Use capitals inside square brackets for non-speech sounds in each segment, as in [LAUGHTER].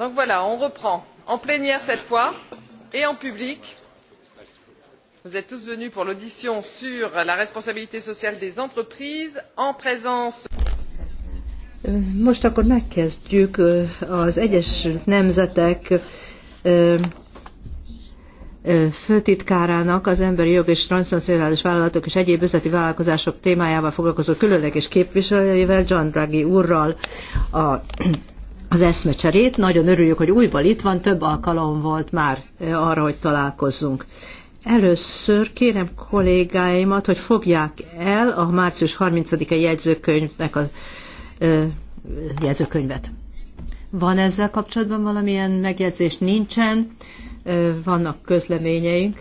donc voilà on reprend en plénière cette fois et en public. vous êtes tous venus pour l'audition sur la responsabilité sociale des entreprises en présence. Euh, most akkor megkezdjük euh, az Egyesült Nemzetek euh, főtitkárának az emberi jog és transnacionális vállalatok és egyéb üzleti vállalkozások témájával foglalkozó különleges képviselőjével, John Draghi úrral a az eszmecserét. Nagyon örüljük, hogy újból itt van, több alkalom volt már arra, hogy találkozzunk. Először kérem kollégáimat, hogy fogják el a március 30-e jegyzőkönyvnek a ö, jegyzőkönyvet. Van ezzel kapcsolatban valamilyen megjegyzés? Nincsen. Ö, vannak közleményeink.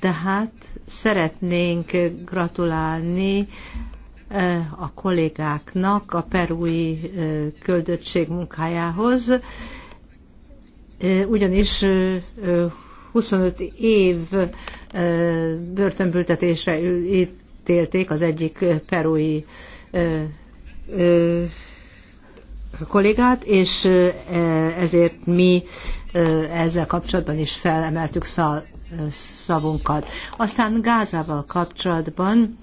Tehát szeretnénk gratulálni a kollégáknak a perui küldöttség munkájához, ugyanis 25 év börtönbüntetésre ítélték az egyik perui kollégát, és ezért mi ezzel kapcsolatban is felemeltük szavunkat. Aztán Gázával kapcsolatban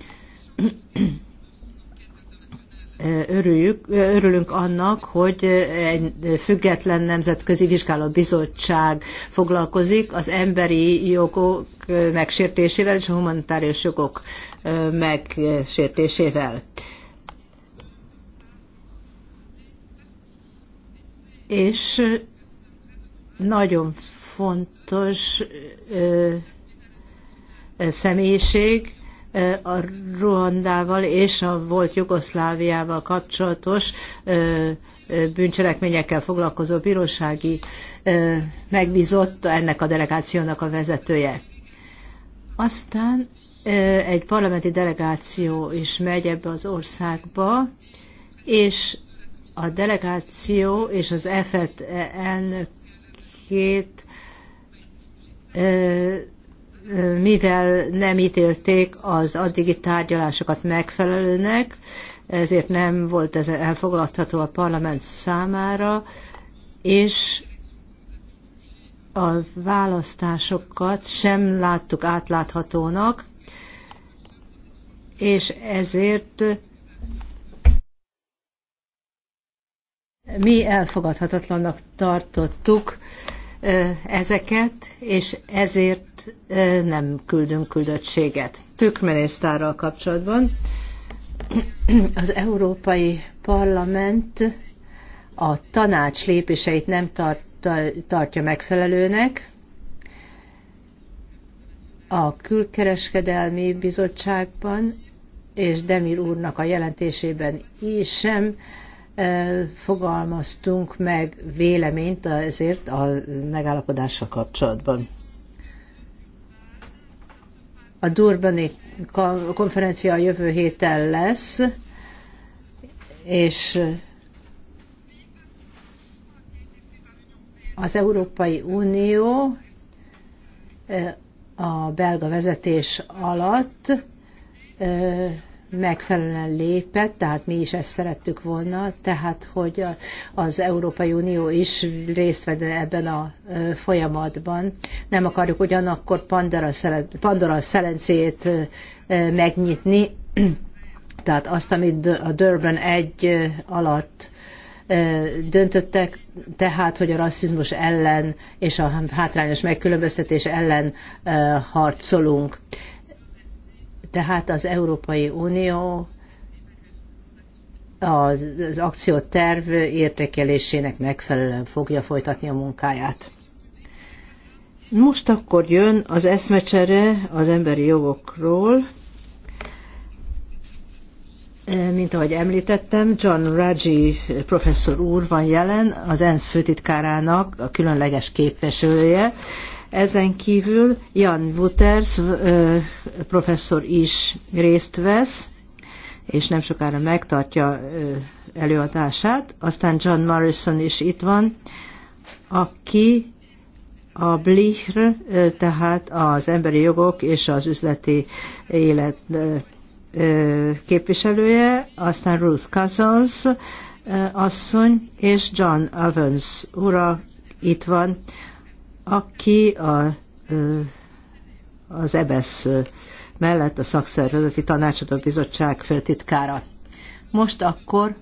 örüljük, örülünk annak, hogy egy független nemzetközi vizsgálóbizottság foglalkozik az emberi jogok megsértésével és a humanitárius jogok megsértésével. És nagyon fontos ö, személyiség, a Ruandával és a volt Jugoszláviával kapcsolatos bűncselekményekkel foglalkozó bírósági megbízott ennek a delegációnak a vezetője. Aztán egy parlamenti delegáció is megy ebbe az országba, és a delegáció és az EFET elnökét mivel nem ítélték az addigi tárgyalásokat megfelelőnek, ezért nem volt ez elfogadható a parlament számára, és a választásokat sem láttuk átláthatónak, és ezért mi elfogadhatatlannak tartottuk ezeket, és ezért nem küldünk küldöttséget. Tükmenésztárral kapcsolatban [CLEARS THROAT] az Európai Parlament a tanács lépéseit nem tart, tartja megfelelőnek. A külkereskedelmi bizottságban és Demir úrnak a jelentésében is sem fogalmaztunk meg véleményt ezért a megállapodással kapcsolatban. A Durbani konferencia a jövő héten lesz, és az Európai Unió a belga vezetés alatt megfelelően lépett, tehát mi is ezt szerettük volna, tehát hogy az Európai Unió is részt vede ebben a folyamatban. Nem akarjuk ugyanakkor Pandora, szelencét Pandora megnyitni, [CLEARS THROAT] tehát azt, amit a Durban egy alatt döntöttek, tehát, hogy a rasszizmus ellen és a hátrányos megkülönböztetés ellen harcolunk tehát az Európai Unió az, az akcióterv értékelésének megfelelően fogja folytatni a munkáját. Most akkor jön az eszmecsere az emberi jogokról. E, mint ahogy említettem, John Raggi professzor úr van jelen, az ENSZ főtitkárának a különleges képviselője, ezen kívül Jan Wuters professzor is részt vesz, és nem sokára megtartja előadását. Aztán John Morrison is itt van, aki a Blichr, tehát az emberi jogok és az üzleti élet képviselője, aztán Ruth Cousins asszony, és John Evans ura itt van, aki a, az EBESZ mellett a szakszervezeti tanácsadó bizottság főtitkára. Most akkor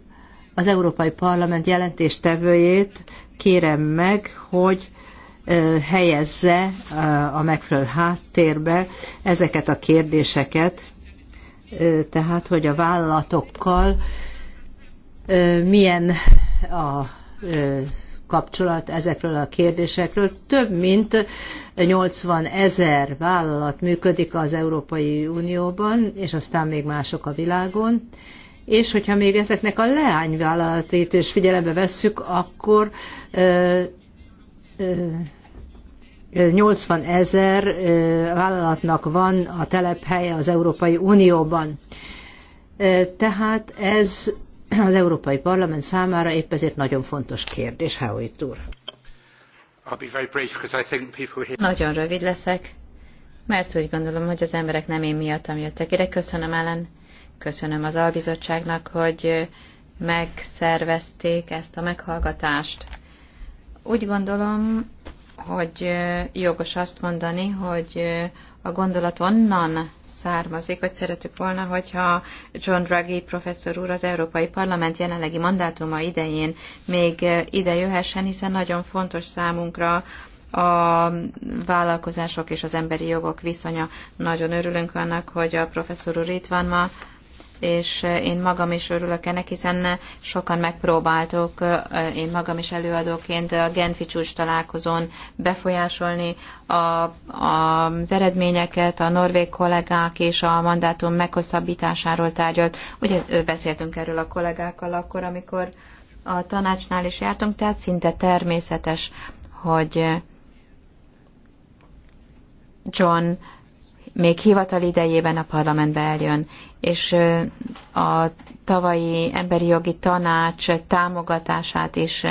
az Európai Parlament jelentéstevőjét kérem meg, hogy helyezze a megfelelő háttérbe ezeket a kérdéseket, tehát hogy a vállalatokkal milyen a kapcsolat ezekről a kérdésekről. Több mint 80 ezer vállalat működik az Európai Unióban, és aztán még mások a világon. És hogyha még ezeknek a leányvállalatait is figyelembe vesszük, akkor ö, ö, 80 ezer vállalatnak van a telephelye az Európai Unióban. Tehát ez az Európai Parlament számára épp ezért nagyon fontos kérdés, Howitt úr. Nagyon rövid leszek, mert úgy gondolom, hogy az emberek nem én miattam jöttek ide. Köszönöm ellen, köszönöm az albizottságnak, hogy megszervezték ezt a meghallgatást. Úgy gondolom, hogy jogos azt mondani, hogy a gondolat onnan származik, vagy szeretük volna, hogyha John Draghi professzor úr az Európai Parlament jelenlegi mandátuma idején még eh, ide jöhessen, hiszen nagyon fontos számunkra a vállalkozások és az emberi jogok viszonya. Nagyon örülünk annak, hogy a professzor úr itt van ma, és eh, én magam is örülök ennek, hiszen eh, sokan megpróbáltok, eh, én magam is előadóként a Genfi csúcs találkozón befolyásolni a, a, az eredményeket, a norvég kollégák és a mandátum meghosszabbításáról tárgyalt. Ugye beszéltünk erről a kollégákkal akkor, amikor a tanácsnál is jártunk, tehát szinte természetes, hogy John még hivatal idejében a parlamentbe eljön, és a tavalyi emberi jogi tanács támogatását is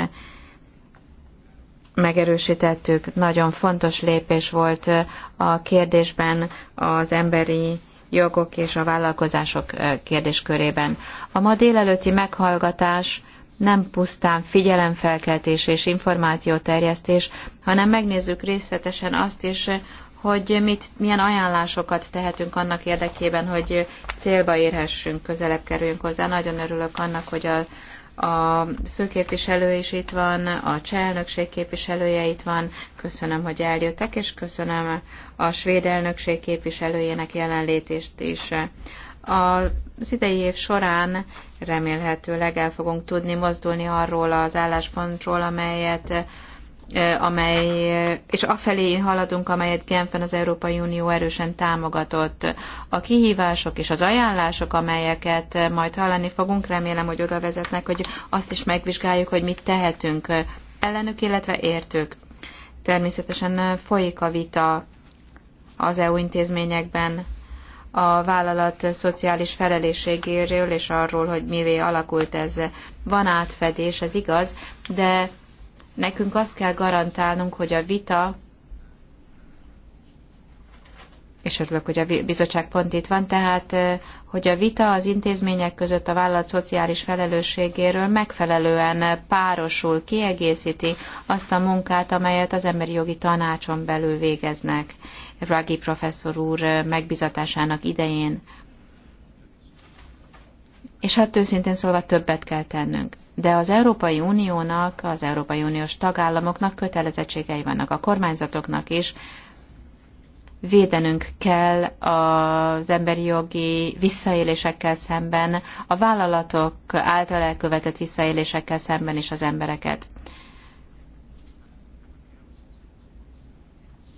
megerősítettük. Nagyon fontos lépés volt a kérdésben az emberi jogok és a vállalkozások kérdéskörében. A ma délelőtti meghallgatás nem pusztán figyelemfelkeltés és információterjesztés, hanem megnézzük részletesen azt is, hogy mit, milyen ajánlásokat tehetünk annak érdekében, hogy célba érhessünk, közelebb kerüljünk hozzá. Nagyon örülök annak, hogy a, a főképviselő is itt van, a cselnökség képviselője itt van. Köszönöm, hogy eljöttek, és köszönöm a svéd elnökség képviselőjének jelenlétést is. Az idei év során remélhetőleg el fogunk tudni mozdulni arról az álláspontról, amelyet amely, és afelé haladunk, amelyet Genfen az Európai Unió erősen támogatott. A kihívások és az ajánlások, amelyeket majd hallani fogunk, remélem, hogy oda vezetnek, hogy azt is megvizsgáljuk, hogy mit tehetünk ellenük, illetve értők. Természetesen folyik a vita az EU intézményekben a vállalat szociális felelősségéről és arról, hogy mivé alakult ez. Van átfedés, ez igaz, de Nekünk azt kell garantálnunk, hogy a vita, és örülök, hogy a bizottság pont itt van, tehát, hogy a vita az intézmények között a vállalat szociális felelősségéről megfelelően párosul, kiegészíti azt a munkát, amelyet az emberi jogi tanácson belül végeznek. Ragi professzor úr megbizatásának idején. És hát őszintén szólva többet kell tennünk de az Európai Uniónak, az Európai Uniós tagállamoknak kötelezettségei vannak, a kormányzatoknak is, védenünk kell az emberi jogi visszaélésekkel szemben, a vállalatok által elkövetett visszaélésekkel szemben is az embereket.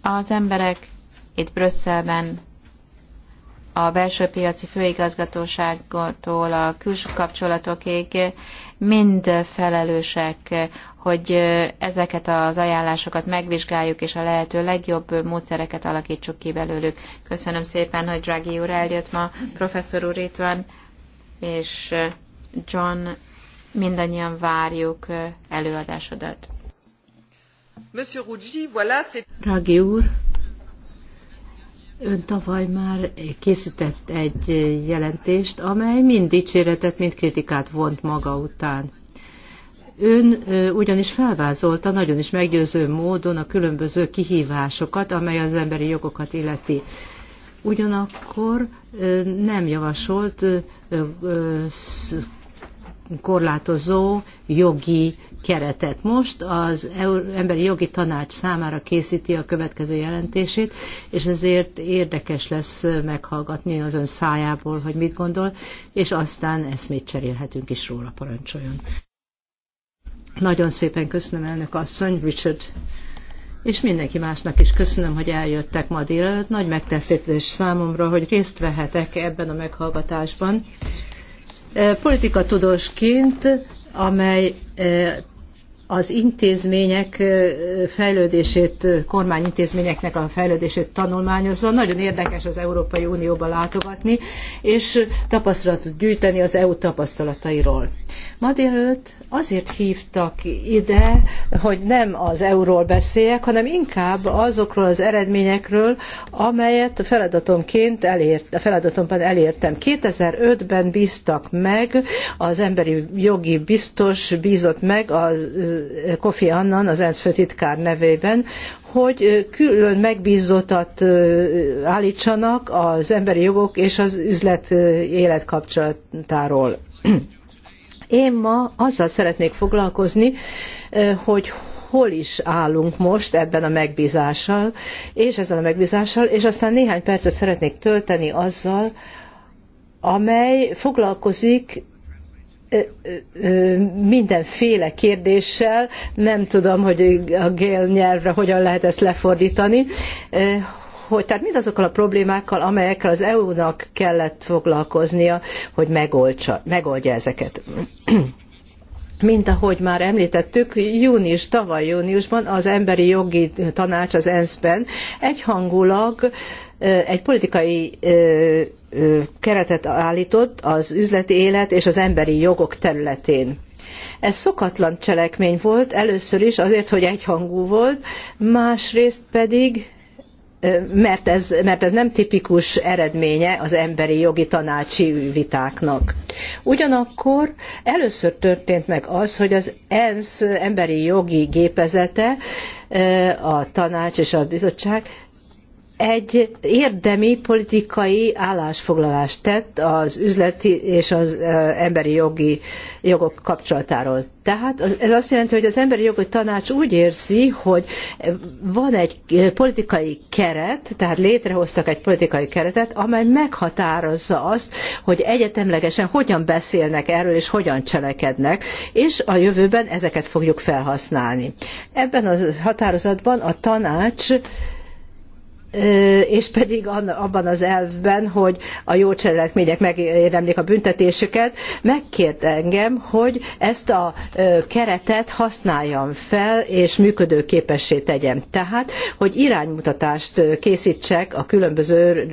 Az emberek itt Brüsszelben a belső piaci főigazgatóságtól a külső kapcsolatokig mind felelősek, hogy ezeket az ajánlásokat megvizsgáljuk, és a lehető legjobb módszereket alakítsuk ki belőlük. Köszönöm szépen, hogy Draghi úr eljött ma, professzor úr itt van, és John, mindannyian várjuk előadásodat. Monsieur Rudy, voilà, c'est... Draghi úr, Ön tavaly már készített egy jelentést, amely mind dicséretet, mind kritikát vont maga után. Ön ugyanis felvázolta nagyon is meggyőző módon a különböző kihívásokat, amely az emberi jogokat illeti. Ugyanakkor nem javasolt korlátozó jogi keretet. Most az Emberi Jogi Tanács számára készíti a következő jelentését, és ezért érdekes lesz meghallgatni az ön szájából, hogy mit gondol, és aztán eszmét cserélhetünk is róla, parancsoljon. Nagyon szépen köszönöm, elnök asszony, Richard és mindenki másnak is köszönöm, hogy eljöttek ma délelőtt. Nagy megteszítés számomra, hogy részt vehetek ebben a meghallgatásban, politikatudósként, amely az intézmények fejlődését, kormányintézményeknek a fejlődését tanulmányozza. Nagyon érdekes az Európai Unióba látogatni, és tapasztalatot gyűjteni az EU tapasztalatairól. Ma délőtt azért hívtak ide, hogy nem az eu EU-ról beszéljek, hanem inkább azokról az eredményekről, amelyet a feladatomként elért, a feladatomban elértem. 2005-ben bíztak meg, az emberi jogi biztos bízott meg az Kofi Annan az ENSZ főtitkár nevében, hogy külön megbízottat állítsanak az emberi jogok és az üzlet élet kapcsolatáról. Én ma azzal szeretnék foglalkozni, hogy hol is állunk most ebben a megbízással, és ezzel a megbízással, és aztán néhány percet szeretnék tölteni azzal, amely foglalkozik mindenféle kérdéssel, nem tudom, hogy a gél nyelvre hogyan lehet ezt lefordítani, hogy tehát azokkal a problémákkal, amelyekkel az EU-nak kellett foglalkoznia, hogy megoldja, megoldja ezeket. Mint ahogy már említettük, június, tavaly júniusban az Emberi Jogi Tanács az ENSZ-ben egyhangulag egy politikai keretet állított az üzleti élet és az emberi jogok területén. Ez szokatlan cselekmény volt, először is azért, hogy egyhangú volt, másrészt pedig mert ez, mert ez nem tipikus eredménye az emberi jogi tanácsi vitáknak. Ugyanakkor először történt meg az, hogy az ENSZ emberi jogi gépezete, a tanács és a bizottság egy érdemi politikai állásfoglalást tett az üzleti és az emberi jogi jogok kapcsolatáról. Tehát ez azt jelenti, hogy az emberi jogi tanács úgy érzi, hogy van egy politikai keret, tehát létrehoztak egy politikai keretet, amely meghatározza azt, hogy egyetemlegesen hogyan beszélnek erről és hogyan cselekednek, és a jövőben ezeket fogjuk felhasználni. Ebben a határozatban a tanács és pedig abban az elvben, hogy a jó cselekmények megérdemlik a büntetésüket, megkért engem, hogy ezt a keretet használjam fel, és működőképessé tegyem. Tehát, hogy iránymutatást készítsek a különböző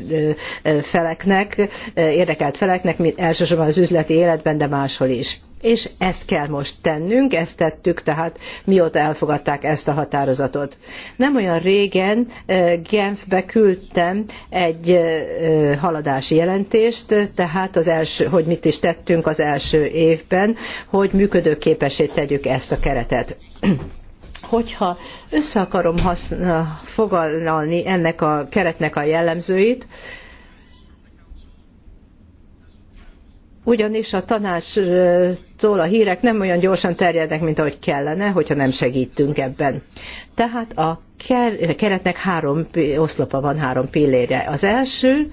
feleknek, érdekelt feleknek, elsősorban az üzleti életben, de máshol is és ezt kell most tennünk, ezt tettük, tehát mióta elfogadták ezt a határozatot. Nem olyan régen eh, Genfbe küldtem egy eh, eh, haladási jelentést, tehát az első, hogy mit is tettünk az első évben, hogy működőképessé tegyük ezt a keretet [CLEARS THROAT] hogyha össze akarom fogalni ennek a keretnek a jellemzőit, ugyanis a tanácstól a hírek nem olyan gyorsan terjednek, mint ahogy kellene, hogyha nem segítünk ebben. Tehát a keretnek három oszlopa van, három pillére. Az első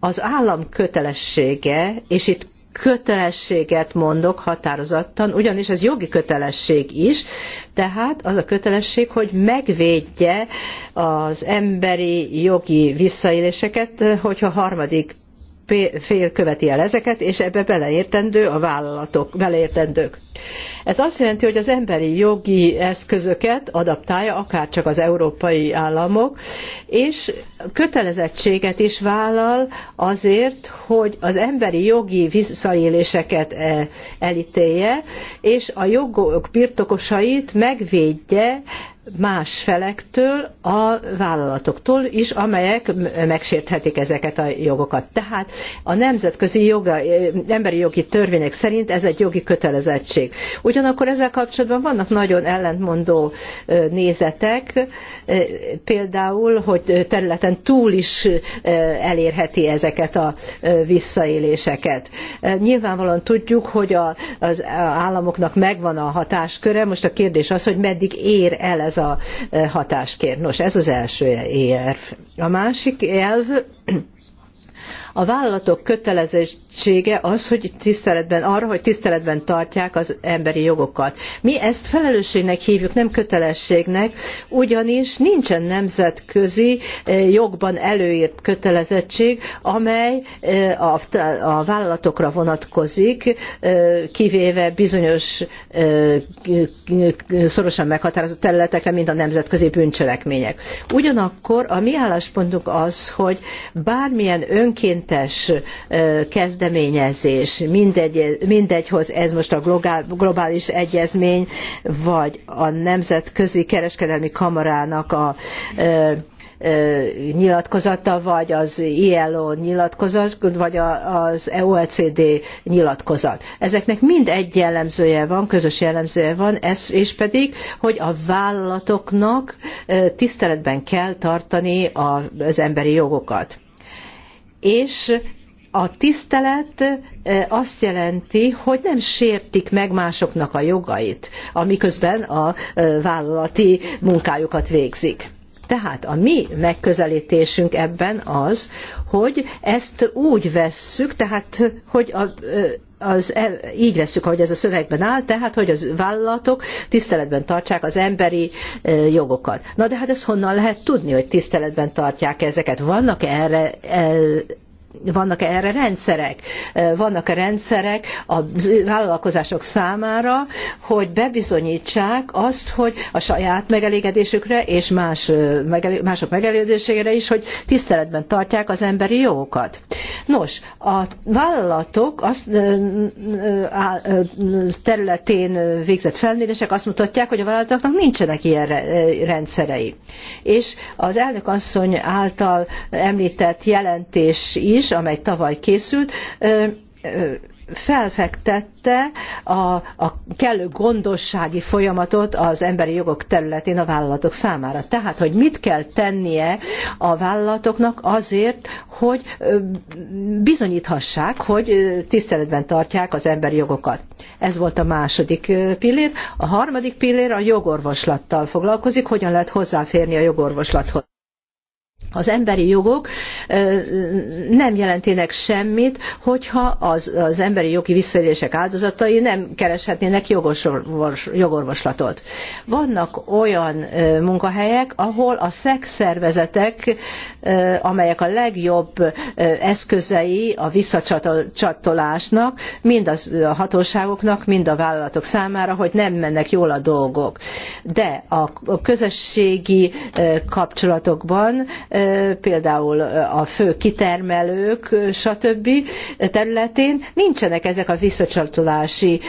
az állam kötelessége, és itt kötelességet mondok határozottan, ugyanis ez jogi kötelesség is, tehát az a kötelesség, hogy megvédje az emberi jogi visszaéléseket, hogyha harmadik fél követi el ezeket, és ebbe beleértendő a vállalatok, beleértendők. Ez azt jelenti, hogy az emberi jogi eszközöket adaptálja akárcsak az európai államok, és kötelezettséget is vállal azért, hogy az emberi jogi visszaéléseket eh, elítélje, és a jogok birtokosait megvédje más felektől, a vállalatoktól is, amelyek megsérthetik ezeket a jogokat. Tehát a nemzetközi joga, eh, emberi jogi törvények szerint ez egy jogi kötelezettség. Úgy. Ugyanakkor ezzel kapcsolatban vannak nagyon ellentmondó nézetek, például, hogy területen túl is elérheti ezeket a visszaéléseket. Nyilvánvalóan tudjuk, hogy az államoknak megvan a hatásköre, most a kérdés az, hogy meddig ér el ez a hatáskör. Nos, ez az első e-, érv. A másik elv, a vállalatok kötelezettsége az, hogy tiszteletben, arra, hogy tiszteletben tartják az emberi jogokat. Mi ezt felelősségnek hívjuk, nem kötelességnek, ugyanis nincsen nemzetközi eh, jogban előírt kötelezettség, amely eh, a vállalatokra vonatkozik, eh, kivéve bizonyos szorosan meghatározott területekre, mint a nemzetközi bűncselekmények. Ugyanakkor a mi álláspontunk az, hogy bármilyen önként önkéntes kezdeményezés, mindegy, mindegyhoz ez most a globális egyezmény, vagy a Nemzetközi Kereskedelmi Kamarának a nyilatkozata, vagy az ILO nyilatkozat, vagy az e OECD nyilatkozat. Ezeknek mind egy jellemzője van, közös jellemzője van, ez és pedig, hogy a vállalatoknak tiszteletben kell tartani az emberi jogokat és a tisztelet eh, azt jelenti, hogy nem sértik meg másoknak a jogait, amiközben a eh, vállalati munkájukat végzik. Tehát a mi megközelítésünk ebben az, hogy ezt úgy vesszük, tehát hogy a, eh, az, e- így veszük, hogy ez a szövegben áll, tehát, hogy az vállalatok tiszteletben tartsák az emberi e, jogokat. Na de hát ezt honnan lehet tudni, hogy tiszteletben tartják ezeket? Vannak erre vannak -e erre rendszerek? Vannak-e rendszerek a vállalkozások számára, hogy bebizonyítsák azt, hogy a saját megelégedésükre és más, mások megelégedésére is, hogy tiszteletben tartják az emberi jogokat. Nos, a vállalatok azt, területén végzett felmérések azt mutatják, hogy a vállalatoknak nincsenek ilyen rendszerei. És az elnök asszony által említett jelentés is is, amely tavaly készült, felfektette a, a kellő gondossági folyamatot az emberi jogok területén a vállalatok számára. Tehát, hogy mit kell tennie a vállalatoknak azért, hogy bizonyíthassák, hogy tiszteletben tartják az emberi jogokat. Ez volt a második pillér. A harmadik pillér a jogorvoslattal foglalkozik, hogyan lehet hozzáférni a jogorvoslathoz az emberi jogok nem jelentének semmit, hogyha az, az emberi jogi visszaélések áldozatai nem kereshetnének jogos, jogorvoslatot. Vannak olyan munkahelyek, ahol a szexszervezetek, amelyek a legjobb eszközei a visszacsatolásnak, mind az a hatóságoknak, mind a vállalatok számára, hogy nem mennek jól a dolgok. De a közösségi kapcsolatokban például a fő kitermelők, stb. területén nincsenek ezek a visszacsatolási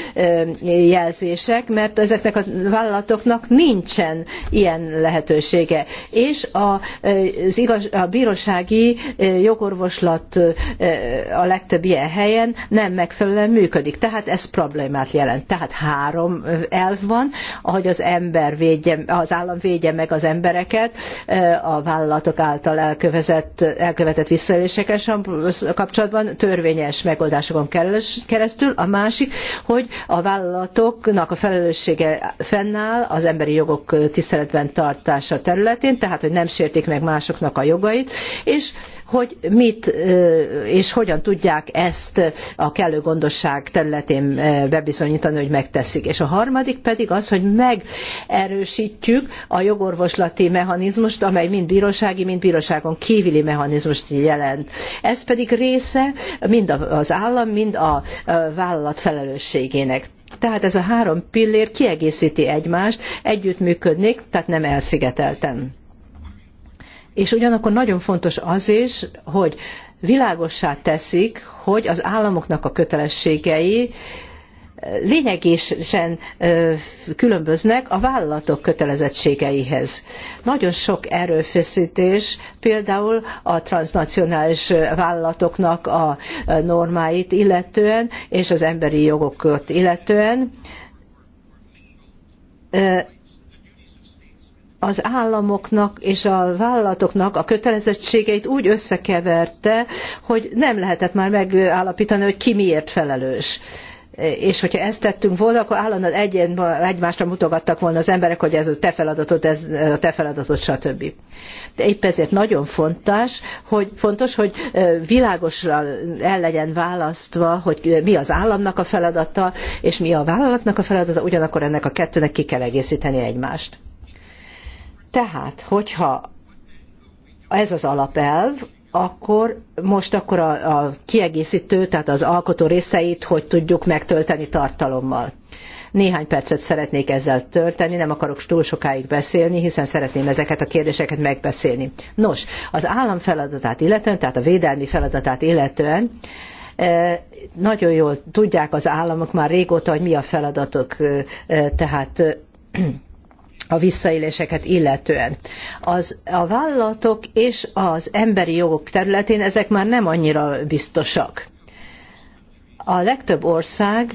jelzések, mert ezeknek a vállalatoknak nincsen ilyen lehetősége. És a, az igaz, a bírósági jogorvoslat a legtöbb ilyen helyen nem megfelelően működik. Tehát ez problémát jelent. Tehát három elv van, ahogy az ember védje, az állam védje meg az embereket, a vállalatok által által elkövetett, elkövetett visszaélésekkel kapcsolatban törvényes megoldásokon keresztül, a másik, hogy a vállalatoknak a felelőssége fennáll az emberi jogok tiszteletben tartása területén, tehát hogy nem sértik meg másoknak a jogait, és hogy mit és hogyan tudják ezt a kellő gondosság területén bebizonyítani, hogy megteszik. És a harmadik pedig az, hogy megerősítjük a jogorvoslati mechanizmust, amely mind bírósági, mind bíróságon kívüli mechanizmust jelent. Ez pedig része mind az állam, mind a vállalat felelősségének. Tehát ez a három pillér kiegészíti egymást, együttműködnék, tehát nem elszigetelten. És ugyanakkor nagyon fontos az is, hogy világossá teszik, hogy az államoknak a kötelességei lényegesen különböznek a vállalatok kötelezettségeihez. Nagyon sok erőfeszítés például a transnacionális vállalatoknak a normáit illetően és az emberi jogokat illetően az államoknak és a vállalatoknak a kötelezettségeit úgy összekeverte, hogy nem lehetett már megállapítani, hogy ki miért felelős és hogyha ezt tettünk volna, akkor állandóan egyen, egymásra mutogattak volna az emberek, hogy ez a te feladatod, ez a te feladatod, stb. De épp ezért nagyon fontos, hogy, fontos, hogy világosra el legyen választva, hogy mi az államnak a feladata, és mi a vállalatnak a feladata, ugyanakkor ennek a kettőnek ki kell egészíteni egymást. Tehát, hogyha ez az alapelv, akkor most akkor a, a kiegészítő, tehát az alkotó részeit hogy tudjuk megtölteni tartalommal. Néhány percet szeretnék ezzel tölteni, nem akarok túl sokáig beszélni, hiszen szeretném ezeket a kérdéseket megbeszélni. Nos, az állam feladatát illetően, tehát a védelmi feladatát illetően, e, nagyon jól tudják az államok már régóta, hogy mi a feladatok, e, e, tehát a visszaéléseket illetően. Az, a vállalatok és az emberi jogok területén ezek már nem annyira biztosak. A legtöbb ország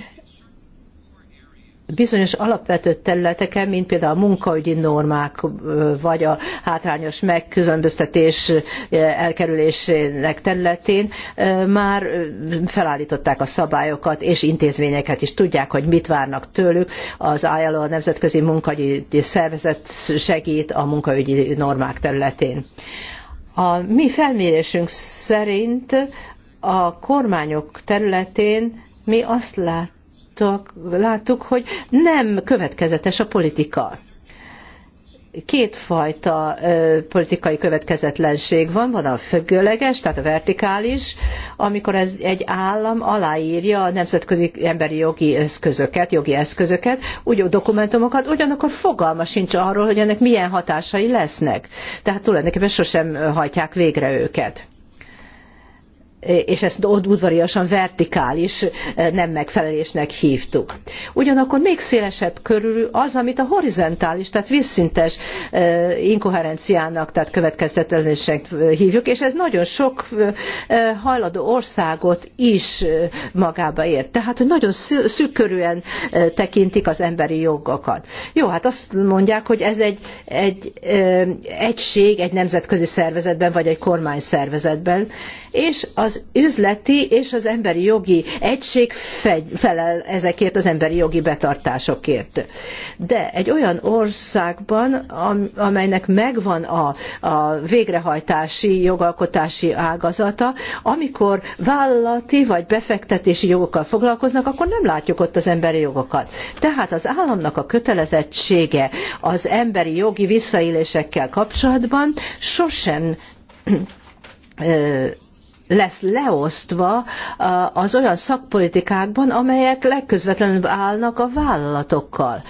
bizonyos alapvető területeken, mint például a munkaügyi normák, vagy a hátrányos megkülönböztetés elkerülésének területén már felállították a szabályokat, és intézményeket is tudják, hogy mit várnak tőlük. Az ILO, a Nemzetközi Munkaügyi Szervezet segít a munkaügyi normák területén. A mi felmérésünk szerint a kormányok területén mi azt látjuk, láttak, láttuk, hogy nem következetes a politika kétfajta politikai következetlenség van, van a függőleges, tehát a vertikális, amikor ez egy állam aláírja a nemzetközi emberi jogi eszközöket, jogi eszközöket, úgy dokumentumokat, ugyanakkor fogalma sincs arról, hogy ennek milyen hatásai lesznek. Tehát tulajdonképpen sosem hajtják végre őket és ezt udvariasan vertikális nem megfelelésnek hívtuk. Ugyanakkor még szélesebb körül az, amit a horizontális, tehát vízszintes inkoherenciának, tehát következtetlenésnek hívjuk, és ez nagyon sok hajladó országot is magába ért. Tehát, hogy nagyon szűkörűen tekintik az emberi jogokat. Jó, hát azt mondják, hogy ez egy, egy egység egy nemzetközi szervezetben, vagy egy kormányszervezetben, és az üzleti és az emberi jogi egység felel ezekért az emberi jogi betartásokért. De egy olyan országban, amelynek megvan a, a végrehajtási, jogalkotási ágazata, amikor vállalati vagy befektetési jogokkal foglalkoznak, akkor nem látjuk ott az emberi jogokat. Tehát az államnak a kötelezettsége az emberi jogi visszaélésekkel kapcsolatban sosem lesz leosztva az olyan szakpolitikákban, amelyek legközvetlenül állnak a vállalatokkal.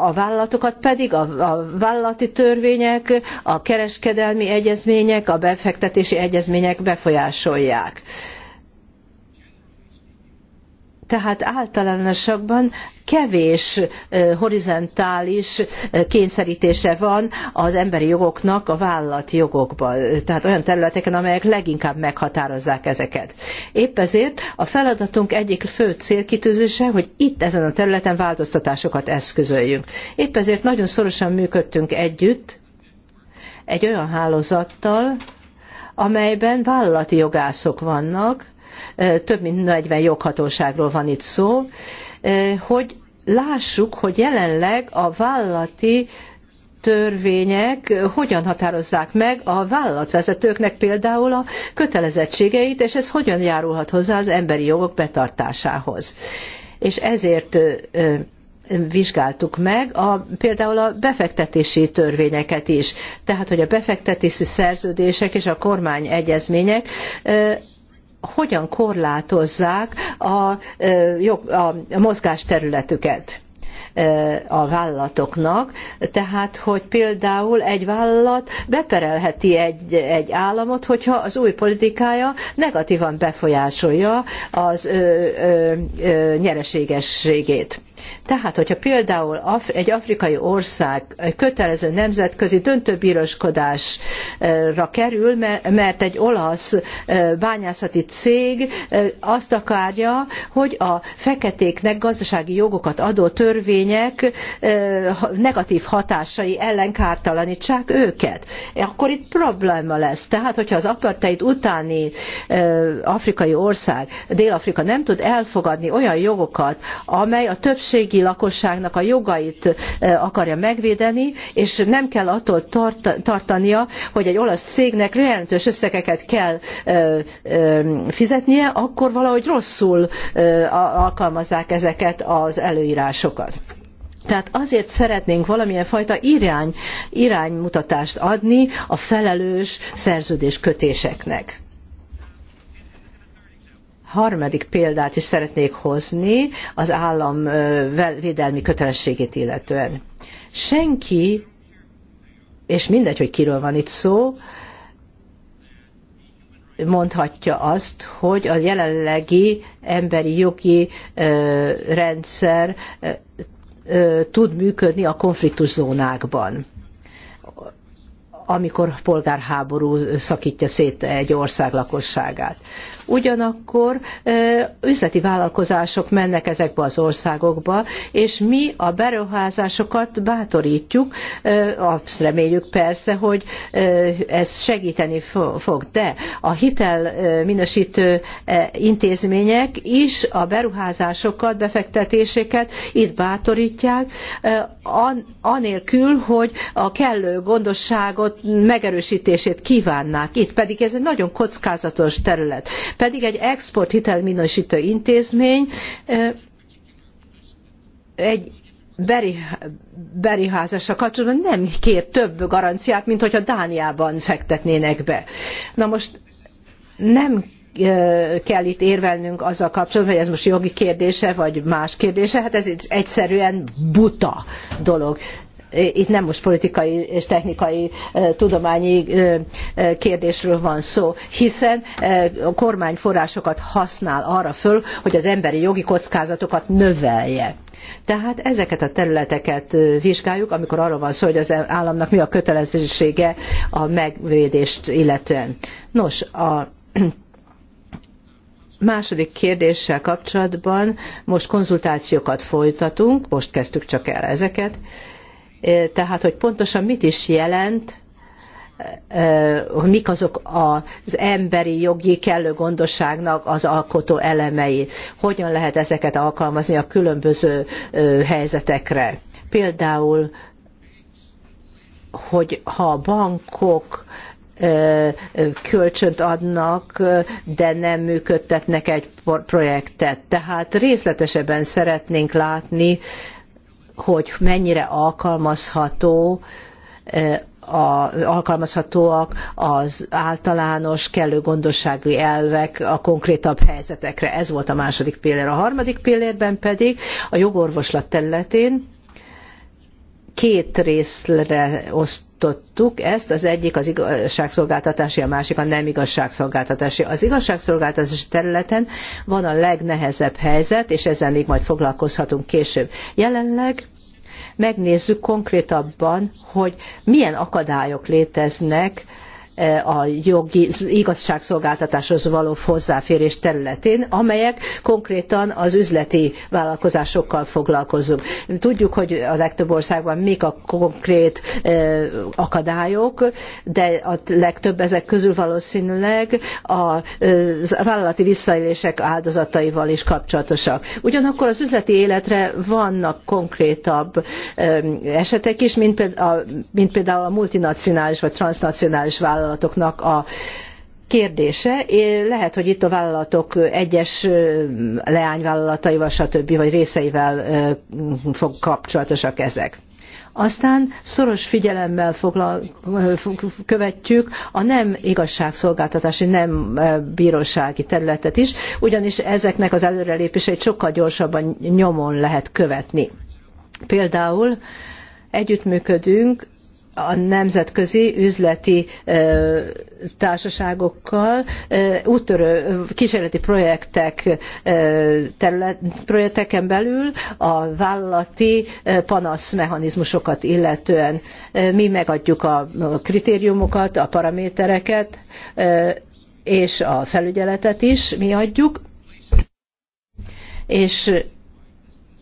A vállalatokat pedig a vállalati törvények, a kereskedelmi egyezmények, a befektetési egyezmények befolyásolják tehát általánosabban kevés horizontális kényszerítése van az emberi jogoknak a vállalati jogokban, tehát olyan területeken, amelyek leginkább meghatározzák ezeket. Épp ezért a feladatunk egyik fő célkitűzése, hogy itt ezen a területen változtatásokat eszközöljünk. Épp ezért nagyon szorosan működtünk együtt egy olyan hálózattal, amelyben vállalati jogászok vannak, több mint 40 joghatóságról van itt szó, hogy lássuk, hogy jelenleg a vállalati törvények hogyan határozzák meg a vállalatvezetőknek például a kötelezettségeit, és ez hogyan járulhat hozzá az emberi jogok betartásához. És ezért vizsgáltuk meg a, például a befektetési törvényeket is. Tehát, hogy a befektetési szerződések és a kormányegyezmények hogyan korlátozzák a, a mozgásterületüket a vállalatoknak, tehát hogy például egy vállalat beperelheti egy, egy államot, hogyha az új politikája negatívan befolyásolja az ö, ö, ö nyereségességét. Tehát, hogyha például egy afrikai ország kötelező nemzetközi döntőbíroskodásra kerül, mert egy olasz bányászati cég azt akarja, hogy a feketéknek gazdasági jogokat adó törvények negatív hatásai ellen kártalanítsák őket, akkor itt probléma lesz. Tehát, hogyha az apartheid utáni afrikai ország, Dél-Afrika nem tud elfogadni olyan jogokat, amely a többség többségi lakosságnak a jogait akarja megvédeni, és nem kell attól tartania, hogy egy olasz cégnek jelentős összegeket kell fizetnie, akkor valahogy rosszul alkalmazzák ezeket az előírásokat. Tehát azért szeretnénk valamilyen fajta irány, iránymutatást adni a felelős szerződéskötéseknek harmadik példát is szeretnék hozni az állam védelmi kötelességét illetően. Senki, és mindegy, hogy kiről van itt szó, mondhatja azt, hogy a jelenlegi emberi jogi rendszer tud működni a konfliktuszónákban amikor polgárháború szakítja szét egy ország lakosságát. Ugyanakkor üzleti vállalkozások mennek ezekbe az országokba, és mi a beruházásokat bátorítjuk, azt reméljük persze, hogy ez segíteni fog, de a hitel minősítő intézmények is a beruházásokat, befektetéseket itt bátorítják, anélkül, hogy a kellő gondosságot megerősítését kívánnák itt, pedig ez egy nagyon kockázatos terület. Pedig egy exporthitel minősítő intézmény egy Beri, beriházásra kapcsolatban nem kér több garanciát, mint hogyha Dániában fektetnének be. Na most nem kell itt érvelnünk azzal kapcsolatban, hogy ez most jogi kérdése, vagy más kérdése, hát ez egyszerűen buta dolog itt nem most politikai és technikai tudományi kérdésről van szó, hiszen a kormány forrásokat használ arra föl, hogy az emberi jogi kockázatokat növelje. Tehát ezeket a területeket vizsgáljuk, amikor arról van szó, hogy az államnak mi a kötelezettsége a megvédést illetően. Nos, a [CLEARS THROAT] második kérdéssel kapcsolatban most konzultációkat folytatunk, most kezdtük csak el ezeket, tehát hogy pontosan mit is jelent, mik azok az emberi jogi kellő gondosságnak az alkotó elemei, hogyan lehet ezeket alkalmazni a különböző helyzetekre. Például, hogy ha a bankok kölcsönt adnak, de nem működtetnek egy projektet. Tehát részletesebben szeretnénk látni hogy mennyire alkalmazható e, a, alkalmazhatóak az általános kellő gondossági elvek a konkrétabb helyzetekre. Ez volt a második pillér. A harmadik pillérben pedig a jogorvoslat területén két részre oszt, megosztottuk ezt, az egyik az igazságszolgáltatási, a másik a nem igazságszolgáltatási. Az igazságszolgáltatási területen van a legnehezebb helyzet, és ezzel még majd foglalkozhatunk később. Jelenleg megnézzük konkrétabban, hogy milyen akadályok léteznek a jogi igazságszolgáltatáshoz való hozzáférés területén, amelyek konkrétan az üzleti vállalkozásokkal foglalkozunk. Tudjuk, hogy a legtöbb országban mik a konkrét akadályok, de a legtöbb ezek közül valószínűleg a vállalati visszaélések áldozataival is kapcsolatosak. Ugyanakkor az üzleti életre vannak konkrétabb esetek is, mint például a multinacionális vagy transnacionális vállalatok, vállalatoknak a kérdése. Lehet, hogy itt a vállalatok egyes leányvállalataival, stb. vagy részeivel fog kapcsolatosak ezek. Aztán szoros figyelemmel foglal, követjük a nem igazságszolgáltatási, nem bírósági területet is, ugyanis ezeknek az előrelépéseit sokkal gyorsabban nyomon lehet követni. Például együttműködünk a nemzetközi üzleti társaságokkal úttörő kísérleti projektek terület, projekteken belül a vállalati panaszmechanizmusokat illetően. Mi megadjuk a kritériumokat, a paramétereket, és a felügyeletet is mi adjuk, és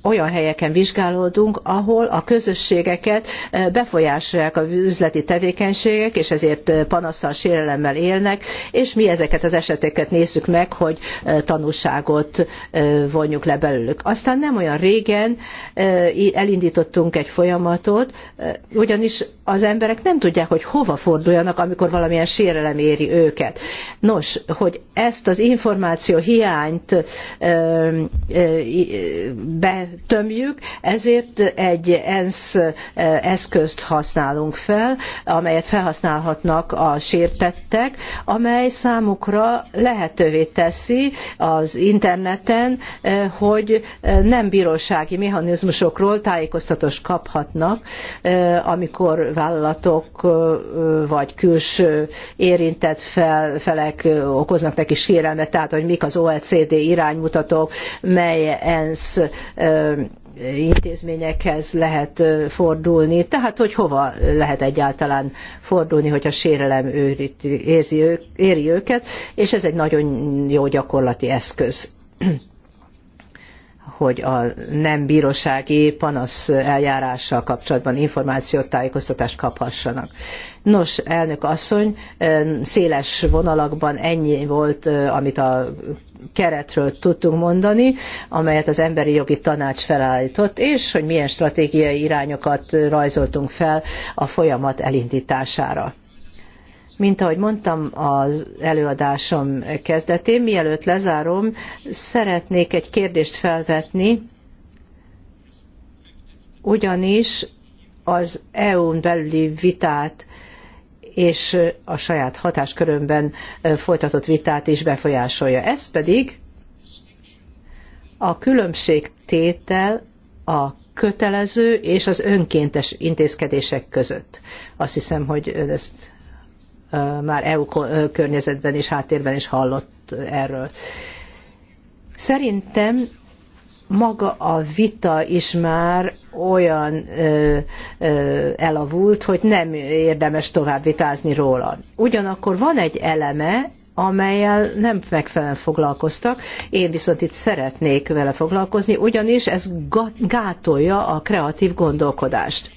olyan helyeken vizsgálódunk, ahol a közösségeket eh, befolyásolják a üzleti tevékenységek, és ezért eh, panaszsal, sérelemmel élnek, és mi ezeket az eseteket nézzük meg, hogy eh, tanúságot vonjuk le belőlük. Aztán nem olyan régen elindítottunk egy folyamatot, ugyanis az emberek nem tudják, hogy hova forduljanak, amikor valamilyen sérelem éri őket. Nos, hogy ezt az információ hiányt be tömjük, ezért egy ENSZ eh, eszközt használunk fel, amelyet felhasználhatnak a sértettek, amely számukra lehetővé teszi az interneten, eh, hogy eh, nem bírósági mechanizmusokról tájékoztatást kaphatnak, amikor vállalatok vagy külső érintett fel, felek okoznak neki sérelmet, tehát hogy mik az OECD iránymutatók, mely ENSZ intézményekhez lehet fordulni, tehát hogy hova lehet egyáltalán fordulni, hogyha sérelem érzi, éri őket, és ez egy nagyon jó gyakorlati eszköz hogy a nem bírósági panasz eljárással kapcsolatban információt, tájékoztatást kaphassanak. Nos, elnök asszony, széles vonalakban ennyi volt, amit a keretről tudtunk mondani, amelyet az Emberi Jogi Tanács felállított, és hogy milyen stratégiai irányokat rajzoltunk fel a folyamat elindítására. Mint ahogy mondtam az előadásom kezdetén, mielőtt lezárom, szeretnék egy kérdést felvetni, ugyanis az EU-n belüli vitát és a saját hatáskörömben folytatott vitát is befolyásolja. Ez pedig a különbségtétel a kötelező és az önkéntes intézkedések között. Azt hiszem, hogy ezt már EU környezetben és háttérben is hallott erről. Szerintem maga a vita is már olyan ö, ö, elavult, hogy nem érdemes tovább vitázni róla. Ugyanakkor van egy eleme, amelyel nem megfelelően foglalkoztak, én viszont itt szeretnék vele foglalkozni, ugyanis ez gátolja a kreatív gondolkodást.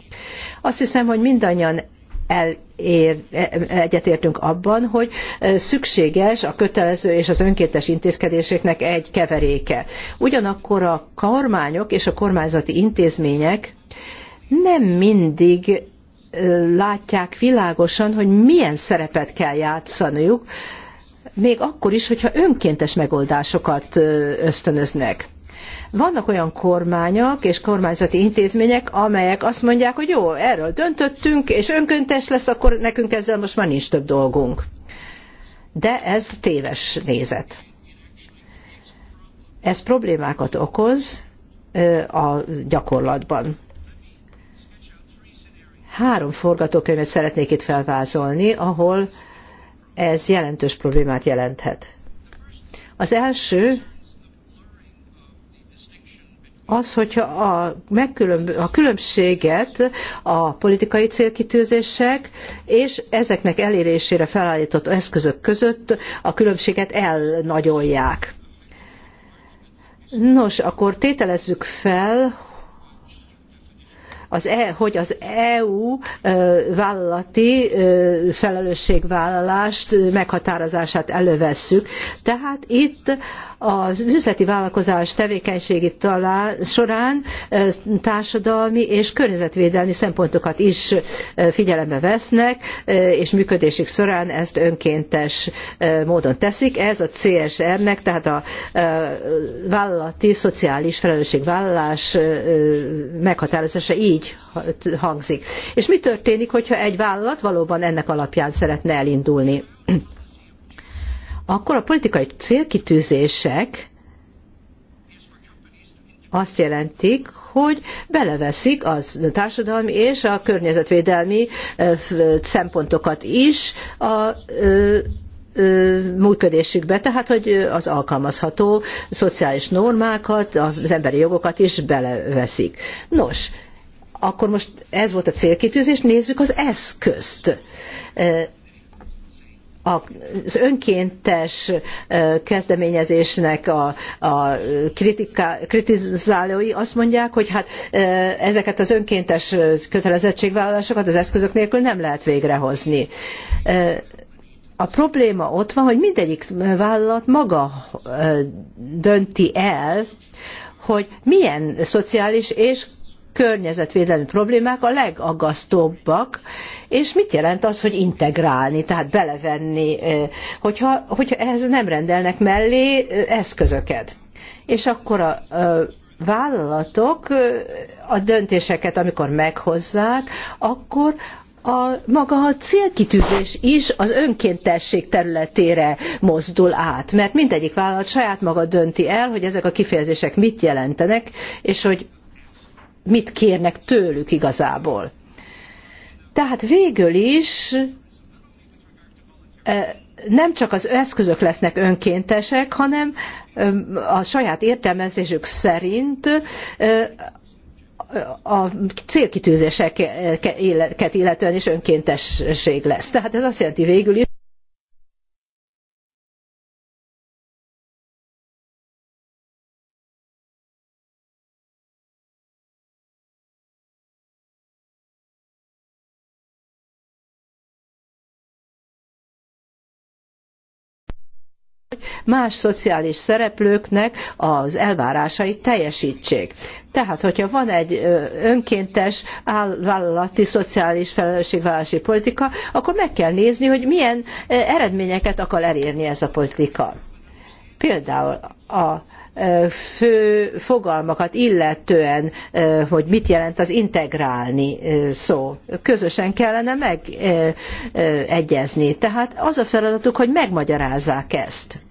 Azt hiszem, hogy mindannyian elér, e, egyetértünk abban, hogy e, szükséges a kötelező és az önkéntes intézkedéseknek egy keveréke. Ugyanakkor a kormányok és a kormányzati intézmények nem mindig e, látják világosan, hogy milyen szerepet kell játszaniuk, még akkor is, hogyha önkéntes megoldásokat ösztönöznek. Vannak olyan kormányok és kormányzati intézmények, amelyek azt mondják, hogy jó, erről döntöttünk, és önköntes lesz, akkor nekünk ezzel most már nincs több dolgunk. De ez téves nézet. Ez problémákat okoz a gyakorlatban. Három forgatókönyvet szeretnék itt felvázolni, ahol ez jelentős problémát jelenthet. Az első az, hogyha a, megkülönb, a különbséget a politikai célkitűzések és ezeknek elérésére felállított eszközök között a különbséget elnagyolják. Nos, akkor tételezzük fel, az e, hogy az EU vállalati felelősségvállalást meghatározását elővesszük. Tehát itt az üzleti vállalkozás tevékenységi talál, során társadalmi és környezetvédelmi szempontokat is figyelembe vesznek, és működésük során ezt önkéntes módon teszik. Ez a CSR-nek, tehát a vállalati szociális felelősségvállalás meghatározása így hangzik. És mi történik, hogyha egy vállalat valóban ennek alapján szeretne elindulni? akkor a politikai célkitűzések azt jelentik, hogy beleveszik az társadalmi és a környezetvédelmi szempontokat is a működésükbe, tehát hogy az alkalmazható szociális normákat, az emberi jogokat is beleveszik. Nos, akkor most ez volt a célkitűzés, nézzük az eszközt az önkéntes kezdeményezésnek a, a kritika, kritizálói azt mondják, hogy hát ezeket az önkéntes kötelezettségvállalásokat az eszközök nélkül nem lehet végrehozni. A probléma ott van, hogy mindegyik vállalat maga dönti el, hogy milyen szociális és környezetvédelmi problémák a legaggasztóbbak, és mit jelent az, hogy integrálni, tehát belevenni, hogyha, hogyha ehhez nem rendelnek mellé eszközöket. És akkor a vállalatok a döntéseket, amikor meghozzák, akkor a maga a célkitűzés is az önkéntesség területére mozdul át, mert mindegyik vállalat saját maga dönti el, hogy ezek a kifejezések mit jelentenek, és hogy mit kérnek tőlük igazából. Tehát végül is nem csak az eszközök lesznek önkéntesek, hanem a saját értelmezésük szerint a célkitűzéseket illetően is önkéntesség lesz. Tehát ez azt jelenti végül is, más szociális szereplőknek az elvárásait teljesítsék. Tehát, hogyha van egy önkéntes állvállalati szociális felelősségvállalási politika, akkor meg kell nézni, hogy milyen eredményeket akar elérni ez a politika. Például a fő fogalmakat illetően, hogy mit jelent az integrálni szó. Közösen kellene megegyezni. Tehát az a feladatuk, hogy megmagyarázzák ezt.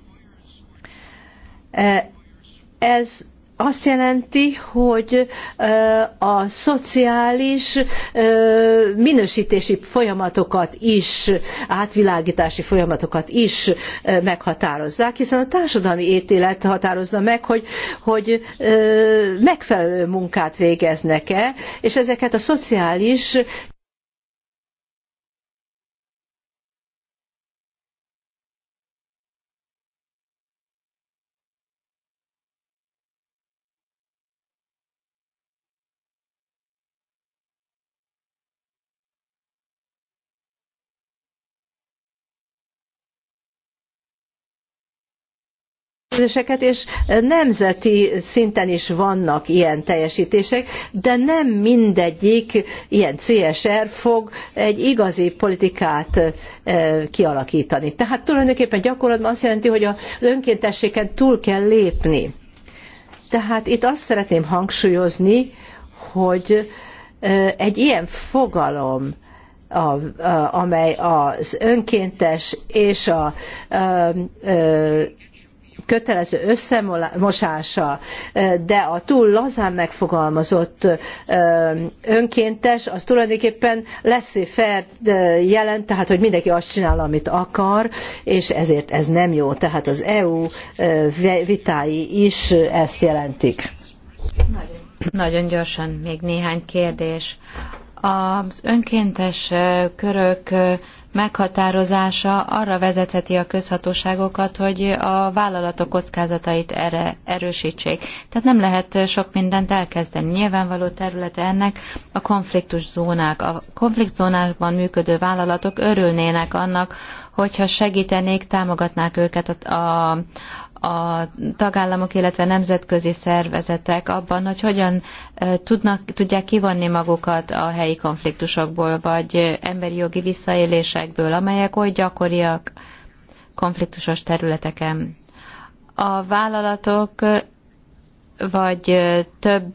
Ez azt jelenti, hogy a szociális minősítési folyamatokat is, átvilágítási folyamatokat is meghatározzák, hiszen a társadalmi étélet határozza meg, hogy, hogy megfelelő munkát végeznek-e, és ezeket a szociális teljesítéseket, és nemzeti szinten is vannak ilyen teljesítések, de nem mindegyik ilyen CSR fog egy igazi politikát kialakítani. Tehát tulajdonképpen gyakorlatban azt jelenti, hogy az önkéntességen túl kell lépni. Tehát itt azt szeretném hangsúlyozni, hogy egy ilyen fogalom, a, amely az önkéntes és a, a, a kötelező összemosása, de a túl lazán megfogalmazott önkéntes, az tulajdonképpen lesz fair jelent, tehát hogy mindenki azt csinál, amit akar, és ezért ez nem jó. Tehát az EU vitái is ezt jelentik. Nagyon gyorsan még néhány kérdés. Az önkéntes körök meghatározása arra vezetheti a közhatóságokat, hogy a vállalatok kockázatait erre erősítsék. Tehát nem lehet sok mindent elkezdeni. Nyilvánvaló területe ennek a konfliktus zónák. A konfliktzónákban működő vállalatok örülnének annak, hogyha segítenék, támogatnák őket a, a, a tagállamok, illetve nemzetközi szervezetek abban, hogy hogyan tudnak, tudják kivonni magukat a helyi konfliktusokból, vagy emberi jogi visszaélésekből, amelyek oly gyakoriak konfliktusos területeken. A vállalatok vagy több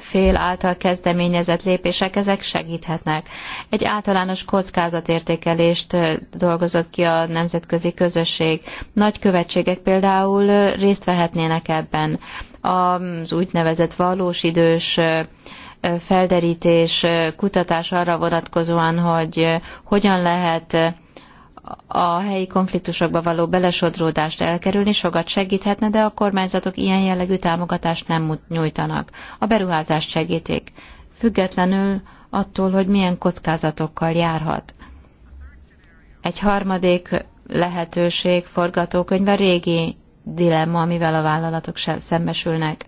fél által kezdeményezett lépések, ezek segíthetnek. Egy általános kockázatértékelést dolgozott ki a nemzetközi közösség. Nagy követségek például részt vehetnének ebben. Az úgynevezett valós idős felderítés, kutatás arra vonatkozóan, hogy hogyan lehet a helyi konfliktusokba való belesodródást elkerülni sokat segíthetne, de a kormányzatok ilyen jellegű támogatást nem nyújtanak. A beruházást segítik, függetlenül attól, hogy milyen kockázatokkal járhat. Egy harmadik lehetőség, forgatókönyv a régi dilemma, amivel a vállalatok szembesülnek.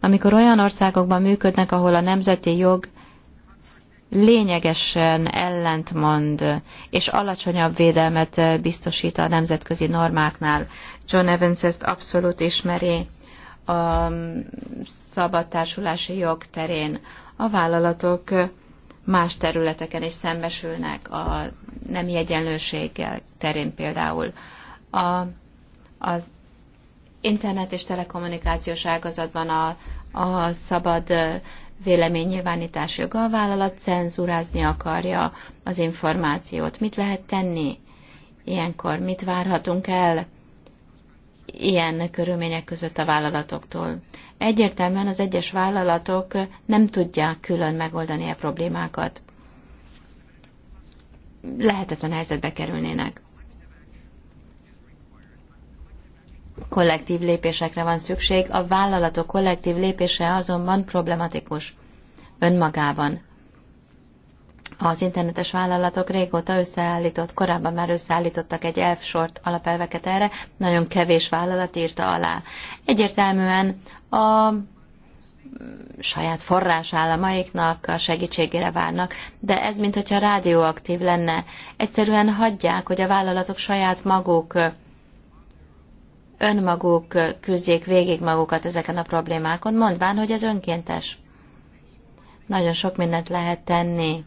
Amikor olyan országokban működnek, ahol a nemzeti jog lényegesen ellentmond és alacsonyabb védelmet eh, biztosít a nemzetközi normáknál. John Evans ezt abszolút ismeri a mm, szabadtársulási jog terén. A vállalatok eh, más területeken is szembesülnek, a nemi egyenlőséggel terén például. A, az internet és telekommunikációs ágazatban a, a szabad eh, véleménynyilvánítás joga a vállalat cenzúrázni akarja az információt. Mit lehet tenni ilyenkor? Mit várhatunk el ilyen körülmények között a vállalatoktól? Egyértelműen az egyes vállalatok nem tudják külön megoldani a problémákat. Lehetetlen helyzetbe kerülnének. kollektív lépésekre van szükség, a vállalatok kollektív lépése azonban problematikus önmagában. Az internetes vállalatok régóta összeállított, korábban már összeállítottak egy elfsort alapelveket erre, nagyon kevés vállalat írta alá. Egyértelműen a saját forrásállamaiknak a segítségére várnak, de ez mintha rádióaktív lenne. Egyszerűen hagyják, hogy a vállalatok saját maguk önmaguk küzdjék végig magukat ezeken a problémákon, mondván, hogy ez önkéntes. Nagyon sok mindent lehet tenni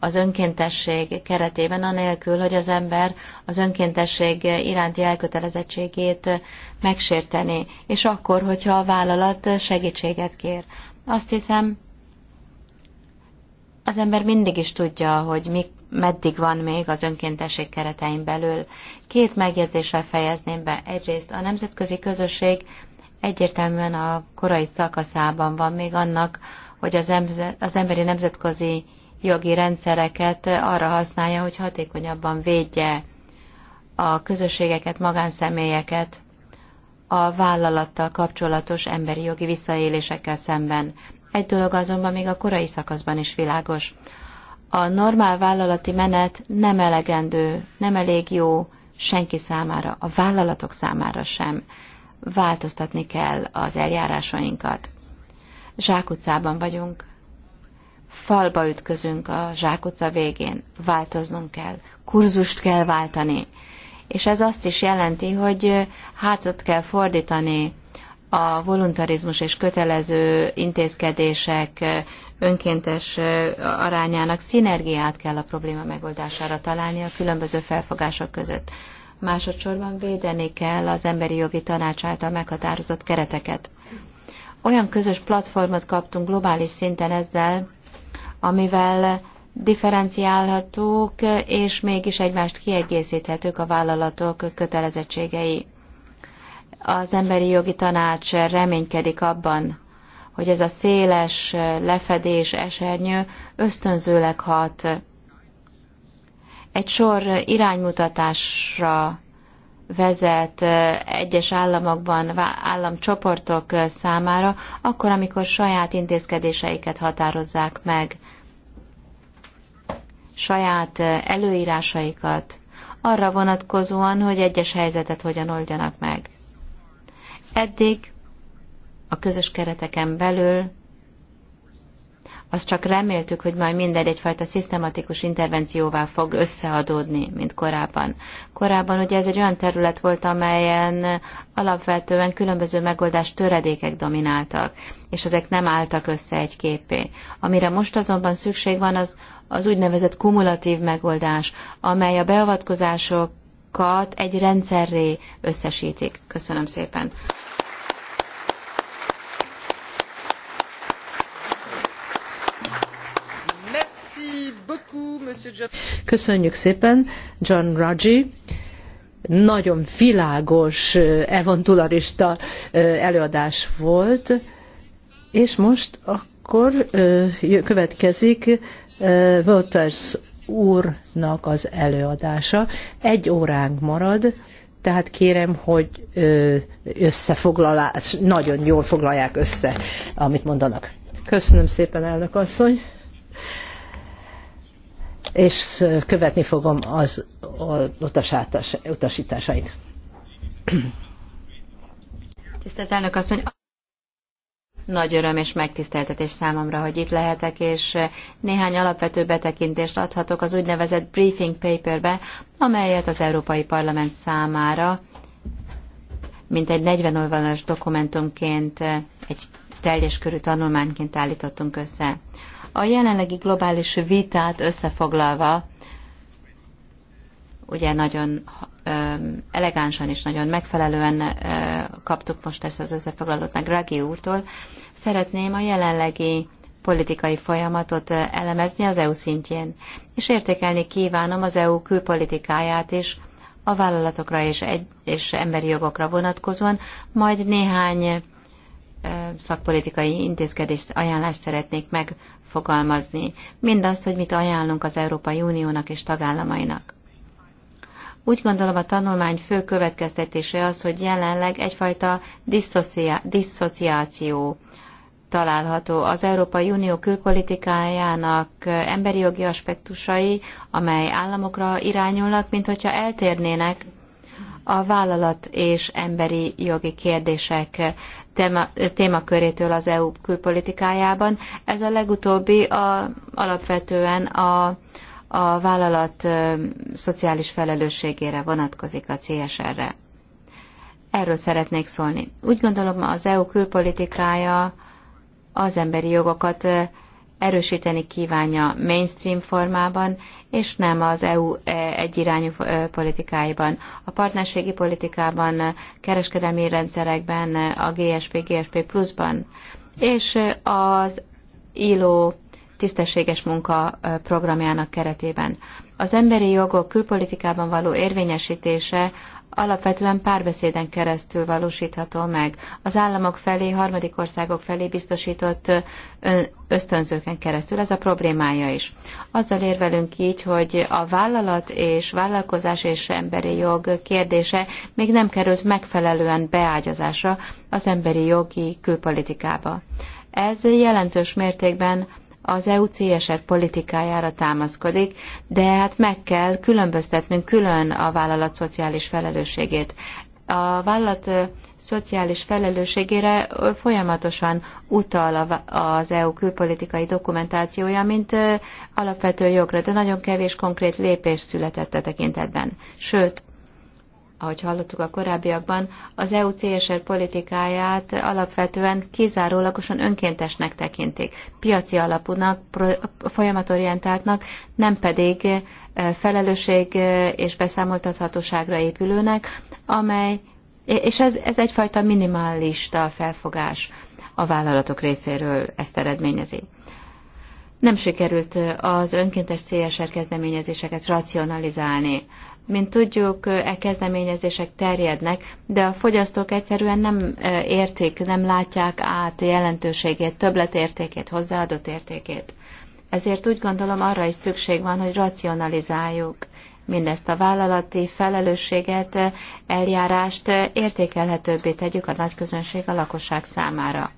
az önkéntesség keretében, anélkül, hogy az ember az önkéntesség iránti elkötelezettségét megsérteni, és akkor, hogyha a vállalat segítséget kér. Azt hiszem, az ember mindig is tudja, hogy mik meddig van még az önkéntesség keretein belül. Két megjegyzéssel fejezném be. Egyrészt a nemzetközi közösség egyértelműen a korai szakaszában van még annak, hogy az, emze, az emberi nemzetközi jogi rendszereket arra használja, hogy hatékonyabban védje a közösségeket, magánszemélyeket a vállalattal kapcsolatos emberi jogi visszaélésekkel szemben. Egy dolog azonban még a korai szakaszban is világos a normál vállalati menet nem elegendő, nem elég jó senki számára, a vállalatok számára sem. Változtatni kell az eljárásainkat. Zsákutcában vagyunk, falba ütközünk a zsákutca végén, változnunk kell, kurzust kell váltani. És ez azt is jelenti, hogy hátat kell fordítani a voluntarizmus és kötelező intézkedések önkéntes arányának szinergiát kell a probléma megoldására találni a különböző felfogások között. Másodszorban védeni kell az emberi jogi tanács által meghatározott kereteket. Olyan közös platformot kaptunk globális szinten ezzel, amivel differenciálhatók és mégis egymást kiegészíthetők a vállalatok kötelezettségei. Az emberi jogi tanács reménykedik abban, hogy ez a széles lefedés esernyő ösztönzőleg hat. Egy sor iránymutatásra vezet egyes államokban államcsoportok számára, akkor, amikor saját intézkedéseiket határozzák meg, saját előírásaikat, arra vonatkozóan, hogy egyes helyzetet hogyan oldjanak meg. Eddig a közös kereteken belül azt csak reméltük, hogy majd minden egyfajta szisztematikus intervencióval fog összeadódni, mint korábban. Korábban ugye ez egy olyan terület volt, amelyen alapvetően különböző megoldás töredékek domináltak, és ezek nem álltak össze egy képé. Amire most azonban szükség van, az az úgynevezett kumulatív megoldás, amely a beavatkozások programokat egy rendszerré összesítik. Köszönöm szépen. Köszönjük szépen, John Raji nagyon világos, evontularista előadás volt, és most akkor következik Walters úrnak az előadása. Egy óránk marad, tehát kérem, hogy összefoglalás, nagyon jól foglalják össze, amit mondanak. Köszönöm szépen, elnök asszony és követni fogom az utasításait. Tisztelt elnök asszony! Nagy öröm és megtiszteltetés számomra, hogy itt lehetek, és eh, néhány alapvető betekintést adhatok az úgynevezett briefing paperbe, amelyet az Európai Parlament számára mint egy 40 oldalas dokumentumként, eh, egy teljes körű tanulmányként állítottunk össze. A jelenlegi globális vitát összefoglalva, ugye nagyon elegánsan és nagyon megfelelően kaptuk most ezt az összefoglalót meg Ragi úrtól. Szeretném a jelenlegi politikai folyamatot elemezni az EU szintjén, és értékelni kívánom az EU külpolitikáját is a vállalatokra és, egy, és emberi jogokra vonatkozóan, majd néhány szakpolitikai intézkedést, ajánlást szeretnék megfogalmazni. Mindazt, hogy mit ajánlunk az Európai Uniónak és tagállamainak. Úgy gondolom a tanulmány fő következtetése az, hogy jelenleg egyfajta diszociáció található az Európai Unió külpolitikájának emberi jogi aspektusai, amely államokra irányulnak, mint hogyha eltérnének a vállalat és emberi jogi kérdések témakörétől az EU külpolitikájában. Ez a legutóbbi a, alapvetően a, a vállalat szociális felelősségére vonatkozik a CSR-re. Erről szeretnék szólni. Úgy gondolom, az EU külpolitikája az emberi jogokat erősíteni kívánja mainstream formában, és nem az EU egyirányú politikáiban. A partnerségi politikában, kereskedelmi rendszerekben, a GSP, GSP pluszban, és az ILO tisztességes munka programjának keretében. Az emberi jogok külpolitikában való érvényesítése alapvetően párbeszéden keresztül valósítható meg. Az államok felé, harmadik országok felé biztosított ösztönzőken keresztül. Ez a problémája is. Azzal érvelünk így, hogy a vállalat és vállalkozás és emberi jog kérdése még nem került megfelelően beágyazásra az emberi jogi külpolitikába. Ez jelentős mértékben az EU CSR politikájára támaszkodik, de hát meg kell különböztetnünk külön a vállalat szociális felelősségét. A vállalat szociális felelősségére folyamatosan utal az EU külpolitikai dokumentációja, mint alapvető jogra, de nagyon kevés konkrét lépés született a e tekintetben. Sőt, ahogy hallottuk a korábbiakban, az EU CSR politikáját alapvetően kizárólagosan önkéntesnek tekintik, piaci alapúnak, folyamatorientáltnak, nem pedig felelősség és beszámoltathatóságra épülőnek, amely, és ez, ez egyfajta minimalista felfogás a vállalatok részéről ezt eredményezi. Nem sikerült az önkéntes CSR kezdeményezéseket racionalizálni. Mint tudjuk, e kezdeményezések terjednek, de a fogyasztók egyszerűen nem értik, nem látják át jelentőségét, többletértékét, hozzáadott értékét. Ezért úgy gondolom arra is szükség van, hogy racionalizáljuk mindezt a vállalati felelősséget, eljárást értékelhetőbbé tegyük a nagyközönség a lakosság számára.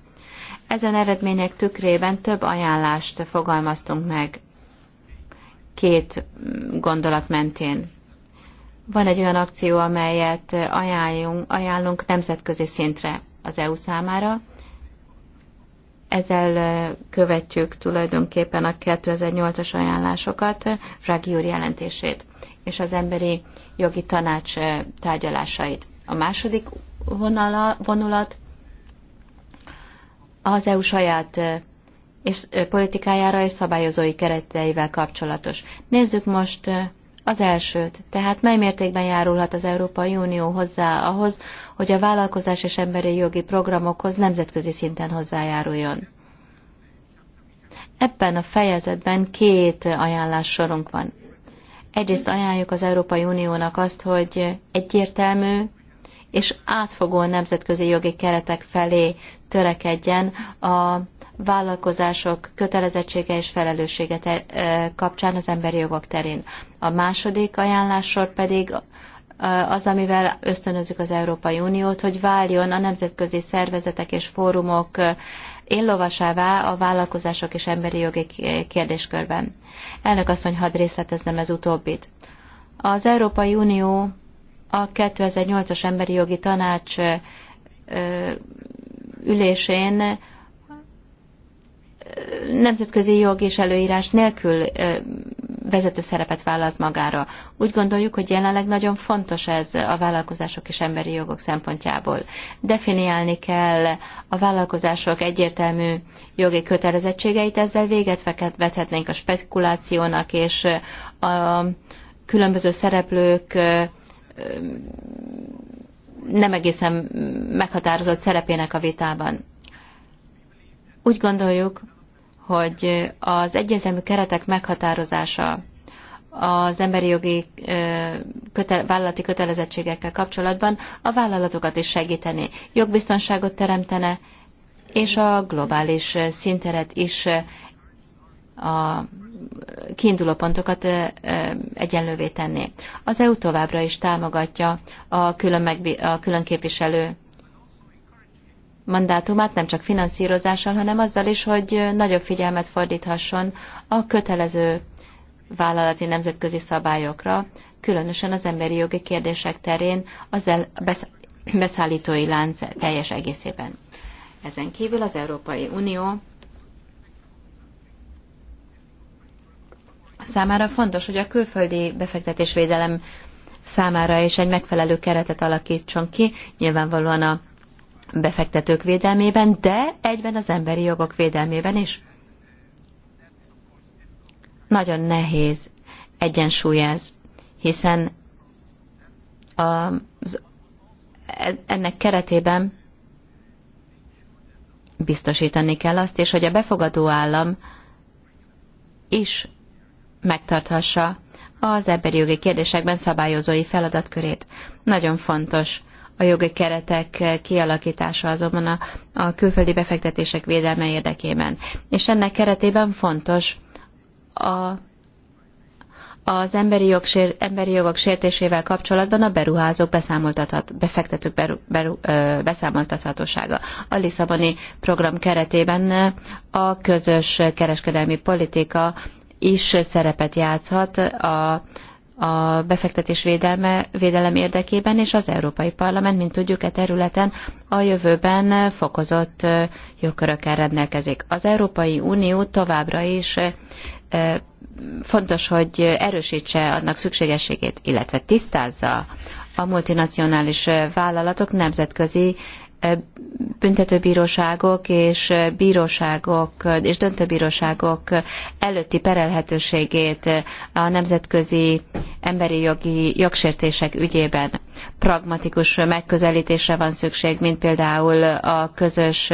Ezen eredmények tükrében több ajánlást fogalmaztunk meg két gondolat mentén. Van egy olyan akció, amelyet ajánlunk, ajánlunk nemzetközi szintre az EU számára. Ezzel követjük tulajdonképpen a 2008-as ajánlásokat, Rági úr jelentését és az emberi jogi tanács tárgyalásait. A második vonala, vonulat az EU saját és politikájára és szabályozói kereteivel kapcsolatos. Nézzük most az elsőt, tehát mely mértékben járulhat az Európai Unió hozzá ahhoz, hogy a vállalkozás és emberi jogi programokhoz nemzetközi szinten hozzájáruljon? Ebben a fejezetben két ajánlás sorunk van. Egyrészt ajánljuk az Európai Uniónak azt, hogy egyértelmű és átfogó nemzetközi jogi keretek felé törekedjen a vállalkozások kötelezettsége és felelőssége kapcsán az emberi jogok terén. A második ajánlássor pedig az, amivel ösztönözzük az Európai Uniót, hogy váljon a nemzetközi szervezetek és fórumok éllovasává a vállalkozások és emberi jogi kérdéskörben. Elnök asszony, hadd részleteznem ez utóbbit. Az Európai Unió a 2008-as emberi jogi tanács ülésén nemzetközi jog és előírás nélkül vezető szerepet vállalt magára. Úgy gondoljuk, hogy jelenleg nagyon fontos ez a vállalkozások és emberi jogok szempontjából. Definiálni kell a vállalkozások egyértelmű jogi kötelezettségeit, ezzel véget vethetnénk a spekulációnak és a különböző szereplők nem egészen meghatározott szerepének a vitában. Úgy gondoljuk, hogy az egyértelmű keretek meghatározása az emberi jogi köte, vállalati kötelezettségekkel kapcsolatban a vállalatokat is segíteni, jogbiztonságot teremtene, és a globális szinteret is a kiinduló pontokat egyenlővé tenni. Az EU továbbra is támogatja a külön, megbi- a külön képviselő mandátumát nem csak finanszírozással, hanem azzal is, hogy nagyobb figyelmet fordíthasson a kötelező vállalati nemzetközi szabályokra, különösen az emberi jogi kérdések terén az el, beszállítói lánc teljes egészében. Ezen kívül az Európai Unió számára fontos, hogy a külföldi befektetésvédelem számára is egy megfelelő keretet alakítson ki, nyilvánvalóan a befektetők védelmében, de egyben az emberi jogok védelmében is. Nagyon nehéz egyensúly ez, hiszen a, ennek keretében biztosítani kell azt, és hogy a befogadó állam is megtarthassa az emberi jogi kérdésekben szabályozói feladatkörét. Nagyon fontos a jogi keretek kialakítása azonban a, a külföldi befektetések védelme érdekében. És ennek keretében fontos a, az emberi, jog, emberi jogok sértésével kapcsolatban a beruházók beszámoltathat, befektetők beru, beru, ö, beszámoltathatósága. A Lisszaboni program keretében a közös kereskedelmi politika is szerepet játszhat a a befektetés védelme, védelem érdekében, és az Európai Parlament, mint tudjuk, e területen a jövőben fokozott jogkörökkel rendelkezik. Az Európai Unió továbbra is fontos, hogy erősítse annak szükségességét, illetve tisztázza a multinacionális vállalatok nemzetközi büntetőbíróságok és bíróságok és döntőbíróságok előtti perelhetőségét a nemzetközi emberi jogi jogsértések ügyében. Pragmatikus megközelítésre van szükség, mint például a közös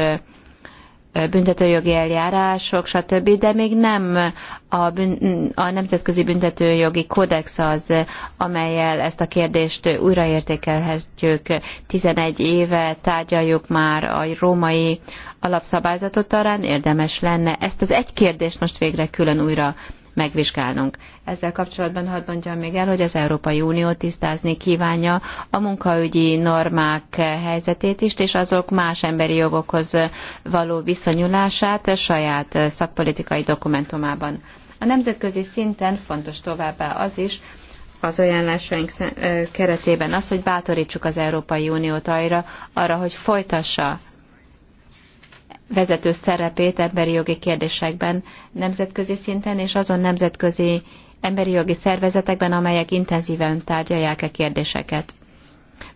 büntetőjogi eljárások, stb., de még nem a, bűn, a Nemzetközi Büntetőjogi Kódex az, amelyel ezt a kérdést újraértékelhetjük. 11 éve tárgyaljuk már a római alapszabályzatot arán, érdemes lenne ezt az egy kérdést most végre külön újra megvizsgálnunk. Ezzel kapcsolatban hadd mondjam még el, hogy az Európai Unió tisztázni kívánja a munkaügyi normák helyzetét is, és azok más emberi jogokhoz való viszonyulását a saját szakpolitikai dokumentumában. A nemzetközi szinten fontos továbbá az is, az ajánlásaink keretében az, hogy bátorítsuk az Európai Uniót arra, arra hogy folytassa vezető szerepét emberi jogi kérdésekben nemzetközi szinten és azon nemzetközi emberi jogi szervezetekben, amelyek intenzíven tárgyalják a e kérdéseket.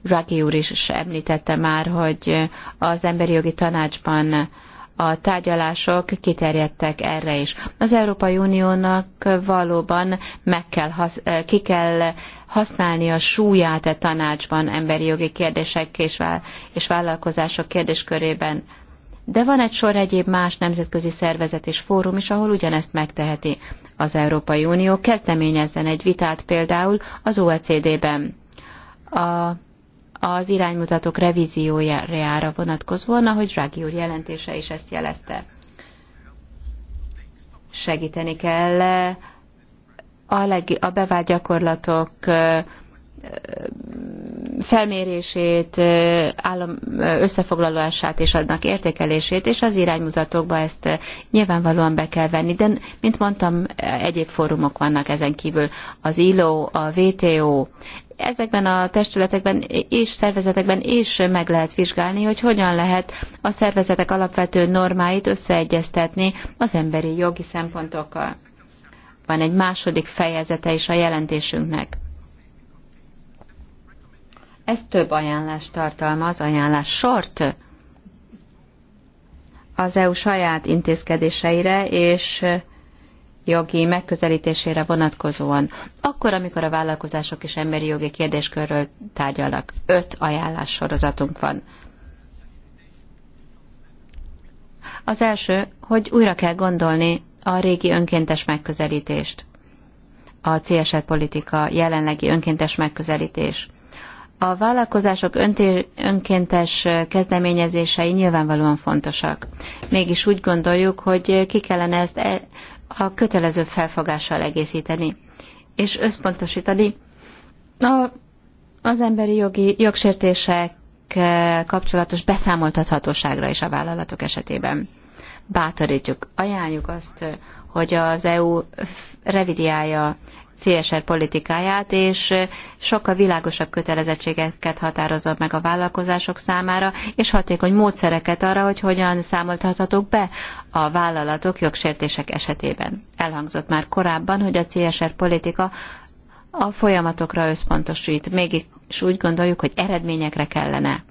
Zsaki úr is említette már, hogy az emberi jogi tanácsban a tárgyalások kiterjedtek erre is. Az Európai Uniónak valóban meg kell hasz, ki kell használni a súlyát a e tanácsban emberi jogi kérdések és, és vállalkozások kérdéskörében de van egy sor egyéb más nemzetközi szervezet és fórum is, ahol ugyanezt megteheti. Az Európai Unió kezdeményezzen egy vitát például az OECD-ben. A, az iránymutatók revíziójára vonatkozóan, ahogy Zsági úr jelentése is ezt jelezte. Segíteni kell a, leg, a bevált gyakorlatok felmérését, állam összefoglalását és adnak értékelését, és az iránymutatókba ezt nyilvánvalóan be kell venni. De, mint mondtam, egyéb fórumok vannak ezen kívül. Az ILO, a WTO, ezekben a testületekben és szervezetekben is meg lehet vizsgálni, hogy hogyan lehet a szervezetek alapvető normáit összeegyeztetni az emberi jogi szempontokkal. Van egy második fejezete is a jelentésünknek. Ez több ajánlást tartalmaz, ajánlás sort az EU saját intézkedéseire és jogi megközelítésére vonatkozóan, akkor, amikor a vállalkozások és emberi jogi kérdéskörről tárgyalak, Öt ajánlás sorozatunk van. Az első, hogy újra kell gondolni a régi önkéntes megközelítést. A CSR politika jelenlegi önkéntes megközelítés. A vállalkozások önkéntes kezdeményezései nyilvánvalóan fontosak. Mégis úgy gondoljuk, hogy ki kellene ezt e- a kötelező felfogással egészíteni, és összpontosítani a, az emberi jogi jogsértések kapcsolatos beszámoltathatóságra is a vállalatok esetében. Bátorítjuk, ajánljuk azt, hogy az EU revidiálja CSR politikáját, és sokkal világosabb kötelezettségeket határozott meg a vállalkozások számára, és hatékony módszereket arra, hogy hogyan számoltathatók be a vállalatok jogsértések esetében. Elhangzott már korábban, hogy a CSR politika a folyamatokra összpontosít, mégis úgy gondoljuk, hogy eredményekre kellene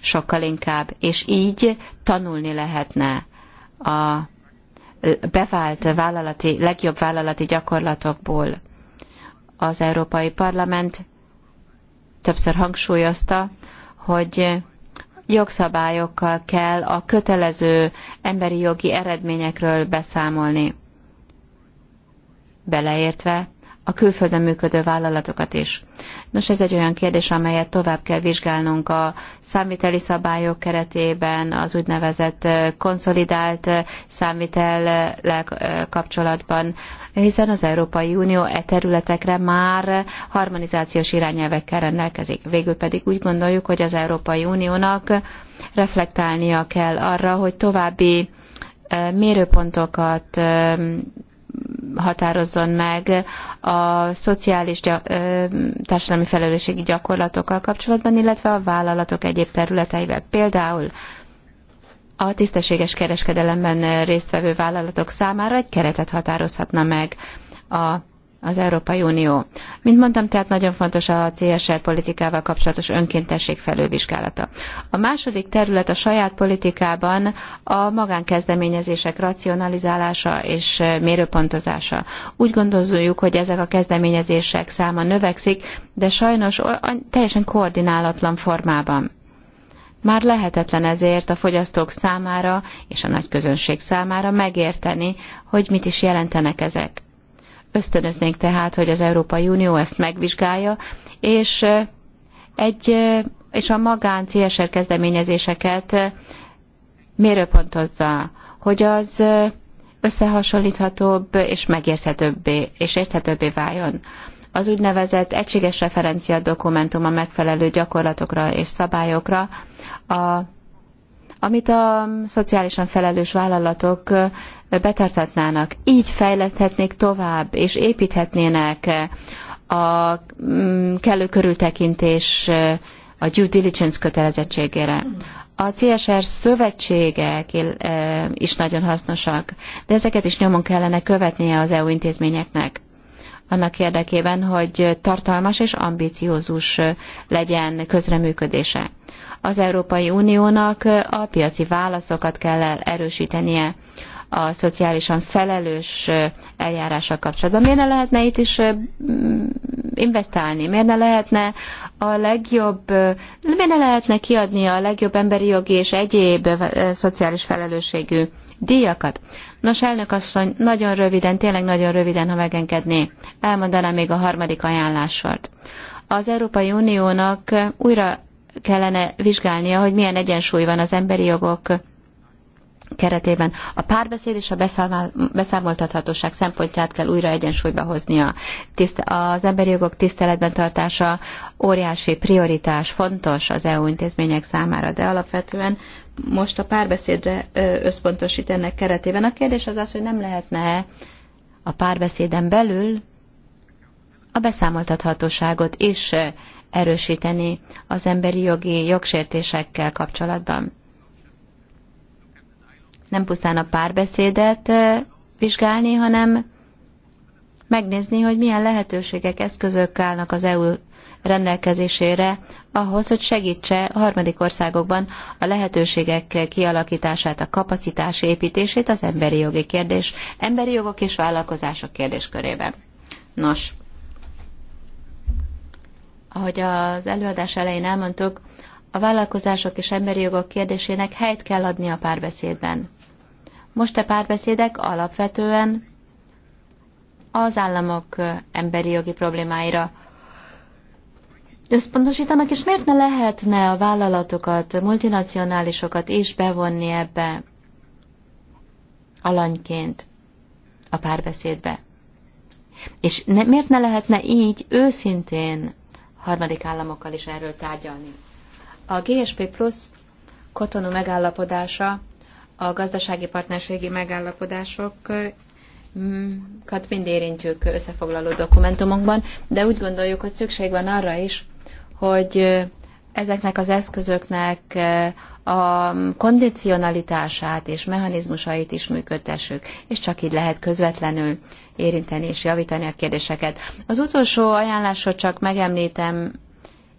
sokkal inkább, és így tanulni lehetne a bevált vállalati, legjobb vállalati gyakorlatokból. Az Európai Parlament többször hangsúlyozta, hogy jogszabályokkal kell a kötelező emberi jogi eredményekről beszámolni, beleértve a külföldön működő vállalatokat is. Nos, ez egy olyan kérdés, amelyet tovább kell vizsgálnunk a számviteli szabályok keretében, az úgynevezett konszolidált számvitellel kapcsolatban, hiszen az Európai Unió e területekre már harmonizációs irányelvekkel rendelkezik. Végül pedig úgy gondoljuk, hogy az Európai Uniónak reflektálnia kell arra, hogy további mérőpontokat határozzon meg a szociális társadalmi felelősségi gyakorlatokkal kapcsolatban, illetve a vállalatok egyéb területeivel. Például a tisztességes kereskedelemben résztvevő vállalatok számára egy keretet határozhatna meg a az Európai Unió. Mint mondtam, tehát nagyon fontos a CSR politikával kapcsolatos önkéntesség felővizsgálata. A második terület a saját politikában a magánkezdeményezések racionalizálása és mérőpontozása. Úgy gondoljuk, hogy ezek a kezdeményezések száma növekszik, de sajnos teljesen koordinálatlan formában. Már lehetetlen ezért a fogyasztók számára és a nagy közönség számára megérteni, hogy mit is jelentenek ezek. Ösztönöznénk tehát, hogy az Európai Unió ezt megvizsgálja, és, egy, és a magán CSR kezdeményezéseket mérőpontozza, hogy az összehasonlíthatóbb és megérthetőbbé, és érthetőbbé váljon. Az úgynevezett egységes referencia dokumentum a megfelelő gyakorlatokra és szabályokra a amit a szociálisan felelős vállalatok betartatnának. Így fejleszthetnék tovább, és építhetnének a mm, kellő körültekintés a due diligence kötelezettségére. A CSR szövetségek is nagyon hasznosak, de ezeket is nyomon kellene követnie az EU intézményeknek annak érdekében, hogy tartalmas és ambiciózus legyen közreműködése. Az Európai Uniónak a piaci válaszokat kell erősítenie a szociálisan felelős eljárással kapcsolatban. Miért ne lehetne itt is investálni? Miért ne lehetne a legjobb, miért ne lehetne kiadni a legjobb emberi jogi és egyéb szociális felelősségű díjakat? Nos, elnök asszony, nagyon röviden, tényleg nagyon röviden, ha megengedné, elmondanám még a harmadik ajánlássort. Az Európai Uniónak újra kellene vizsgálnia, hogy milyen egyensúly van az emberi jogok keretében. A párbeszéd és a beszámoltathatóság szempontját kell újra egyensúlyba hoznia. Az emberi jogok tiszteletben tartása óriási prioritás, fontos az EU intézmények számára, de alapvetően most a párbeszédre összpontosít ennek keretében. A kérdés az az, hogy nem lehetne a párbeszéden belül a beszámoltathatóságot is erősíteni az emberi jogi jogsértésekkel kapcsolatban. Nem pusztán a párbeszédet vizsgálni, hanem megnézni, hogy milyen lehetőségek, eszközök állnak az EU rendelkezésére ahhoz, hogy segítse a harmadik országokban a lehetőségek kialakítását, a kapacitás építését az emberi jogi kérdés, emberi jogok és vállalkozások kérdéskörében. Nos, ahogy az előadás elején elmondtuk, a vállalkozások és emberi jogok kérdésének helyt kell adni a párbeszédben. Most a párbeszédek alapvetően az államok emberi jogi problémáira összpontosítanak, és miért ne lehetne a vállalatokat, multinacionálisokat is bevonni ebbe alanyként a párbeszédbe? És ne, miért ne lehetne így őszintén harmadik államokkal is erről tárgyalni. A GSP Plus kotonu megállapodása, a gazdasági partnerségi megállapodásokat mm, mind érintjük összefoglaló dokumentumokban, de úgy gondoljuk, hogy szükség van arra is, hogy ezeknek az eszközöknek a kondicionalitását és mechanizmusait is működtessük, és csak így lehet közvetlenül érinteni és javítani a kérdéseket. Az utolsó ajánlásot csak megemlítem,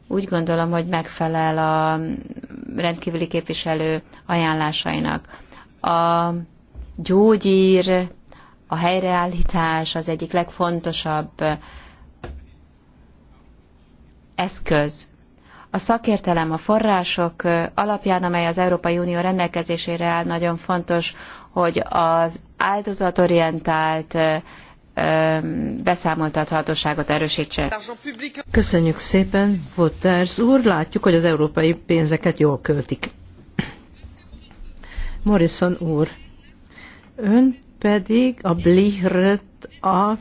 úgy gondolom, hogy megfelel a rendkívüli képviselő ajánlásainak. A gyógyír, a helyreállítás az egyik legfontosabb eszköz a szakértelem, a források alapján, amely az Európai Unió rendelkezésére áll, nagyon fontos, hogy az áldozatorientált beszámoltathatóságot erősítse. Köszönjük szépen, Voters úr. Látjuk, hogy az európai pénzeket jól költik. Morrison úr, ön pedig a Blihret a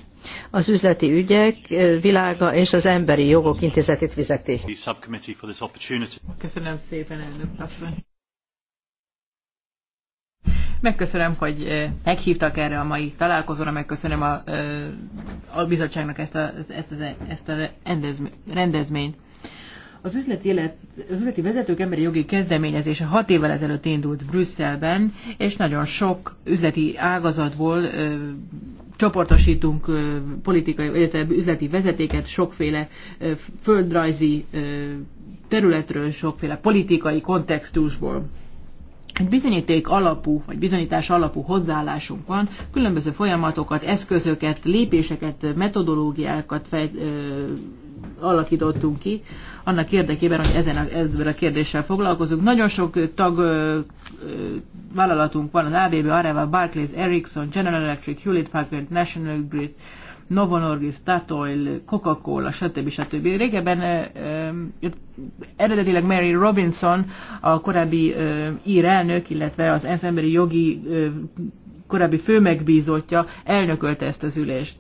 az üzleti ügyek világa és az emberi jogok intézetét vizeti. Köszönöm szépen, elnök asszony. Megköszönöm, hogy meghívtak erre a mai találkozóra, megköszönöm a, a bizottságnak ezt, a, ezt, a, ezt a rendezményt. Az üzleti, élet, az üzleti vezetők emberi jogi kezdeményezése hat évvel ezelőtt indult Brüsszelben, és nagyon sok üzleti ágazatból ö, csoportosítunk ö, politikai, illetve üzleti vezetéket sokféle ö, földrajzi ö, területről, sokféle politikai kontextusból. Egy bizonyíték alapú, vagy bizonyítás alapú hozzáállásunk van, különböző folyamatokat, eszközöket, lépéseket, metodológiákat fej, ö, alakítottunk ki, annak érdekében, hogy ezen a, ezzel a kérdéssel foglalkozunk. Nagyon sok tag ö, ö, vállalatunk van, az ABB, Areva, Barclays, Ericsson, General Electric, Hewlett Packard, National Grid, Novo Nordisk, Statoil, Coca-Cola, stb. stb. Régebben ö, eredetileg Mary Robinson, a korábbi ö, ír elnök, illetve az ENSZ emberi jogi ö, korábbi főmegbízottja elnökölte ezt az ülést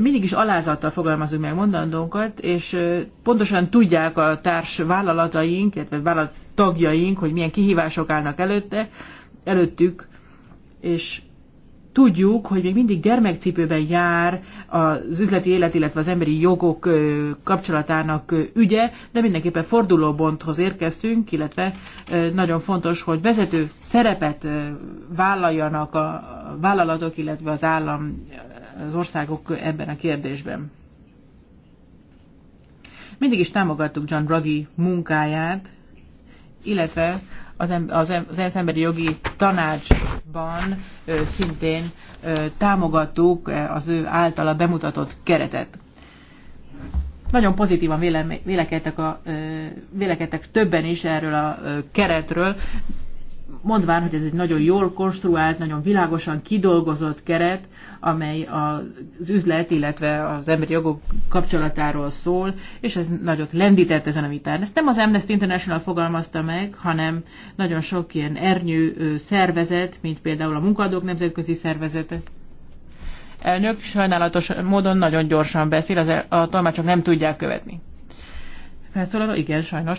mindig is alázattal fogalmazunk meg mondandónkat, és pontosan tudják a társ vállalataink, illetve vállalat tagjaink, hogy milyen kihívások állnak előtte, előttük, és tudjuk, hogy még mindig gyermekcipőben jár az üzleti élet, illetve az emberi jogok kapcsolatának ügye, de mindenképpen fordulóbonthoz érkeztünk, illetve nagyon fontos, hogy vezető szerepet vállaljanak a vállalatok, illetve az állam az országok ebben a kérdésben. Mindig is támogattuk John Ruggie munkáját, illetve az, em, az, em, az ENSZ emberi jogi tanácsban ö, szintén ö, támogattuk az ő általa bemutatott keretet. Nagyon pozitívan vélekedtek, a, vélekedtek többen is erről a keretről mondván, hogy ez egy nagyon jól konstruált, nagyon világosan kidolgozott keret, amely az üzlet, illetve az emberi jogok kapcsolatáról szól, és ez nagyot lendített ezen a vitán. Ezt nem az Amnesty International fogalmazta meg, hanem nagyon sok ilyen ernyő szervezet, mint például a munkadók nemzetközi szervezete. Elnök sajnálatos módon nagyon gyorsan beszél, az e- a tolmácsok nem tudják követni. Felszólaló, igen, sajnos.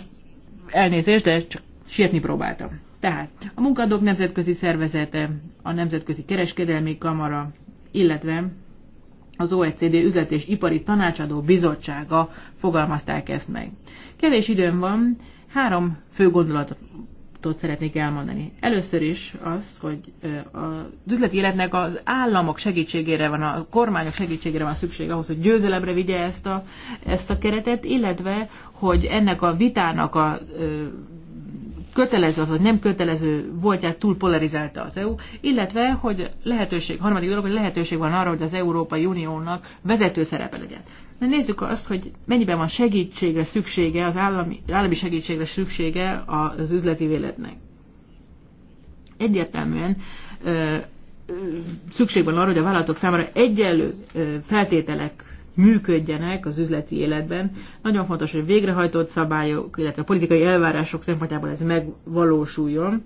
Elnézést, de csak sietni próbáltam. Tehát a munkadók nemzetközi szervezete, a Nemzetközi Kereskedelmi Kamara, illetve az OECD üzlet és ipari tanácsadó bizottsága fogalmazták ezt meg. Kevés időm van, három fő gondolatot szeretnék elmondani. Először is az, hogy az üzleti életnek az államok segítségére van, a kormányok segítségére van szükség ahhoz, hogy győzelemre vigye ezt a, ezt a keretet, illetve hogy ennek a vitának a kötelező vagy nem kötelező voltját túl polarizálta az EU, illetve, hogy lehetőség, harmadik dolog, hogy lehetőség van arra, hogy az Európai Uniónak vezető szerepe legyen. Na nézzük azt, hogy mennyiben van segítségre szüksége, az állami, állami segítségre szüksége az üzleti véletnek. Egyértelműen szükség van arra, hogy a vállalatok számára egyenlő feltételek működjenek az üzleti életben. Nagyon fontos, hogy végrehajtott szabályok, illetve a politikai elvárások szempontjából ez megvalósuljon.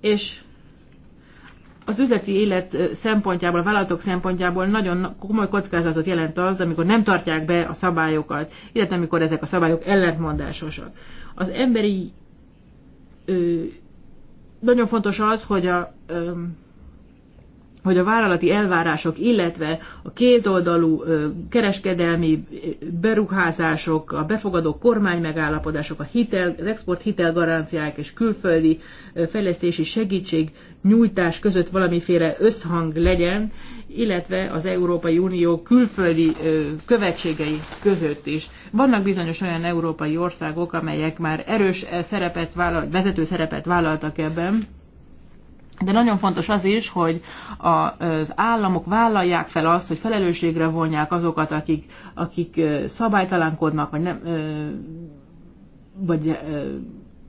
És az üzleti élet szempontjából, a vállalatok szempontjából nagyon komoly kockázatot jelent az, amikor nem tartják be a szabályokat, illetve amikor ezek a szabályok ellentmondásosak. Az emberi ö, nagyon fontos az, hogy a ö, hogy a vállalati elvárások, illetve a kétoldalú kereskedelmi beruházások, a befogadó kormány megállapodások, a hitel, az export hitelgaranciák és külföldi fejlesztési segítség nyújtás között valamiféle összhang legyen, illetve az Európai Unió külföldi követségei között is. Vannak bizonyos olyan európai országok, amelyek már erős szerepet vállalt, vezető szerepet vállaltak ebben, de nagyon fontos az is, hogy az államok vállalják fel azt, hogy felelősségre vonják azokat, akik, akik szabálytalankodnak, vagy, nem, vagy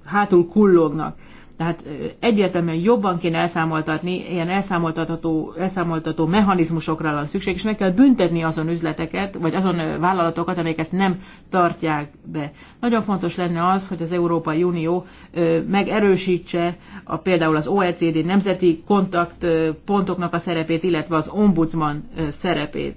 hátul kullognak. Tehát egyértelműen jobban kéne elszámoltatni, ilyen elszámoltatható, elszámoltató mechanizmusokra van szükség, és meg kell büntetni azon üzleteket, vagy azon vállalatokat, amelyek ezt nem tartják be. Nagyon fontos lenne az, hogy az Európai Unió megerősítse a, például az OECD nemzeti kontaktpontoknak a szerepét, illetve az ombudsman szerepét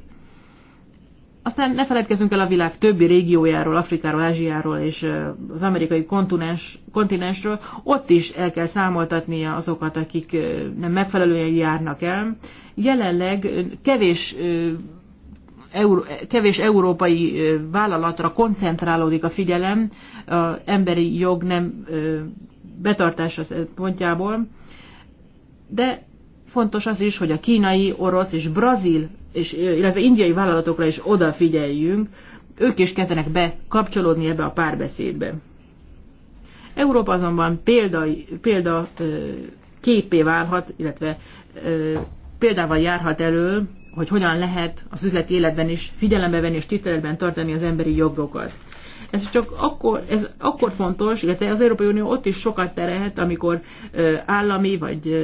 aztán ne feledkezzünk el a világ többi régiójáról, Afrikáról, Ázsiáról és az amerikai kontinens, kontinensről. Ott is el kell számoltatnia azokat, akik nem megfelelően járnak el. Jelenleg kevés Euró, kevés európai vállalatra koncentrálódik a figyelem a emberi jog nem betartása pontjából, de Fontos az is, hogy a kínai, orosz és brazil, és, illetve indiai vállalatokra is odafigyeljünk, ők is kezdenek be kapcsolódni ebbe a párbeszédbe. Európa azonban példa, példa képé válhat, illetve példával járhat elő, hogy hogyan lehet az üzleti életben is figyelembe venni és tiszteletben tartani az emberi jogokat. Ez csak akkor, ez akkor fontos, illetve az Európai Unió ott is sokat terehet, amikor állami vagy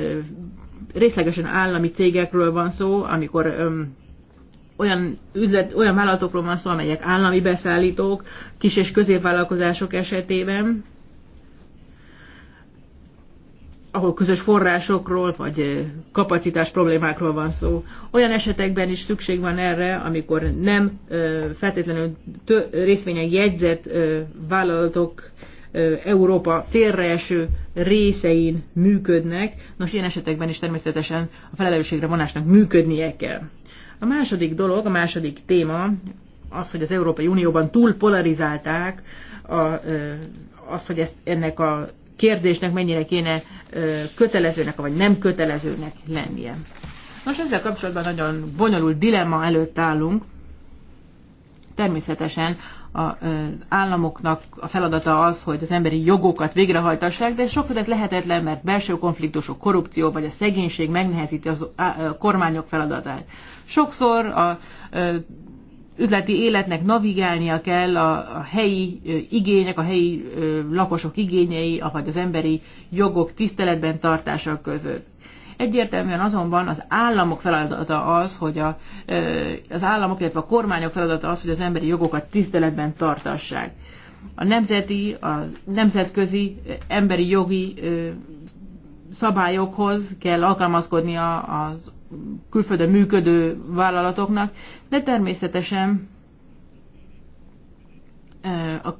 részlegesen állami cégekről van szó, amikor öm, olyan, üzlet, olyan vállalatokról van szó, amelyek állami beszállítók, kis- és középvállalkozások esetében, ahol közös forrásokról vagy kapacitás problémákról van szó. Olyan esetekben is szükség van erre, amikor nem feltétlenül részvények jegyzett vállalatok Európa térre eső részein működnek. Nos, ilyen esetekben is természetesen a felelősségre vonásnak működnie kell. A második dolog, a második téma az, hogy az Európai Unióban túl polarizálták a, az, hogy ezt, ennek a kérdésnek mennyire kéne kötelezőnek vagy nem kötelezőnek lennie. Nos, ezzel kapcsolatban nagyon bonyolult dilemma előtt állunk. Természetesen a államoknak a feladata az, hogy az emberi jogokat végrehajtassák, de sokszor ez lehetetlen, mert belső konfliktusok, korrupció vagy a szegénység megnehezíti az kormányok feladatát. Sokszor a üzleti életnek navigálnia kell a, a helyi igények, a helyi lakosok igényei, vagy az emberi jogok tiszteletben tartása között. Egyértelműen azonban az államok feladata az, hogy a, az államok, illetve a kormányok feladata az, hogy az emberi jogokat tiszteletben tartassák. A nemzeti, a nemzetközi emberi jogi szabályokhoz kell alkalmazkodnia az külföldön működő vállalatoknak, de természetesen a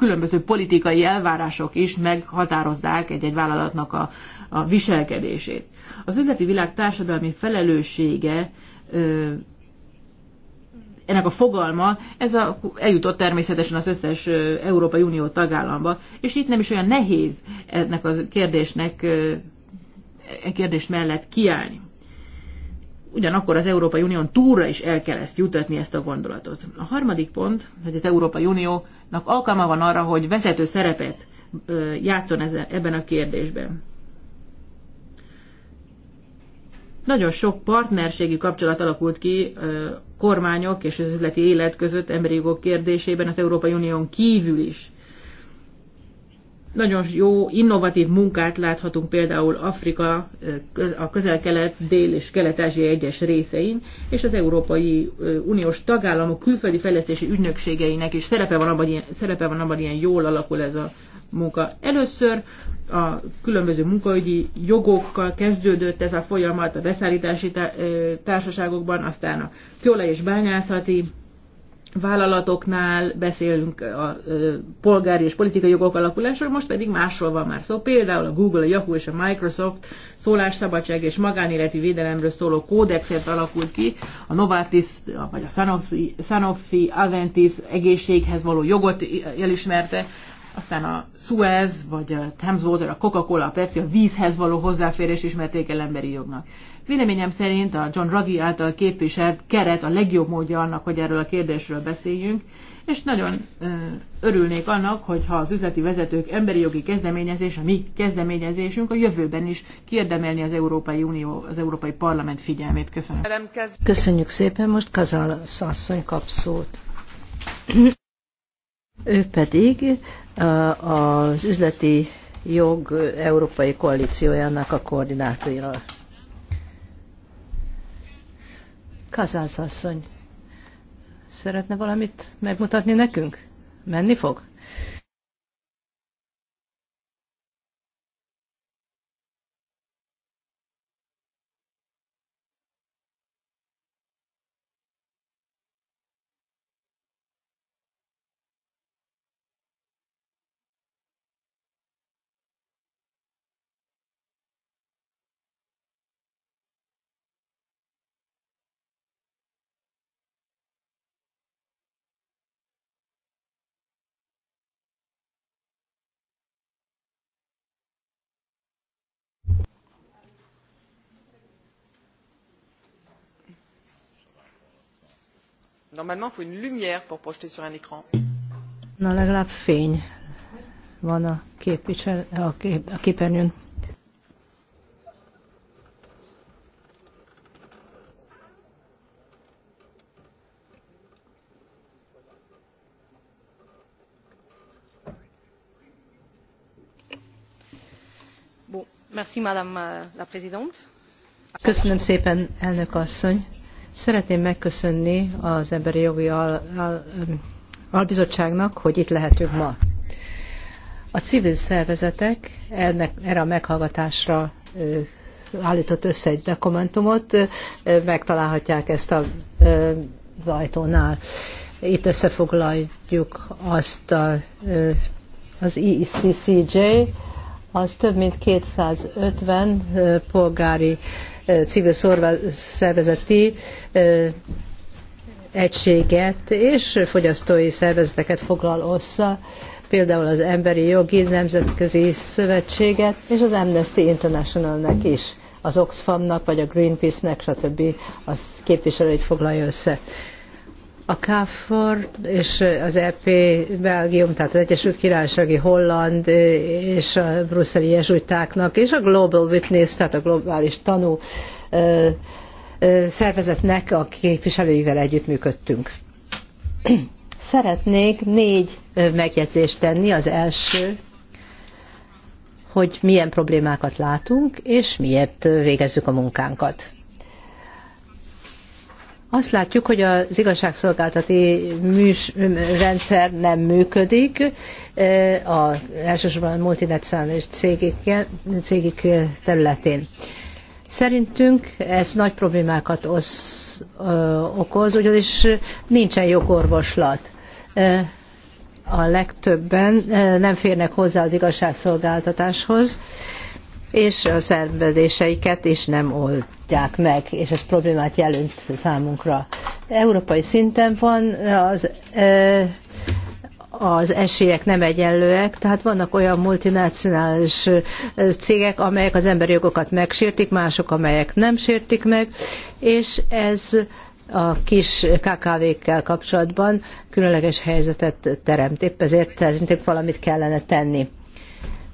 különböző politikai elvárások is meghatározzák egy-egy vállalatnak a, a viselkedését. Az üzleti világ társadalmi felelőssége ö, ennek a fogalma, ez a, eljutott természetesen az összes Európai Unió tagállamba, és itt nem is olyan nehéz ennek a kérdésnek, e kérdés mellett kiállni ugyanakkor az Európai Unión túlra is el kell ezt jutatni, ezt a gondolatot. A harmadik pont, hogy az Európai Uniónak alkalma van arra, hogy vezető szerepet játszon ebben a kérdésben. Nagyon sok partnerségi kapcsolat alakult ki kormányok és az üzleti élet között emberi jogok kérdésében az Európai Unión kívül is nagyon jó, innovatív munkát láthatunk például Afrika, a közel-kelet, dél- és kelet-ázsia egyes részein, és az Európai Uniós tagállamok külföldi fejlesztési ügynökségeinek is szerepe van abban, ilyen, szerepe van abban, ilyen jól alakul ez a munka. Először a különböző munkaügyi jogokkal kezdődött ez a folyamat a beszállítási társaságokban, aztán a kőolaj és bányászati vállalatoknál beszélünk a polgári és politikai jogok alakulásról, most pedig másról van már szó. Például a Google, a Yahoo és a Microsoft szólásszabadság és magánéleti védelemről szóló kódexet alakult ki, a Novartis vagy a Sanofi, Sanofi Aventis egészséghez való jogot elismerte, aztán a Suez, vagy a Thames Water, a Coca-Cola, a Pepsi, a vízhez való hozzáférés ismerték el emberi jognak. Véleményem szerint a John Ruggie által képviselt keret a legjobb módja annak, hogy erről a kérdésről beszéljünk, és nagyon örülnék annak, hogyha az üzleti vezetők emberi jogi kezdeményezés, a mi kezdeményezésünk a jövőben is kiérdemelni az Európai Unió, az Európai Parlament figyelmét. Köszönöm. Köszönjük szépen, most Kazal Szasszony kap szót. Ő pedig az üzleti jog Európai Koalíciójának a koordinátora. Kazász asszony, szeretne valamit megmutatni nekünk? Menni fog? Normalement, il faut une lumière pour projeter sur un écran. Na, legalább fény van a, képvisel, a, kép, a képernyőn. merci Madame euh, la Présidente. Köszönöm szépen, elnök asszony. Szeretném megköszönni az Emberi Jogi Albizottságnak, hogy itt lehetünk ma. A civil szervezetek ennek, erre a meghallgatásra állított össze egy dokumentumot, megtalálhatják ezt a ajtónál. Itt összefoglaljuk azt a, az ICCJ, az több mint 250 polgári civil szervezeti egységet és fogyasztói szervezeteket foglal össze, például az Emberi Jogi Nemzetközi Szövetséget és az Amnesty Internationalnek is, az Oxfamnak vagy a Greenpeace-nek, stb. az képviselőit foglalja össze a KFOR és az EP Belgium, tehát az Egyesült Királysági Holland és a brüsszeli jezsuitáknak, és a Global Witness, tehát a globális tanú szervezetnek a képviselőivel együttműködtünk. Szeretnék négy megjegyzést tenni. Az első, hogy milyen problémákat látunk, és miért végezzük a munkánkat. Azt látjuk, hogy az igazságszolgáltati műs, rendszer nem működik, a, elsősorban a multinacionalis cégik, cégik területén. Szerintünk ez nagy problémákat osz, ö, okoz, ugyanis nincsen jogorvoslat. A legtöbben nem férnek hozzá az igazságszolgáltatáshoz, és a szervezéseiket is nem oldják meg, és ez problémát jelent számunkra. Európai szinten van az, az esélyek nem egyenlőek, tehát vannak olyan multinacionális cégek, amelyek az emberi jogokat megsértik, mások, amelyek nem sértik meg, és ez a kis KKV-kkel kapcsolatban különleges helyzetet teremt. Épp ezért szerintem valamit kellene tenni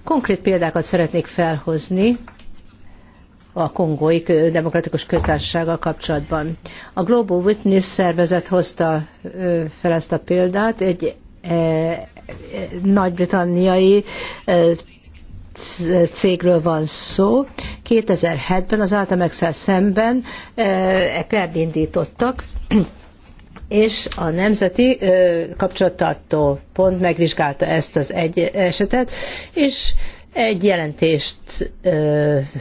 Konkrét példákat szeretnék felhozni a kongói demokratikus köztársasággal kapcsolatban. A Global Witness szervezet hozta fel ezt a példát, egy e, e, nagy-britanniai e, cégről van szó. 2007-ben az által szemben e pert indítottak, és a Nemzeti Kapcsolattartó Pont megvizsgálta ezt az egy esetet, és egy jelentést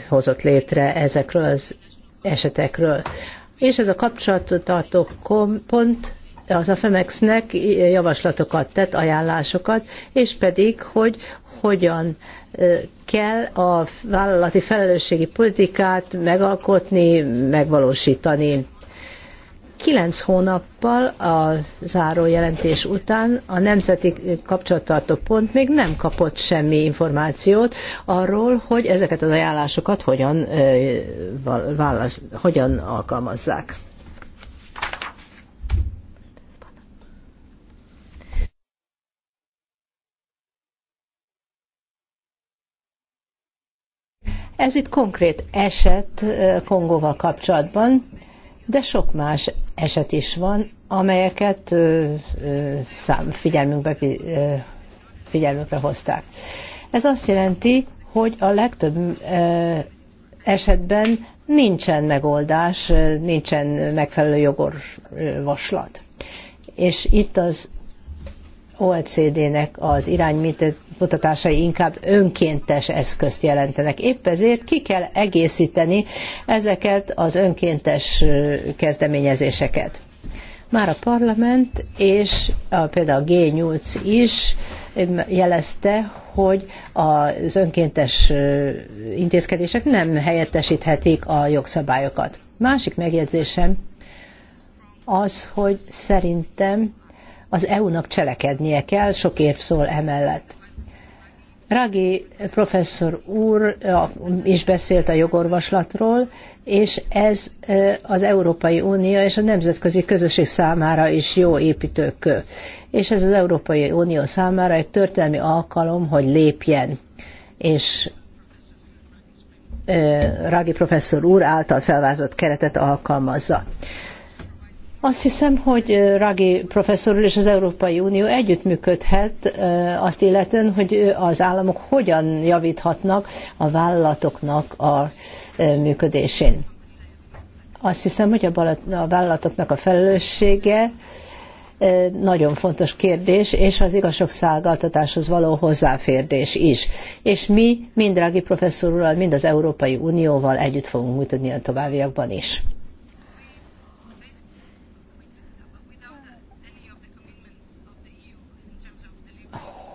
hozott létre ezekről az esetekről. És ez a kapcsolattartó pont az a Femexnek javaslatokat tett, ajánlásokat, és pedig, hogy hogyan kell a vállalati felelősségi politikát megalkotni, megvalósítani. Kilenc hónappal a zárójelentés után a Nemzeti Kapcsolattartó Pont még nem kapott semmi információt arról, hogy ezeket az ajánlásokat hogyan, válasz, hogyan alkalmazzák. Ez itt konkrét eset Kongóval kapcsolatban, de sok más eset is van, amelyeket ö, ö, szám, figyelmünkbe, ö, figyelmükre hozták. Ez azt jelenti, hogy a legtöbb ö, esetben nincsen megoldás, nincsen megfelelő jogorvoslat. És itt az OECD-nek az iránymutatásai inkább önkéntes eszközt jelentenek. Épp ezért ki kell egészíteni ezeket az önkéntes kezdeményezéseket. Már a parlament és a, például a G8 is jelezte, hogy az önkéntes intézkedések nem helyettesíthetik a jogszabályokat. Másik megjegyzésem az, hogy szerintem az EU-nak cselekednie kell, sok érv szól emellett. Ragi professzor úr is beszélt a jogorvoslatról, és ez az Európai Unió és a nemzetközi közösség számára is jó építőkő. És ez az Európai Unió számára egy történelmi alkalom, hogy lépjen. És Ragi professzor úr által felvázott keretet alkalmazza. Azt hiszem, hogy Ragi professzor és az Európai Unió együttműködhet azt illetően, hogy az államok hogyan javíthatnak a vállalatoknak a működésén. Azt hiszem, hogy a vállalatoknak a felelőssége nagyon fontos kérdés, és az igazságszolgáltatáshoz való hozzáférés is. És mi mind Rági professzor mind az Európai Unióval együtt fogunk működni a továbbiakban is.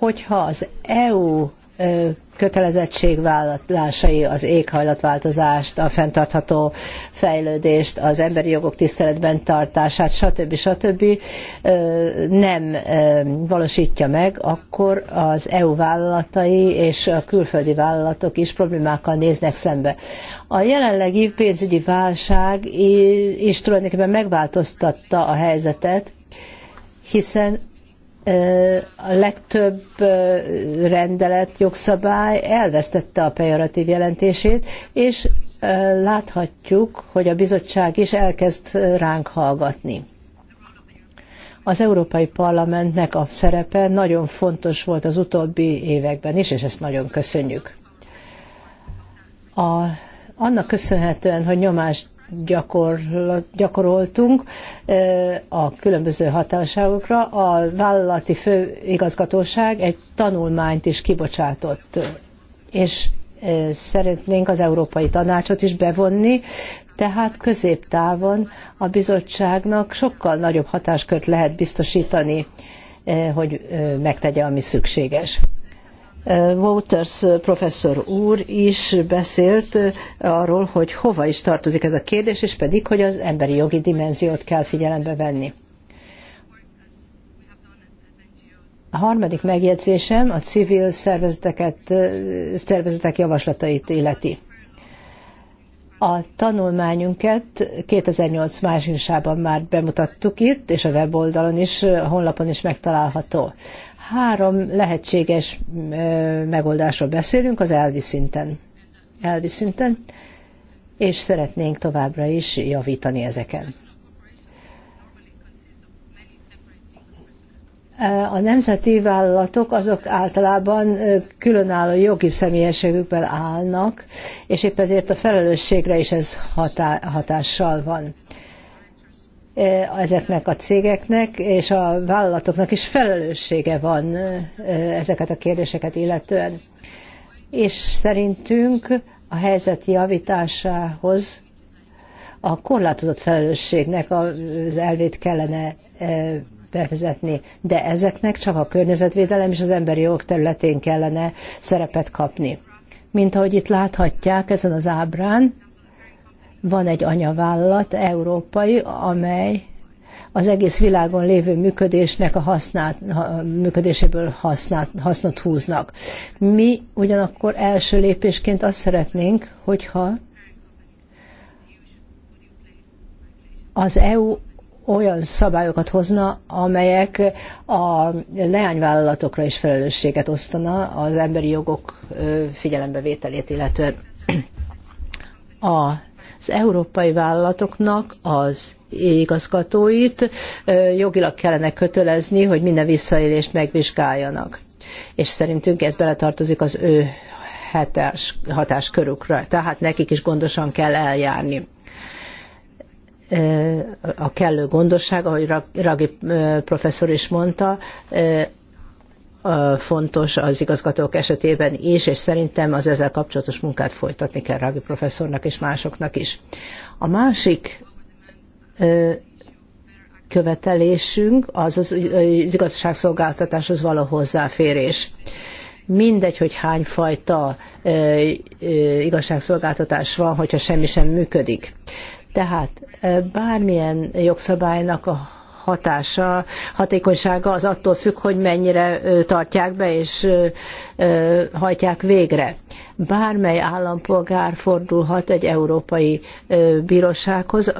hogyha az EU kötelezettségvállalásai az éghajlatváltozást, a fenntartható fejlődést, az emberi jogok tiszteletben tartását, stb. stb. nem valósítja meg, akkor az EU vállalatai és a külföldi vállalatok is problémákkal néznek szembe. A jelenlegi pénzügyi válság is tulajdonképpen megváltoztatta a helyzetet, hiszen a legtöbb rendelet, jogszabály elvesztette a pejoratív jelentését, és láthatjuk, hogy a bizottság is elkezd ránk hallgatni. Az Európai Parlamentnek a szerepe nagyon fontos volt az utóbbi években is, és ezt nagyon köszönjük. A, annak köszönhetően, hogy nyomást gyakoroltunk a különböző hatóságokra. A vállalati főigazgatóság egy tanulmányt is kibocsátott, és szeretnénk az Európai Tanácsot is bevonni, tehát középtávon a bizottságnak sokkal nagyobb hatáskört lehet biztosítani, hogy megtegye, ami szükséges. Waters professzor úr is beszélt arról, hogy hova is tartozik ez a kérdés, és pedig, hogy az emberi jogi dimenziót kell figyelembe venni. A harmadik megjegyzésem a civil szervezeteket, szervezetek javaslatait illeti. A tanulmányunkat 2008 májusában már bemutattuk itt, és a weboldalon is, a honlapon is megtalálható. Három lehetséges megoldásról beszélünk az elvi szinten. Elvi szinten, és szeretnénk továbbra is javítani ezeken. A nemzeti vállalatok azok általában különálló jogi személyiségükben állnak, és épp ezért a felelősségre is ez hatá hatással van. E, ezeknek a cégeknek és a vállalatoknak is felelőssége van e, ezeket a kérdéseket illetően. És szerintünk a helyzet javításához a korlátozott felelősségnek az elvét kellene e, bevezetni, de ezeknek csak a környezetvédelem és az emberi jogok területén kellene szerepet kapni. Mint ahogy itt láthatják ezen az ábrán, van egy anyavállalat, európai, amely az egész világon lévő működésnek a használt, működéséből használt, hasznot húznak. Mi ugyanakkor első lépésként azt szeretnénk, hogyha az EU olyan szabályokat hozna, amelyek a leányvállalatokra is felelősséget osztana az emberi jogok figyelembevételét illetően. A az európai vállalatoknak az igazgatóit jogilag kellene kötelezni, hogy minden visszaélést megvizsgáljanak. És szerintünk ez beletartozik az ő hatás, hatáskörükre, tehát nekik is gondosan kell eljárni a kellő gondosság, ahogy Ragi professzor is mondta, fontos az igazgatók esetében is, és szerintem az ezzel kapcsolatos munkát folytatni kell Rági professzornak és másoknak is. A másik követelésünk az az igazságszolgáltatáshoz való hozzáférés. Mindegy, hogy hányfajta igazságszolgáltatás van, hogyha semmi sem működik. Tehát bármilyen jogszabálynak a hatása, hatékonysága az attól függ, hogy mennyire tartják be és hajtják végre bármely állampolgár fordulhat egy európai bírósághoz,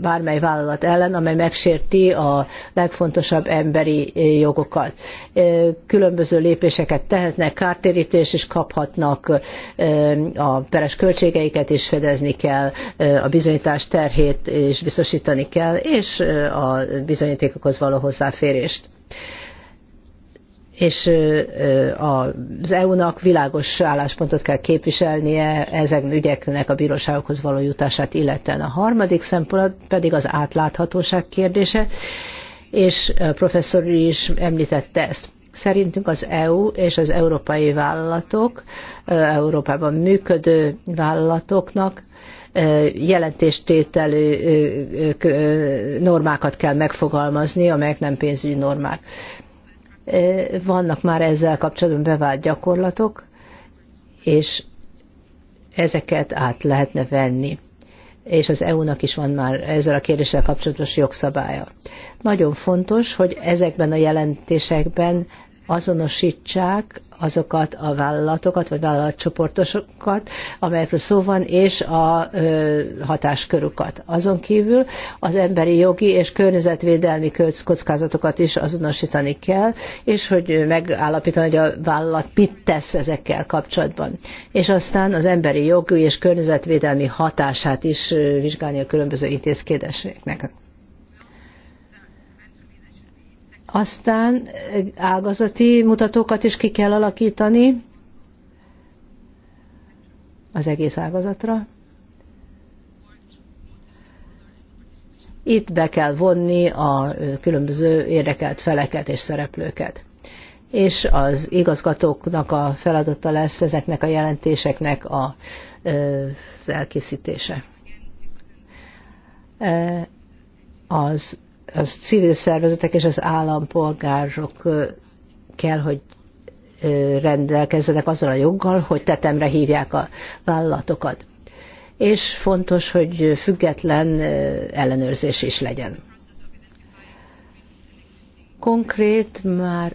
bármely vállalat ellen, amely megsérti a legfontosabb emberi jogokat. Különböző lépéseket tehetnek, kártérítés is kaphatnak, a peres költségeiket is fedezni kell, a bizonyítás terhét is biztosítani kell, és a bizonyítékokhoz való hozzáférést és az EU-nak világos álláspontot kell képviselnie ezek ügyeknek a bíróságokhoz való jutását illetően. A harmadik szempont pedig az átláthatóság kérdése, és a professzor is említette ezt. Szerintünk az EU és az európai vállalatok, Európában működő vállalatoknak jelentéstételű normákat kell megfogalmazni, amelyek nem pénzügyi normák vannak már ezzel kapcsolatban bevált gyakorlatok, és ezeket át lehetne venni. És az EU-nak is van már ezzel a kérdéssel kapcsolatos jogszabálya. Nagyon fontos, hogy ezekben a jelentésekben azonosítsák azokat a vállalatokat, vagy vállalatcsoportosokat, amelyekről szó van, és a hatáskörüket. Azon kívül az emberi jogi és környezetvédelmi kockázatokat is azonosítani kell, és hogy megállapítani, hogy a vállalat mit tesz ezekkel kapcsolatban. És aztán az emberi jogi és környezetvédelmi hatását is vizsgálni a különböző intézkedéseknek. Aztán ágazati mutatókat is ki kell alakítani az egész ágazatra. Itt be kell vonni a különböző érdekelt feleket és szereplőket és az igazgatóknak a feladata lesz ezeknek a jelentéseknek a, az elkészítése. Az az civil szervezetek és az állampolgárok kell, hogy rendelkezzenek azzal a joggal, hogy tetemre hívják a vállalatokat. És fontos, hogy független ellenőrzés is legyen. Konkrét már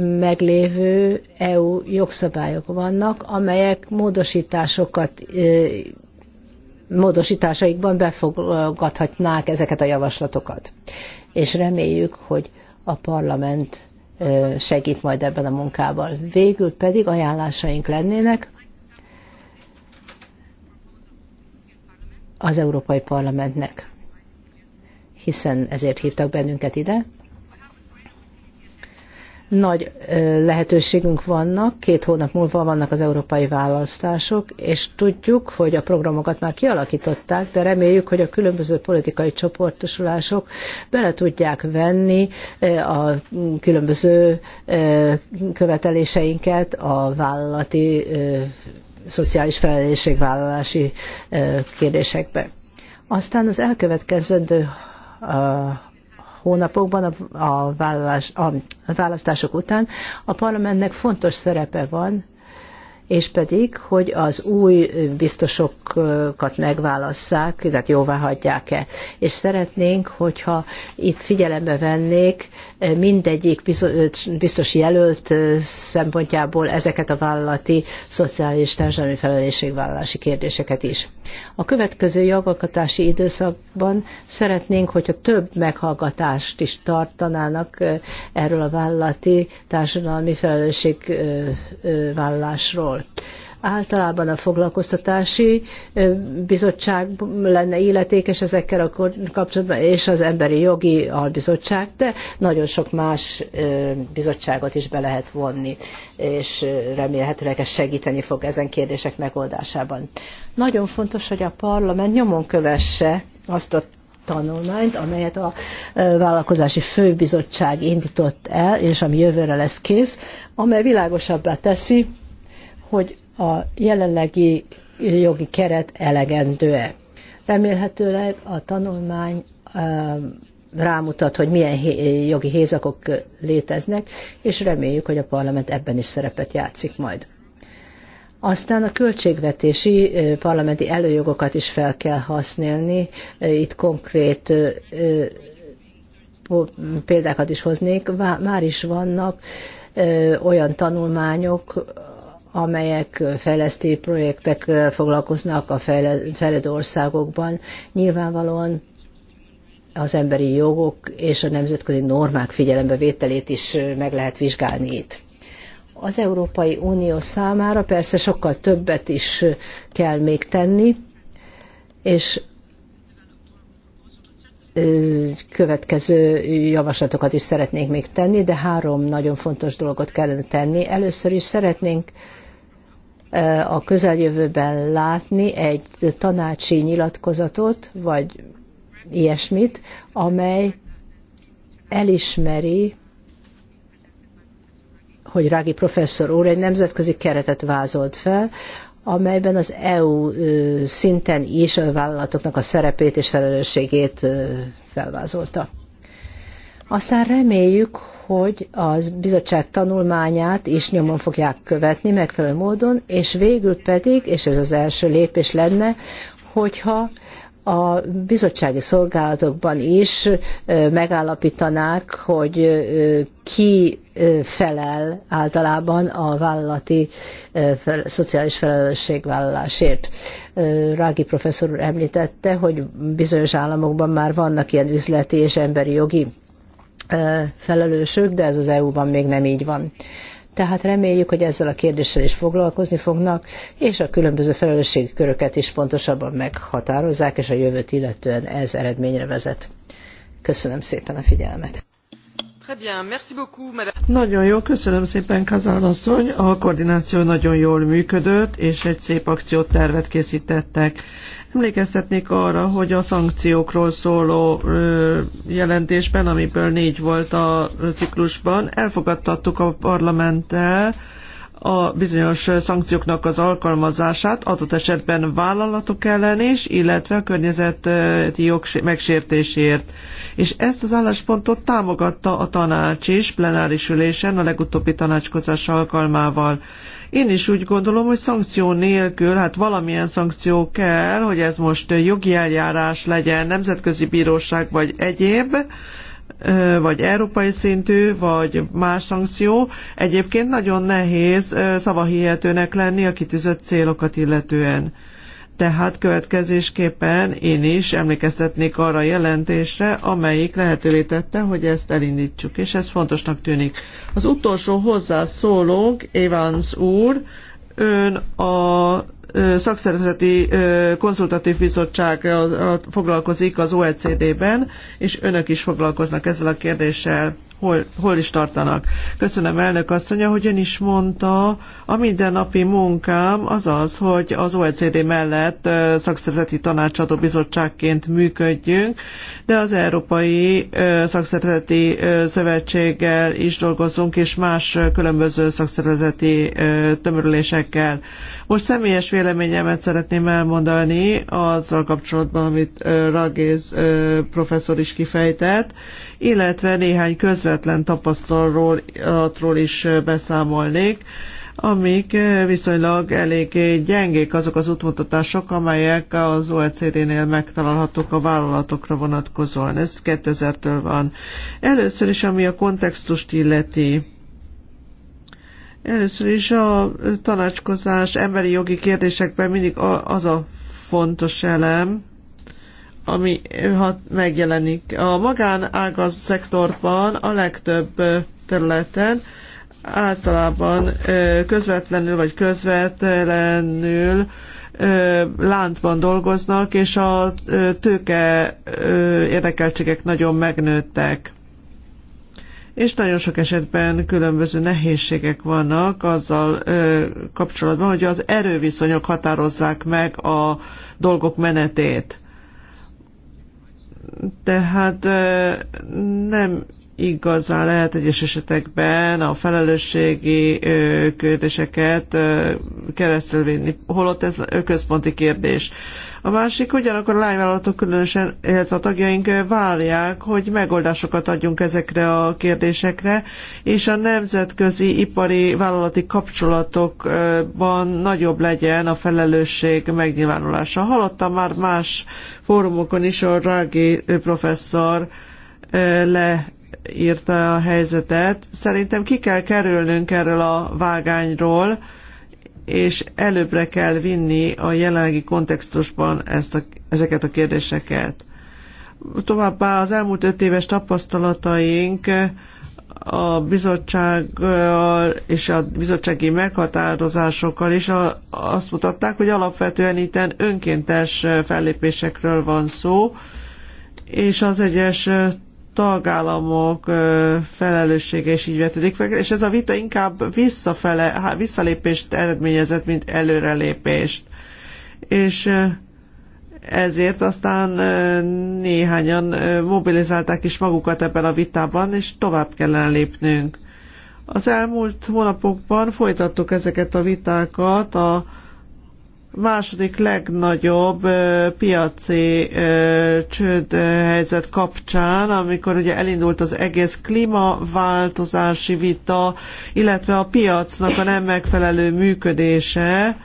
meglévő EU jogszabályok vannak, amelyek módosításokat módosításaikban befogadhatnák ezeket a javaslatokat. És reméljük, hogy a parlament segít majd ebben a munkában. Végül pedig ajánlásaink lennének az Európai Parlamentnek, hiszen ezért hívtak bennünket ide, nagy lehetőségünk vannak, két hónap múlva vannak az európai választások, és tudjuk, hogy a programokat már kialakították, de reméljük, hogy a különböző politikai csoportosulások bele tudják venni a különböző követeléseinket a vállalati szociális felelősségvállalási kérdésekbe. Aztán az elkövetkezendő hónapokban a, vállalás, a választások után a parlamentnek fontos szerepe van, és pedig, hogy az új biztosokat megválasszák, tehát jóvá hagyják-e. És szeretnénk, hogyha itt figyelembe vennék mindegyik biztos jelölt szempontjából ezeket a vállalati, szociális, társadalmi felelősségvállalási kérdéseket is. A következő jogalkotási időszakban szeretnénk, hogyha több meghallgatást is tartanának erről a vállalati, társadalmi felelősségvállalásról. Általában a foglalkoztatási bizottság lenne illetékes ezekkel a kapcsolatban, és az emberi jogi albizottság, de nagyon sok más bizottságot is be lehet vonni, és remélhetőleg ez segíteni fog ezen kérdések megoldásában. Nagyon fontos, hogy a parlament nyomon kövesse azt a tanulmányt, amelyet a vállalkozási főbizottság indított el, és ami jövőre lesz kész, amely világosabbá teszi, hogy a jelenlegi jogi keret elegendő-e. Remélhetőleg a tanulmány um, rámutat, hogy milyen jogi hézakok léteznek, és reméljük, hogy a parlament ebben is szerepet játszik majd. Aztán a költségvetési parlamenti előjogokat is fel kell használni. Itt konkrét példákat is hoznék. Már is vannak olyan tanulmányok, amelyek fejlesztő projektekkel foglalkoznak a fejlett országokban, nyilvánvalóan az emberi jogok és a nemzetközi normák figyelembevételét is meg lehet vizsgálni itt. Az Európai Unió számára persze sokkal többet is kell még tenni, és következő javaslatokat is szeretnénk még tenni, de három nagyon fontos dolgot kellene tenni. Először is szeretnénk a közeljövőben látni egy tanácsi nyilatkozatot, vagy ilyesmit, amely elismeri, hogy Rági professzor úr egy nemzetközi keretet vázolt fel, amelyben az EU szinten is a vállalatoknak a szerepét és felelősségét felvázolta. Aztán reméljük, hogy az bizottság tanulmányát is nyomon fogják követni megfelelő módon, és végül pedig, és ez az első lépés lenne, hogyha a bizottsági szolgálatokban is megállapítanák, hogy ki felel általában a vállalati fel, szociális felelősségvállalásért. Rági professzor úr említette, hogy bizonyos államokban már vannak ilyen üzleti és emberi jogi felelősök, de ez az EU-ban még nem így van. Tehát reméljük, hogy ezzel a kérdéssel is foglalkozni fognak, és a különböző köröket is pontosabban meghatározzák, és a jövőt illetően ez eredményre vezet. Köszönöm szépen a figyelmet. Nagyon jó, köszönöm szépen, Kazán asszony. A koordináció nagyon jól működött, és egy szép akciótervet készítettek. Emlékeztetnék arra, hogy a szankciókról szóló jelentésben, amiből négy volt a ciklusban, elfogadtattuk a parlamenttel, a bizonyos szankcióknak az alkalmazását adott esetben vállalatok ellen is, illetve a környezeti jog megsértésért. És ezt az álláspontot támogatta a tanács is plenáris ülésen a legutóbbi tanácskozás alkalmával. Én is úgy gondolom, hogy szankció nélkül, hát valamilyen szankció kell, hogy ez most jogi eljárás legyen, nemzetközi bíróság vagy egyéb, vagy európai szintű, vagy más szankció. Egyébként nagyon nehéz szavahihetőnek lenni a kitűzött célokat illetően. Tehát következésképpen én is emlékeztetnék arra a jelentésre, amelyik lehetővé tette, hogy ezt elindítsuk, és ez fontosnak tűnik. Az utolsó hozzászólónk, Evans úr, ön a szakszervezeti konzultatív bizottság foglalkozik az OECD-ben, és önök is foglalkoznak ezzel a kérdéssel hol, hol is tartanak. Köszönöm elnök asszonya, hogy ön is mondta, a mindennapi munkám az az, hogy az OECD mellett szakszervezeti tanácsadó bizottságként működjünk, de az Európai Szakszervezeti Szövetséggel is dolgozunk, és más különböző szakszervezeti tömörülésekkel. Most személyes véleményemet szeretném elmondani azzal kapcsolatban, amit Ragéz professzor is kifejtett, illetve néhány közvetlen tapasztalatról is beszámolnék amik viszonylag eléggé gyengék azok az útmutatások, amelyek az OECD-nél megtalálhatók a vállalatokra vonatkozóan. Ez 2000-től van. Először is, ami a kontextust illeti. Először is a tanácskozás emberi jogi kérdésekben mindig az a fontos elem, ami ha megjelenik. A magánágaz szektorban a legtöbb területen általában közvetlenül vagy közvetlenül láncban dolgoznak, és a tőke érdekeltségek nagyon megnőttek. És nagyon sok esetben különböző nehézségek vannak azzal kapcsolatban, hogy az erőviszonyok határozzák meg a dolgok menetét tehát nem igazán lehet egyes esetekben a felelősségi kérdéseket keresztül vinni, holott ez központi kérdés. A másik, ugyanakkor a lányvállalatok különösen, illetve a tagjaink eh, válják, hogy megoldásokat adjunk ezekre a kérdésekre, és a nemzetközi ipari vállalati kapcsolatokban nagyobb legyen a felelősség megnyilvánulása. Hallottam már más fórumokon is, a Rági eh, professzor eh, le írta a helyzetet. Szerintem ki kell kerülnünk erről a vágányról, és előbbre kell vinni a jelenlegi kontextusban ezt a, ezeket a kérdéseket. Továbbá az elmúlt öt éves tapasztalataink a bizottság és a bizottsági meghatározásokkal is azt mutatták, hogy alapvetően itten önkéntes fellépésekről van szó, és az egyes tagállamok felelőssége is így vetődik fel, és ez a vita inkább visszafele, visszalépést eredményezett, mint előrelépést. És ezért aztán néhányan mobilizálták is magukat ebben a vitában, és tovább kellene lépnünk. Az elmúlt hónapokban folytattuk ezeket a vitákat a második legnagyobb piaci csődhelyzet kapcsán, amikor ugye elindult az egész klímaváltozási vita, illetve a piacnak a nem megfelelő működése,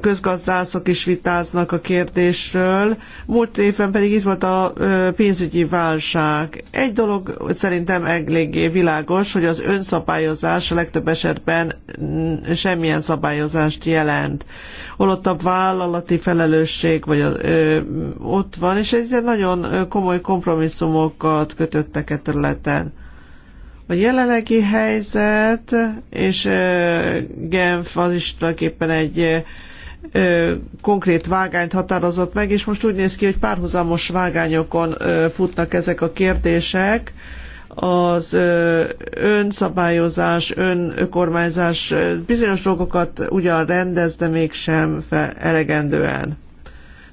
közgazdászok is vitáznak a kérdésről. Múlt évben pedig itt volt a pénzügyi válság. Egy dolog szerintem eléggé világos, hogy az önszabályozás a legtöbb esetben semmilyen szabályozást jelent. Holott a vállalati felelősség vagy a, ö, ott van, és egy nagyon komoly kompromisszumokat kötöttek e területen. A jelenlegi helyzet, és Genf az is tulajdonképpen egy konkrét vágányt határozott meg, és most úgy néz ki, hogy párhuzamos vágányokon futnak ezek a kérdések. Az önszabályozás, önkormányzás bizonyos dolgokat ugyan rendez, de mégsem elegendően.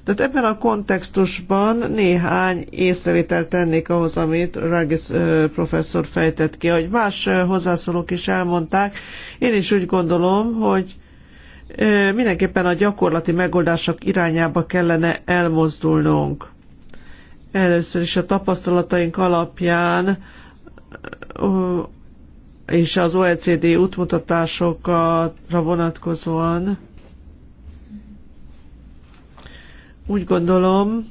Tehát ebben a kontextusban néhány észrevételt tennék ahhoz, amit Ragis professzor fejtett ki, hogy más hozzászólók is elmondták. Én is úgy gondolom, hogy mindenképpen a gyakorlati megoldások irányába kellene elmozdulnunk. Először is a tapasztalataink alapján és az OECD útmutatásokra vonatkozóan Úgy gondolom,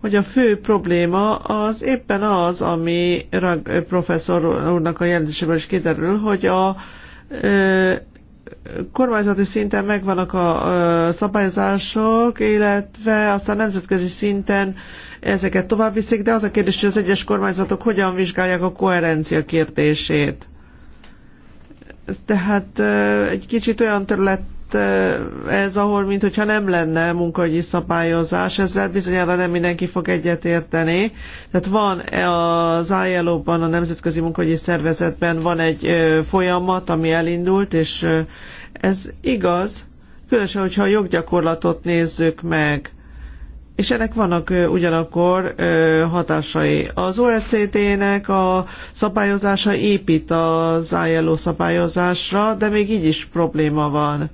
hogy a fő probléma az éppen az, ami Rag professzor úrnak a jelentéséből is kiderül, hogy a ö, kormányzati szinten megvannak a ö, szabályozások, illetve aztán nemzetközi szinten ezeket tovább viszik, de az a kérdés, hogy az egyes kormányzatok hogyan vizsgálják a koherencia kérdését. Tehát egy kicsit olyan terület ez ahol, mint hogyha nem lenne munkahogyi szabályozás, ezzel bizonyára nem mindenki fog egyet érteni, Tehát van e, az ILO-ban, a Nemzetközi Munkahogyi Szervezetben van egy folyamat, ami elindult, és ez igaz, különösen, hogyha a joggyakorlatot nézzük meg. És ennek vannak ugyanakkor hatásai. Az OECD-nek a szabályozása épít az ILO szabályozásra, de még így is probléma van.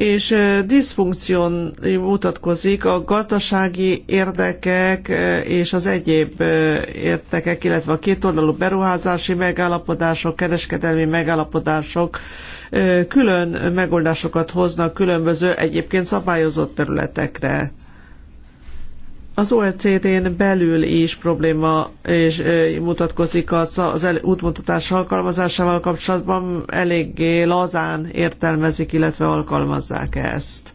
és diszfunkción mutatkozik a gazdasági érdekek és az egyéb érdekek, illetve a kétoldalú beruházási megállapodások, kereskedelmi megállapodások külön megoldásokat hoznak különböző egyébként szabályozott területekre. Az OECD-n belül is probléma és mutatkozik az, az el, útmutatás alkalmazásával kapcsolatban, eléggé lazán értelmezik, illetve alkalmazzák ezt.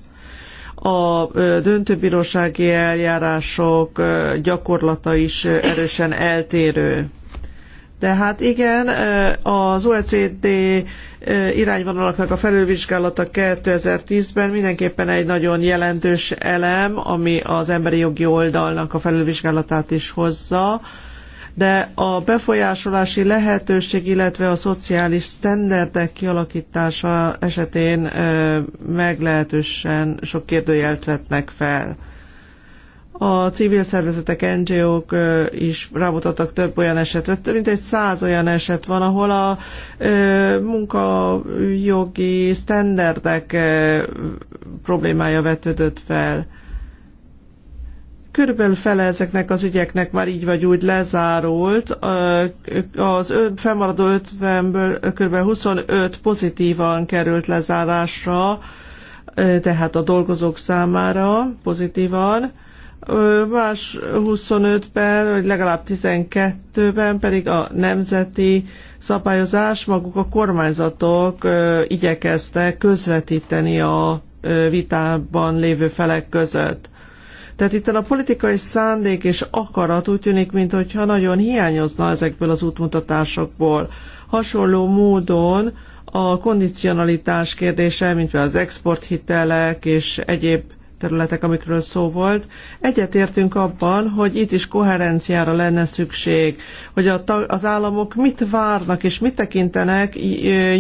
A döntőbírósági eljárások gyakorlata is erősen eltérő. De hát igen, az OECD irányvonalaknak a felülvizsgálata 2010-ben mindenképpen egy nagyon jelentős elem, ami az emberi jogi oldalnak a felülvizsgálatát is hozza, de a befolyásolási lehetőség, illetve a szociális sztenderdek kialakítása esetén meglehetősen sok kérdőjelt vetnek fel. A civil szervezetek, NGO-k is rámutattak több olyan esetre, több mint egy száz olyan eset van, ahol a munkajogi sztenderdek problémája vetődött fel. Körülbelül fele ezeknek az ügyeknek már így vagy úgy lezárult. Az fennmaradó 50-ből kb. 25 pozitívan került lezárásra, tehát a dolgozók számára pozitívan más 25-ben, vagy legalább 12-ben pedig a nemzeti szabályozás, maguk a kormányzatok igyekeztek közvetíteni a vitában lévő felek között. Tehát itt a politikai szándék és akarat úgy tűnik, mintha nagyon hiányozna ezekből az útmutatásokból. Hasonló módon a kondicionalitás kérdése, mint az exporthitelek és egyéb területek, amikről szó volt. Egyetértünk abban, hogy itt is koherenciára lenne szükség, hogy a, az államok mit várnak és mit tekintenek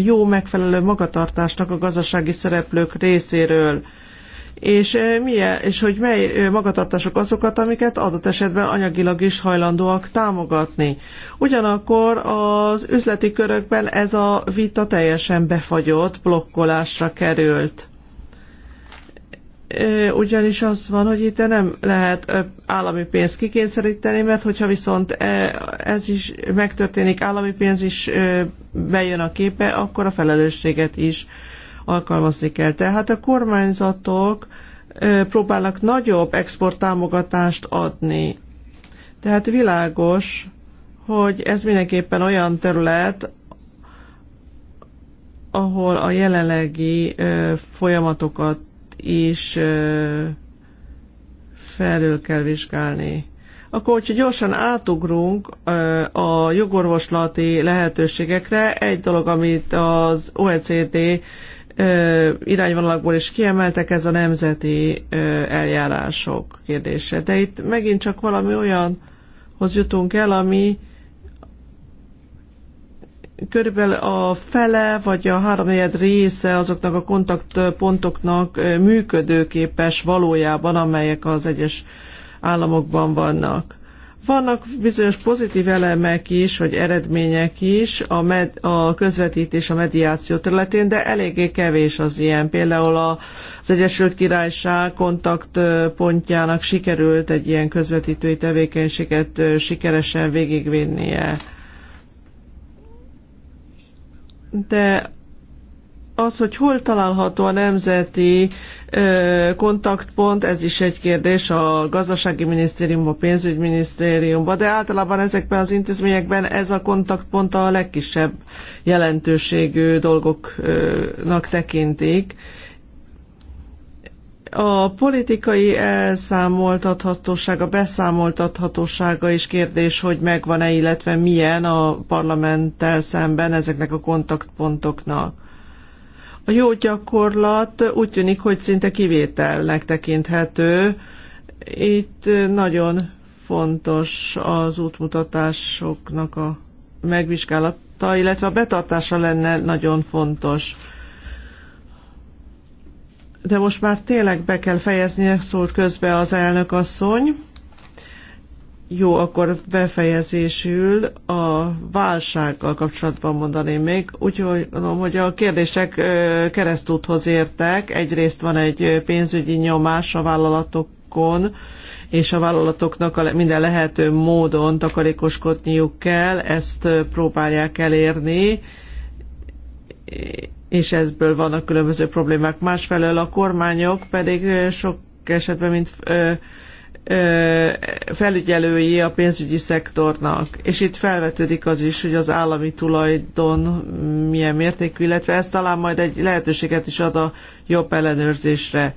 jó megfelelő magatartásnak a gazdasági szereplők részéről és, milyen, és hogy mely magatartások azokat, amiket adott esetben anyagilag is hajlandóak támogatni. Ugyanakkor az üzleti körökben ez a vita teljesen befagyott, blokkolásra került ugyanis az van, hogy itt nem lehet állami pénzt kikényszeríteni, mert hogyha viszont ez is megtörténik, állami pénz is bejön a képe, akkor a felelősséget is alkalmazni kell. Tehát a kormányzatok próbálnak nagyobb exporttámogatást adni. Tehát világos, hogy ez mindenképpen olyan terület, ahol a jelenlegi folyamatokat is felül kell vizsgálni. Akkor, hogyha gyorsan átugrunk a jogorvoslati lehetőségekre, egy dolog, amit az OECD irányvonalakból is kiemeltek, ez a nemzeti eljárások kérdése. De itt megint csak valami olyanhoz jutunk el, ami körülbelül a fele vagy a háromnegyed része azoknak a kontaktpontoknak működőképes valójában, amelyek az egyes államokban vannak. Vannak bizonyos pozitív elemek is, vagy eredmények is a, med, a közvetítés a mediáció területén, de eléggé kevés az ilyen. Például az Egyesült Királyság kontaktpontjának sikerült egy ilyen közvetítői tevékenységet sikeresen végigvinnie de az, hogy hol található a nemzeti ö, kontaktpont, ez is egy kérdés a gazdasági minisztériumban, a pénzügyminisztériumban, de általában ezekben az intézményekben ez a kontaktpont a legkisebb jelentőségű dolgoknak tekintik. Ö, a politikai elszámoltathatóság, a beszámoltathatósága is kérdés, hogy megvan-e, illetve milyen a parlamenttel szemben ezeknek a kontaktpontoknak. A jó gyakorlat úgy tűnik, hogy szinte kivételnek tekinthető. Itt nagyon fontos az útmutatásoknak a megvizsgálata, illetve a betartása lenne nagyon fontos de most már tényleg be kell fejeznie, szólt közbe az elnök asszony. Jó, akkor befejezésül a válsággal kapcsolatban mondaném még. Úgyhogy mondom, hogy a kérdések keresztúthoz értek. Egyrészt van egy pénzügyi nyomás a vállalatokon, és a vállalatoknak minden lehető módon takarékoskodniuk kell, ezt próbálják elérni és ezből vannak különböző problémák. Másfelől a kormányok pedig sok esetben, mint ö, ö, felügyelői a pénzügyi szektornak. És itt felvetődik az is, hogy az állami tulajdon milyen mértékű, illetve ez talán majd egy lehetőséget is ad a jobb ellenőrzésre.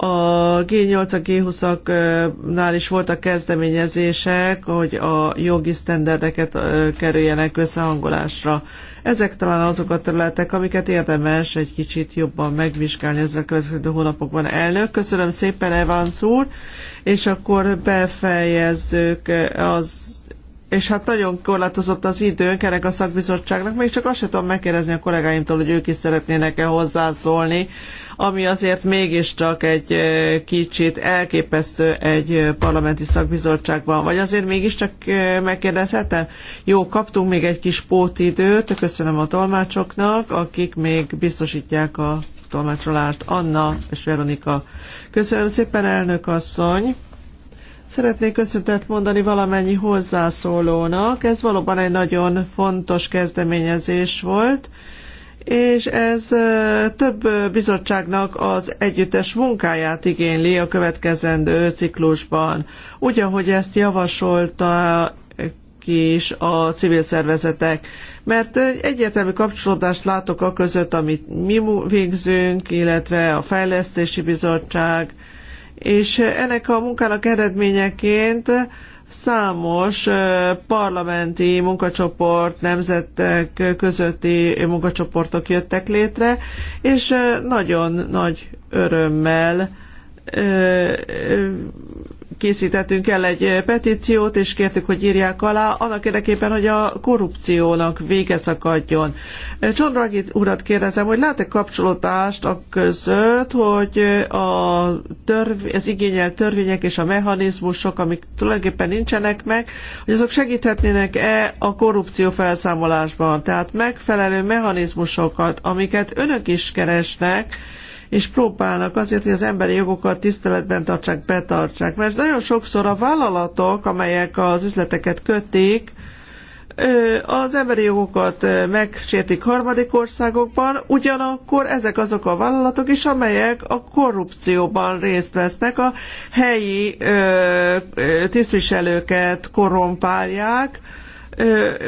A G8, a G20-aknál is voltak kezdeményezések, hogy a jogi sztenderdeket kerüljenek összehangolásra. Ezek talán azok a területek, amiket érdemes egy kicsit jobban megvizsgálni ezzel a következő hónapokban. Elnök, köszönöm szépen Evans úr, és akkor befejezzük az és hát nagyon korlátozott az időnk ennek a szakbizottságnak, még csak azt sem tudom megkérdezni a kollégáimtól, hogy ők is szeretnének-e hozzászólni ami azért mégiscsak egy kicsit elképesztő egy parlamenti szakbizottságban. Vagy azért mégiscsak megkérdezhetem? Jó, kaptunk még egy kis pótidőt, köszönöm a tolmácsoknak, akik még biztosítják a tolmácsolást. Anna és Veronika. Köszönöm szépen, elnök asszony! Szeretnék köszöntet mondani valamennyi hozzászólónak. Ez valóban egy nagyon fontos kezdeményezés volt, és ez több bizottságnak az együttes munkáját igényli a következendő ciklusban. Úgy, ahogy ezt javasolta ki is a civil szervezetek, mert egyértelmű kapcsolódást látok a között, amit mi végzünk, illetve a Fejlesztési Bizottság, és ennek a munkának eredményeként Számos parlamenti munkacsoport, nemzetek közötti munkacsoportok jöttek létre, és nagyon nagy örömmel készítettünk el egy eh, petíciót, és kértük, hogy írják alá, annak érdekében, hogy a korrupciónak vége szakadjon. John eh, urat kérdezem, hogy lát-e kapcsolódást a között, hogy eh, a törv, az igényelt törvények és a mechanizmusok, amik tulajdonképpen nincsenek meg, hogy azok segíthetnének-e a korrupció felszámolásban? Tehát megfelelő mechanizmusokat, amiket önök is keresnek, és próbálnak azért, hogy az emberi jogokat tiszteletben tartsák, betartsák. Mert nagyon sokszor a vállalatok, amelyek az üzleteket kötik, az emberi jogokat megsértik harmadik országokban, ugyanakkor ezek azok a vállalatok is, amelyek a korrupcióban részt vesznek, a helyi tisztviselőket korrompálják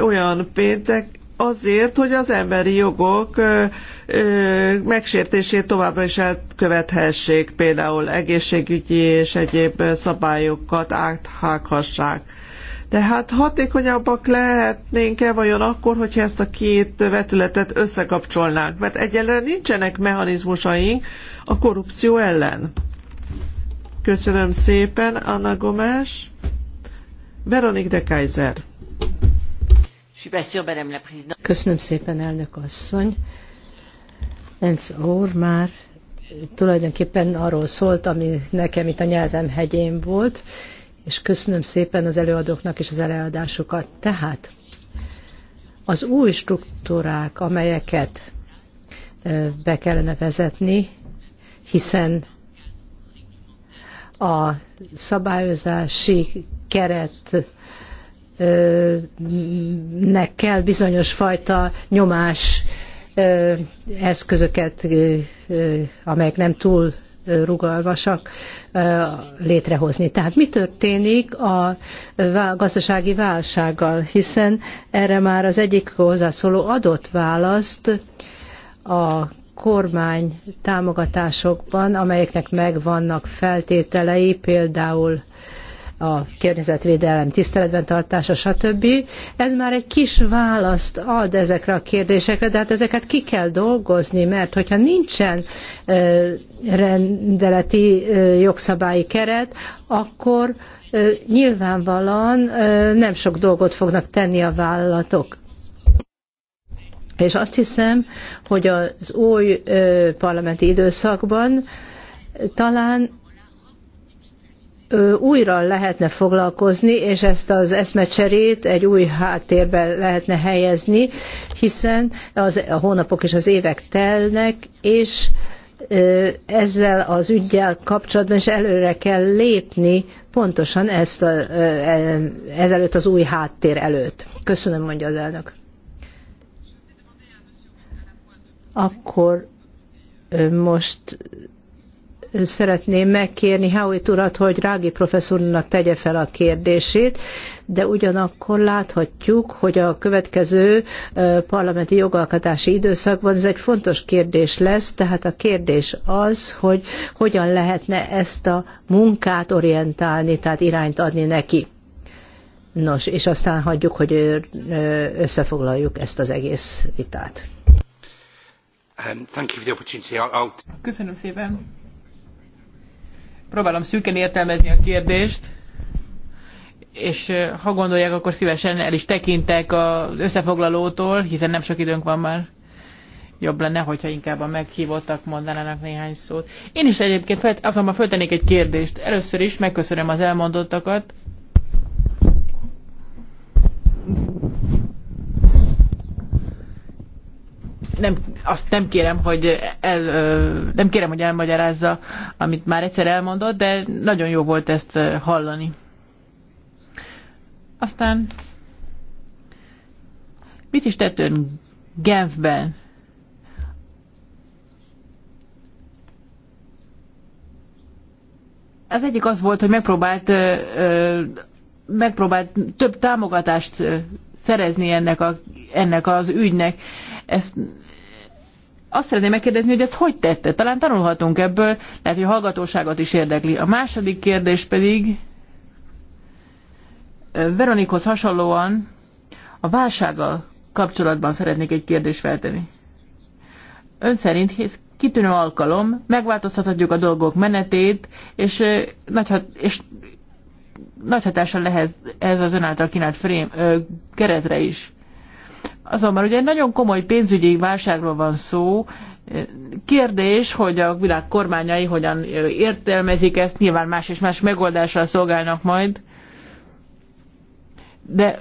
olyan péntek, azért, hogy az emberi jogok megsértését továbbra is elkövethessék, például egészségügyi és egyéb szabályokat áthághassák. De hát hatékonyabbak lehetnénk-e vajon akkor, hogyha ezt a két vetületet összekapcsolnánk? Mert egyelőre nincsenek mechanizmusaink a korrupció ellen. Köszönöm szépen, Anna Gomes. Veronik de Kaiser. Köszönöm szépen, elnök asszony. Enz úr már tulajdonképpen arról szólt, ami nekem itt a nyelvem hegyén volt, és köszönöm szépen az előadóknak és az előadásokat. Tehát az új struktúrák, amelyeket be kellene vezetni, hiszen a szabályozási keret nek kell bizonyos fajta nyomás eszközöket, amelyek nem túl rugalmasak létrehozni. Tehát mi történik a gazdasági válsággal, hiszen erre már az egyik hozzászóló adott választ a kormány támogatásokban, amelyeknek megvannak feltételei, például a környezetvédelem tiszteletben tartása, stb. Ez már egy kis választ ad ezekre a kérdésekre, de hát ezeket ki kell dolgozni, mert hogyha nincsen rendeleti jogszabályi keret, akkor nyilvánvalóan nem sok dolgot fognak tenni a vállalatok. És azt hiszem, hogy az új parlamenti időszakban talán újra lehetne foglalkozni, és ezt az eszmecserét egy új háttérbe lehetne helyezni, hiszen az, a hónapok és az évek telnek, és ezzel az ügyel kapcsolatban is előre kell lépni pontosan ezt a, e, ezelőtt az új háttér előtt. Köszönöm, mondja az elnök. Akkor most szeretném megkérni Howitt urat, hogy Rági professzornak tegye fel a kérdését, de ugyanakkor láthatjuk, hogy a következő parlamenti jogalkatási időszakban ez egy fontos kérdés lesz, tehát a kérdés az, hogy hogyan lehetne ezt a munkát orientálni, tehát irányt adni neki. Nos, és aztán hagyjuk, hogy összefoglaljuk ezt az egész vitát. Um, Köszönöm szépen próbálom szűken értelmezni a kérdést, és ha gondolják, akkor szívesen el is tekintek az összefoglalótól, hiszen nem sok időnk van már. Jobb lenne, hogyha inkább a meghívottak mondanának néhány szót. Én is egyébként felt, azonban föltenék egy kérdést. Először is megköszönöm az elmondottakat. nem, azt nem kérem, hogy el, nem kérem, hogy elmagyarázza, amit már egyszer elmondott, de nagyon jó volt ezt hallani. Aztán mit is tett ön Genfben? Az egyik az volt, hogy megpróbált, megpróbált több támogatást szerezni ennek, a, ennek az ügynek. Ezt azt szeretném megkérdezni, hogy ezt hogy tette? Talán tanulhatunk ebből, lehet, hogy a hallgatóságot is érdekli. A második kérdés pedig Veronikhoz hasonlóan a válsággal kapcsolatban szeretnék egy kérdést feltenni. Ön szerint kitűnő alkalom, megváltoztathatjuk a dolgok menetét, és nagy, hat, és nagy hatással lehet ez az ön által kínált frame, ö, keretre is. Azonban ugye egy nagyon komoly pénzügyi válságról van szó, Kérdés, hogy a világ kormányai hogyan értelmezik ezt, nyilván más és más megoldással szolgálnak majd, de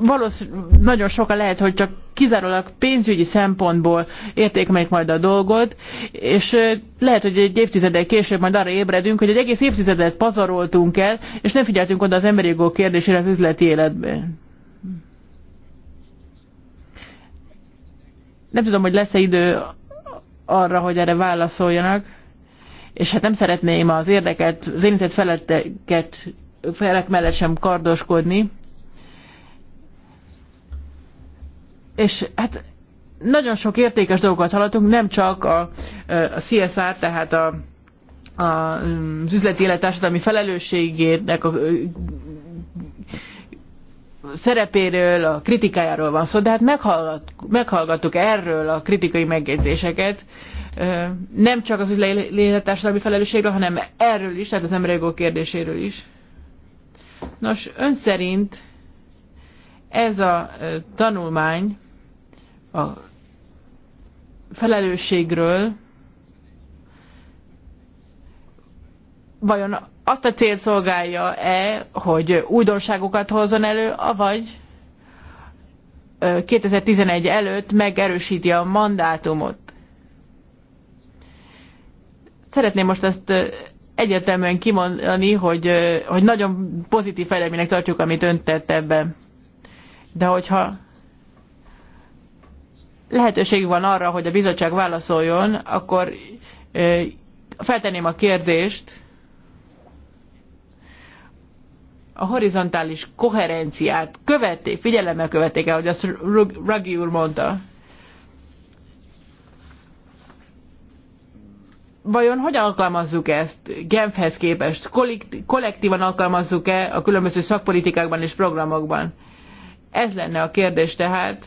valószínűleg nagyon sokan lehet, hogy csak kizárólag pénzügyi szempontból értékelik majd a dolgot, és lehet, hogy egy évtizeddel később majd arra ébredünk, hogy egy egész évtizedet pazaroltunk el, és nem figyeltünk oda az emberi jogok kérdésére az üzleti életben. Nem tudom, hogy lesz-e idő arra, hogy erre válaszoljanak, és hát nem szeretném az érdeket, az érintett feletteket, felek mellett sem kardoskodni. És hát nagyon sok értékes dolgokat hallottunk, nem csak a, a CSR, tehát a, a, az üzleti élet társadalmi felelősségének a szerepéről, a kritikájáról van szó, de hát meghallgattuk erről a kritikai megjegyzéseket, nem csak az üzleti felelősségről, hanem erről is, tehát az emberi jogok kérdéséről is. Nos, ön szerint ez a tanulmány a felelősségről vajon azt a célt szolgálja-e, hogy újdonságokat hozzon elő, avagy 2011 előtt megerősíti a mandátumot. Szeretném most ezt egyértelműen kimondani, hogy, hogy nagyon pozitív fejleménynek tartjuk, amit ön tett ebben. De hogyha lehetőség van arra, hogy a bizottság válaszoljon, akkor feltenném a kérdést, a horizontális koherenciát követték, figyelemmel követték el, hogy azt Ruggi úr mondta. Vajon hogyan alkalmazzuk ezt Genfhez képest? Kollektívan alkalmazzuk-e a különböző szakpolitikákban és programokban? Ez lenne a kérdés tehát.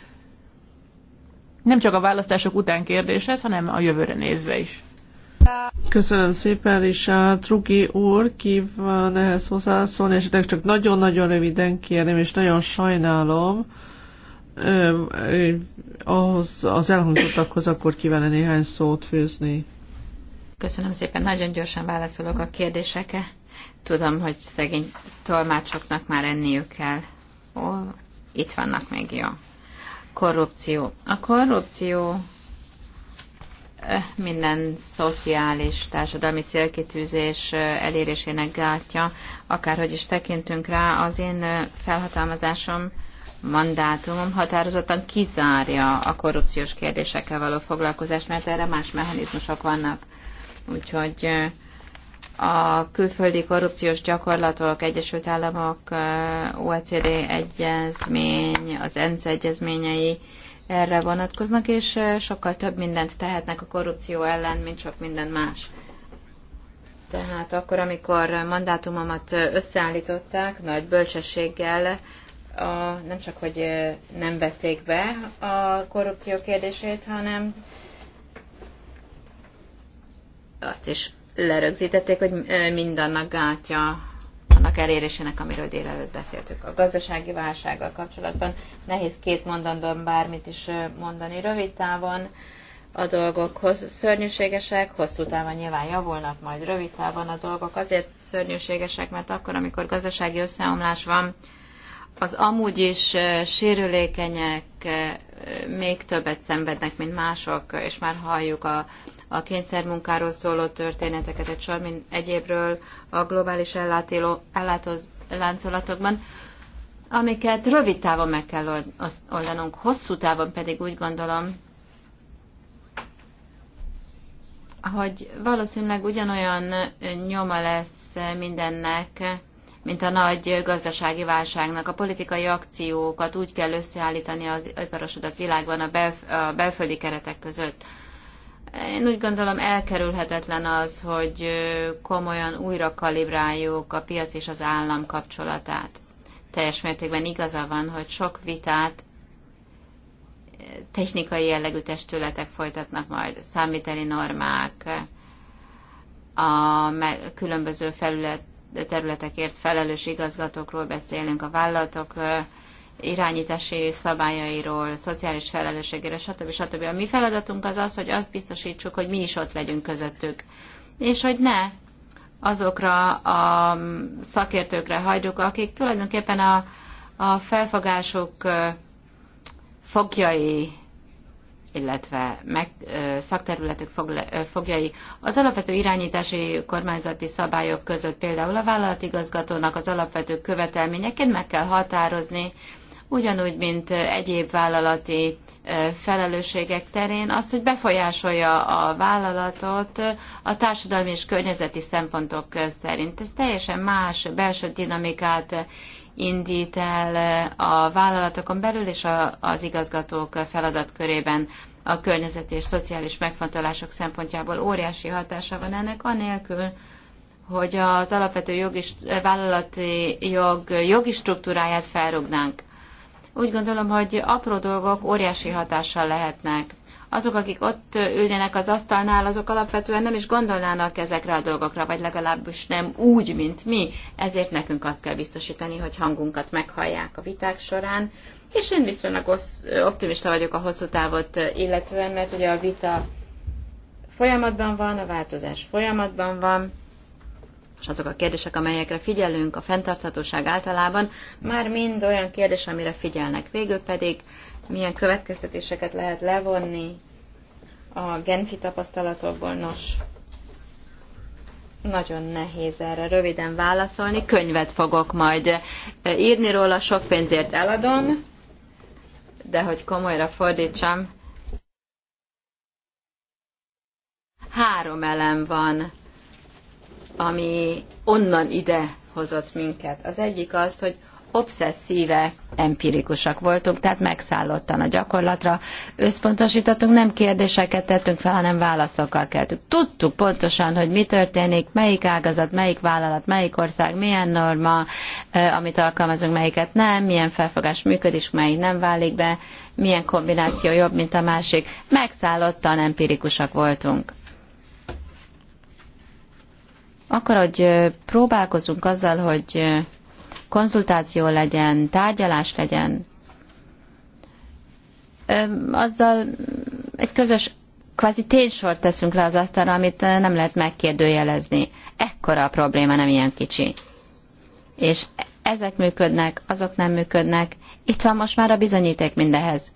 Nem csak a választások után kérdés ez, hanem a jövőre nézve is. Köszönöm szépen, a Trugi úr kíván ehhez hozzászólni, és csak nagyon-nagyon röviden kérem, és nagyon sajnálom, ahhoz, az elhangzottakhoz akkor kívánne néhány szót fűzni. Köszönöm szépen, nagyon gyorsan válaszolok a kérdésekre. Tudom, hogy szegény tolmácsoknak már enniük kell. Ó, itt vannak még, jó. Korrupció. A korrupció minden szociális, társadalmi célkitűzés elérésének gátja, akárhogy is tekintünk rá, az én felhatalmazásom, mandátumom határozottan kizárja a korrupciós kérdésekkel való foglalkozást, mert erre más mechanizmusok vannak. Úgyhogy a külföldi korrupciós gyakorlatok, Egyesült Államok, OECD egyezmény, az ENSZ egyezményei, erre vonatkoznak, és sokkal több mindent tehetnek a korrupció ellen, mint sok minden más. Tehát akkor, amikor mandátumomat összeállították, nagy bölcsességgel a, nem csak, hogy nem vették be a korrupció kérdését, hanem azt is lerögzítették, hogy mindannak gátja célnak elérésének, amiről délelőtt beszéltük. A gazdasági válsággal kapcsolatban nehéz két mondatban bármit is mondani. Rövid távon a dolgok szörnyűségesek, hosszú távon nyilván javulnak, majd rövid távon a dolgok azért szörnyűségesek, mert akkor, amikor gazdasági összeomlás van, az amúgy is sérülékenyek még többet szenvednek, mint mások, és már halljuk a a kényszermunkáról szóló történeteket, egy sor mint egyébről a globális ellátéló, ellátoz, láncolatokban, amiket rövid távon meg kell oldanunk, hosszú távon pedig úgy gondolom, hogy valószínűleg ugyanolyan nyoma lesz mindennek, mint a nagy gazdasági válságnak. A politikai akciókat úgy kell összeállítani az iparosodat világban a, belf- a belföldi keretek között, én úgy gondolom elkerülhetetlen az, hogy komolyan újra kalibráljuk a piac és az állam kapcsolatát. Teljes mértékben igaza van, hogy sok vitát technikai jellegű testületek folytatnak majd, számíteli normák, a különböző felület, területekért felelős igazgatókról beszélünk, a vállalatok irányítási szabályairól, szociális felelősségére, stb. stb. A mi feladatunk az az, hogy azt biztosítsuk, hogy mi is ott legyünk közöttük. És hogy ne azokra a szakértőkre hagyjuk, akik tulajdonképpen a, a felfogások fogjai, illetve meg, szakterületek fogjai. Az alapvető irányítási kormányzati szabályok között például a vállalatigazgatónak az alapvető követelményeket meg kell határozni ugyanúgy, mint egyéb vállalati felelősségek terén, azt, hogy befolyásolja a vállalatot a társadalmi és környezeti szempontok szerint. Ez teljesen más belső dinamikát indít el a vállalatokon belül és a, az igazgatók feladatkörében a környezeti és szociális megfontolások szempontjából óriási hatása van ennek, anélkül, hogy az alapvető jogi, vállalati jog jogi struktúráját felrugnánk. Úgy gondolom, hogy apró dolgok óriási hatással lehetnek. Azok, akik ott ülnének az asztalnál, azok alapvetően nem is gondolnának ezekre a dolgokra, vagy legalábbis nem úgy, mint mi. Ezért nekünk azt kell biztosítani, hogy hangunkat meghallják a viták során. És én viszonylag optimista vagyok a hosszú távot illetően, mert ugye a vita folyamatban van, a változás folyamatban van, és azok a kérdések, amelyekre figyelünk, a fenntarthatóság általában, már mind olyan kérdés, amire figyelnek. Végül pedig milyen következtetéseket lehet levonni a Genfi tapasztalatokból. Nos, nagyon nehéz erre röviden válaszolni. Könyvet fogok majd eh, írni róla, sok pénzért eladom, de hogy komolyra fordítsam, három elem van ami onnan ide hozott minket. Az egyik az, hogy obszesszíve empirikusak voltunk, tehát megszállottan a gyakorlatra összpontosítottunk, nem kérdéseket tettünk fel, hanem válaszokkal keltünk. Tudtuk pontosan, hogy mi történik, melyik ágazat, melyik vállalat, melyik ország, milyen norma, amit alkalmazunk, melyiket nem, milyen felfogás működik, melyik nem válik be, milyen kombináció jobb, mint a másik. Megszállottan empirikusak voltunk akkor, hogy próbálkozunk azzal, hogy konzultáció legyen, tárgyalás legyen, azzal egy közös kvázi ténysort teszünk le az asztalra, amit nem lehet megkérdőjelezni. Ekkora a probléma, nem ilyen kicsi. És ezek működnek, azok nem működnek. Itt van most már a bizonyíték mindehez.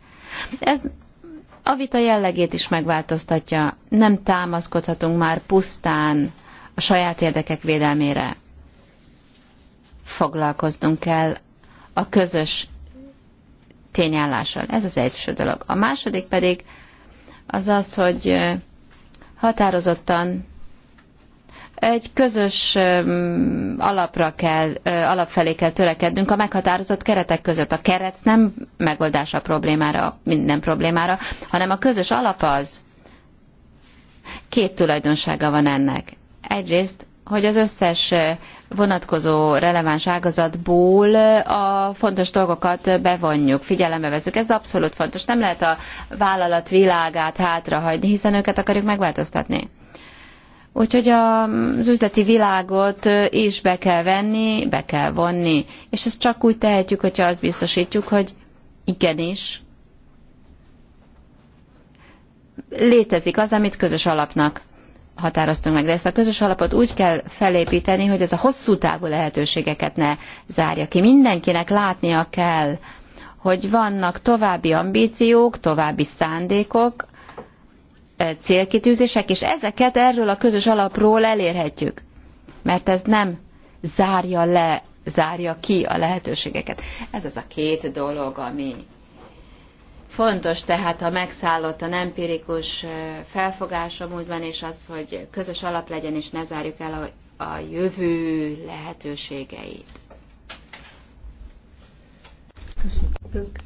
Ez a vita jellegét is megváltoztatja. Nem támaszkodhatunk már pusztán a saját érdekek védelmére. Foglalkoznunk kell a közös tényállással. Ez az első dolog. A második pedig az az, hogy határozottan egy közös alapra kell, alapfelé kell törekednünk a meghatározott keretek között. A keret nem megoldás a problémára, minden problémára, hanem a közös alap az. Két tulajdonsága van ennek egyrészt, hogy az összes vonatkozó releváns ágazatból a fontos dolgokat bevonjuk, figyelembe vezük. Ez abszolút fontos. Nem lehet a vállalat világát hátrahagyni, hiszen őket akarjuk megváltoztatni. Úgyhogy az üzleti világot is be kell venni, be kell vonni. És ezt csak úgy tehetjük, hogyha azt biztosítjuk, hogy igenis létezik az, amit közös alapnak határoztunk meg. De ezt a közös alapot úgy kell felépíteni, hogy ez a hosszú távú lehetőségeket ne zárja ki. Mindenkinek látnia kell, hogy vannak további ambíciók, további szándékok, eh, célkitűzések, és ezeket erről a közös alapról elérhetjük. Mert ez nem zárja le, zárja ki a lehetőségeket. Ez az a két dolog, ami Fontos tehát a megszállott, a empirikus felfogása múltban, és az, hogy közös alap legyen, és ne zárjuk el a, a jövő lehetőségeit. Köszönjük.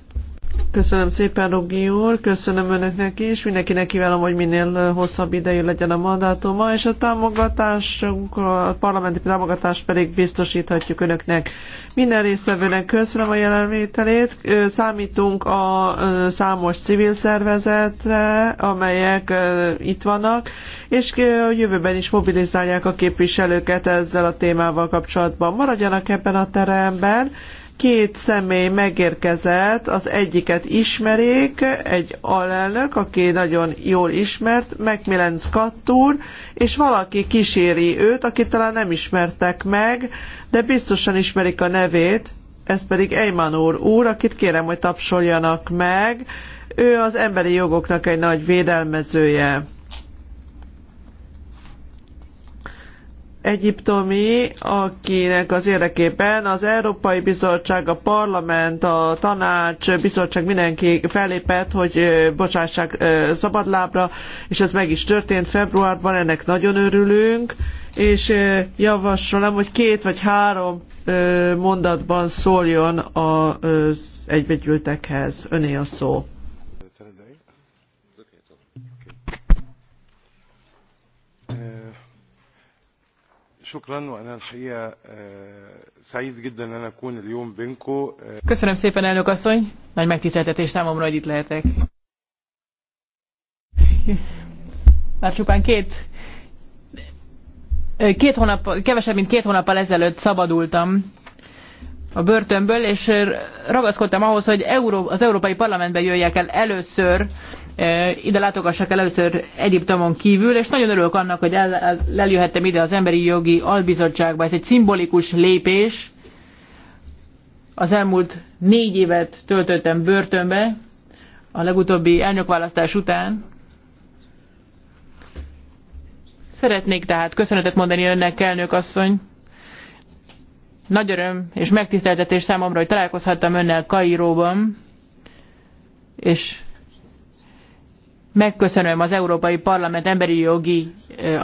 Köszönöm szépen, Rogi úr, köszönöm önöknek is, mindenkinek kívánom, hogy minél hosszabb idejű legyen a mandátuma, és a támogatásunk, a parlamenti támogatást pedig biztosíthatjuk önöknek. Minden részvevőnek köszönöm a jelenlételét, számítunk a számos civil szervezetre, amelyek itt vannak, és a jövőben is mobilizálják a képviselőket ezzel a témával kapcsolatban. Maradjanak ebben a teremben, két személy megérkezett, az egyiket ismerik, egy alelnök, aki nagyon jól ismert, Macmillan Scott úr, és valaki kíséri őt, akit talán nem ismertek meg, de biztosan ismerik a nevét, ez pedig Eyman úr úr, akit kérem, hogy tapsoljanak meg, ő az emberi jogoknak egy nagy védelmezője. egyiptomi, akinek az érdekében az Európai Bizottság, a Parlament, a Tanács, Bizottság mindenki fellépett, hogy bocsássák szabadlábra, és ez meg is történt februárban, ennek nagyon örülünk, és javasolom, hogy két vagy három mondatban szóljon az egybegyültekhez. Öné a szó. Köszönöm szépen, elnök asszony. Nagy megtiszteltetés számomra, hogy itt lehetek. Már csupán két, két hónap, kevesebb, mint két hónappal ezelőtt szabadultam a börtönből, és ragaszkodtam ahhoz, hogy az Európai Parlamentbe jöjjek el először ide látogassak el először Egyiptomon kívül, és nagyon örülök annak, hogy el, eljöhettem ide az Emberi Jogi Albizottságba. Ez egy szimbolikus lépés. Az elmúlt négy évet töltöttem börtönbe, a legutóbbi elnökválasztás után. Szeretnék tehát köszönetet mondani önnek, elnök asszony. Nagy öröm és megtiszteltetés számomra, hogy találkozhattam önnel Kairóban, és megköszönöm az Európai Parlament emberi jogi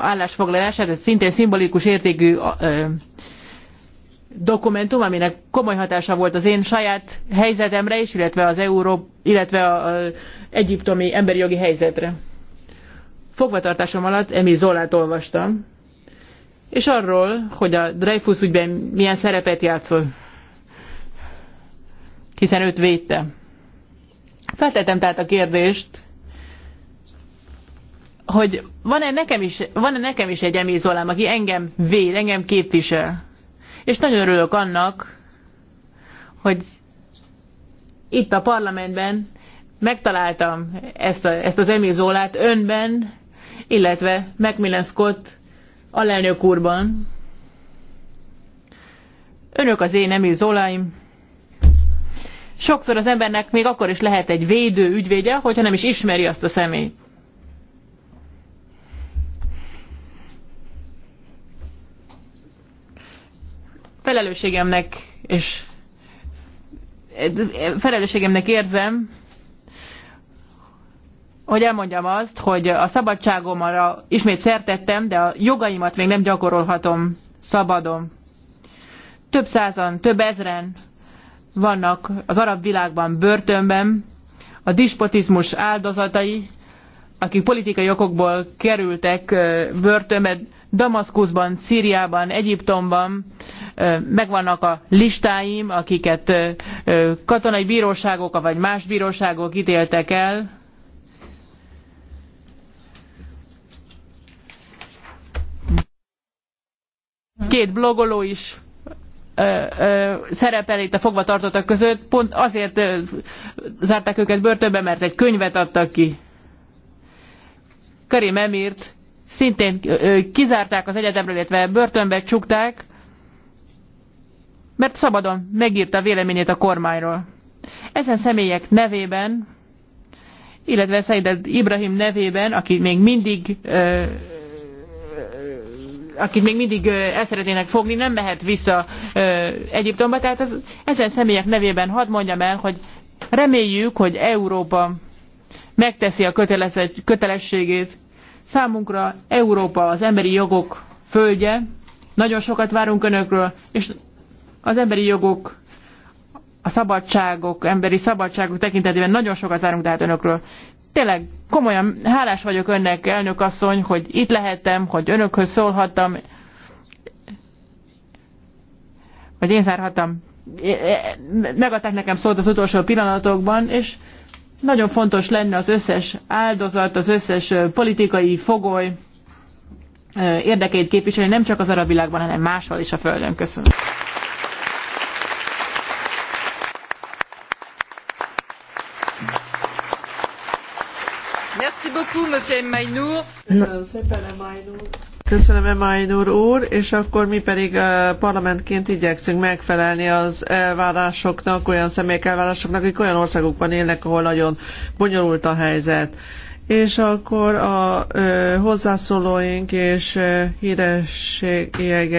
állásfoglalását, ez szintén szimbolikus értékű dokumentum, aminek komoly hatása volt az én saját helyzetemre is, illetve az Euró, illetve az egyiptomi emberi jogi helyzetre. Fogvatartásom alatt Emil Zolát olvastam, és arról, hogy a Dreyfus ügyben milyen szerepet játszol, hiszen őt védte. Feltettem tehát a kérdést, hogy van-e nekem is, van-e nekem is egy emizolám, aki engem véd, engem képvisel. És nagyon örülök annak, hogy itt a parlamentben megtaláltam ezt, a, ezt az emizolát önben, illetve Macmillan Scott alelnök úrban. Önök az én emizolaim. Sokszor az embernek még akkor is lehet egy védő ügyvédje, hogyha nem is ismeri azt a személyt. felelősségemnek és felelősségemnek érzem, hogy elmondjam azt, hogy a szabadságomra ismét szertettem, de a jogaimat még nem gyakorolhatom szabadon. Több százan, több ezren vannak az arab világban börtönben, a dispotizmus áldozatai, akik politikai okokból kerültek börtönbe, Damaszkuszban, Szíriában, Egyiptomban, megvannak a listáim, akiket katonai bíróságok vagy más bíróságok ítéltek el. Két blogoló is szerepel itt a fogvatartottak között, pont azért zárták őket börtönbe, mert egy könyvet adtak ki. Karim Emirt szintén kizárták az egyetemről, illetve börtönbe csukták, mert szabadon megírta véleményét a kormányról. Ezen személyek nevében, illetve Szaidat Ibrahim nevében, aki még mindig ö, akit még mindig el szeretnének fogni, nem mehet vissza Egyiptomba. Tehát az, ezen személyek nevében hadd mondjam el, hogy reméljük, hogy Európa megteszi a kötelességét. Számunkra Európa az emberi jogok földje. Nagyon sokat várunk önökről, és az emberi jogok, a szabadságok, emberi szabadságok tekintetében nagyon sokat várunk tehát önökről. Tényleg komolyan hálás vagyok önnek, elnök asszony, hogy itt lehettem, hogy önökhöz szólhattam, vagy én zárhattam. Megadták nekem szót az utolsó pillanatokban, és nagyon fontos lenne az összes áldozat, az összes politikai fogoly érdekét képviselni, nem csak az arab világban, hanem máshol is a Földön. Köszönöm. Köszönöm szépen, Emainur. Köszönöm, Emainur úr, és akkor mi pedig eh, parlamentként igyekszünk megfelelni az elvárásoknak, olyan személyek elvárásoknak, akik olyan országokban élnek, ahol nagyon bonyolult a helyzet. És akkor a eh, hozzászólóink és ö, eh, hírességek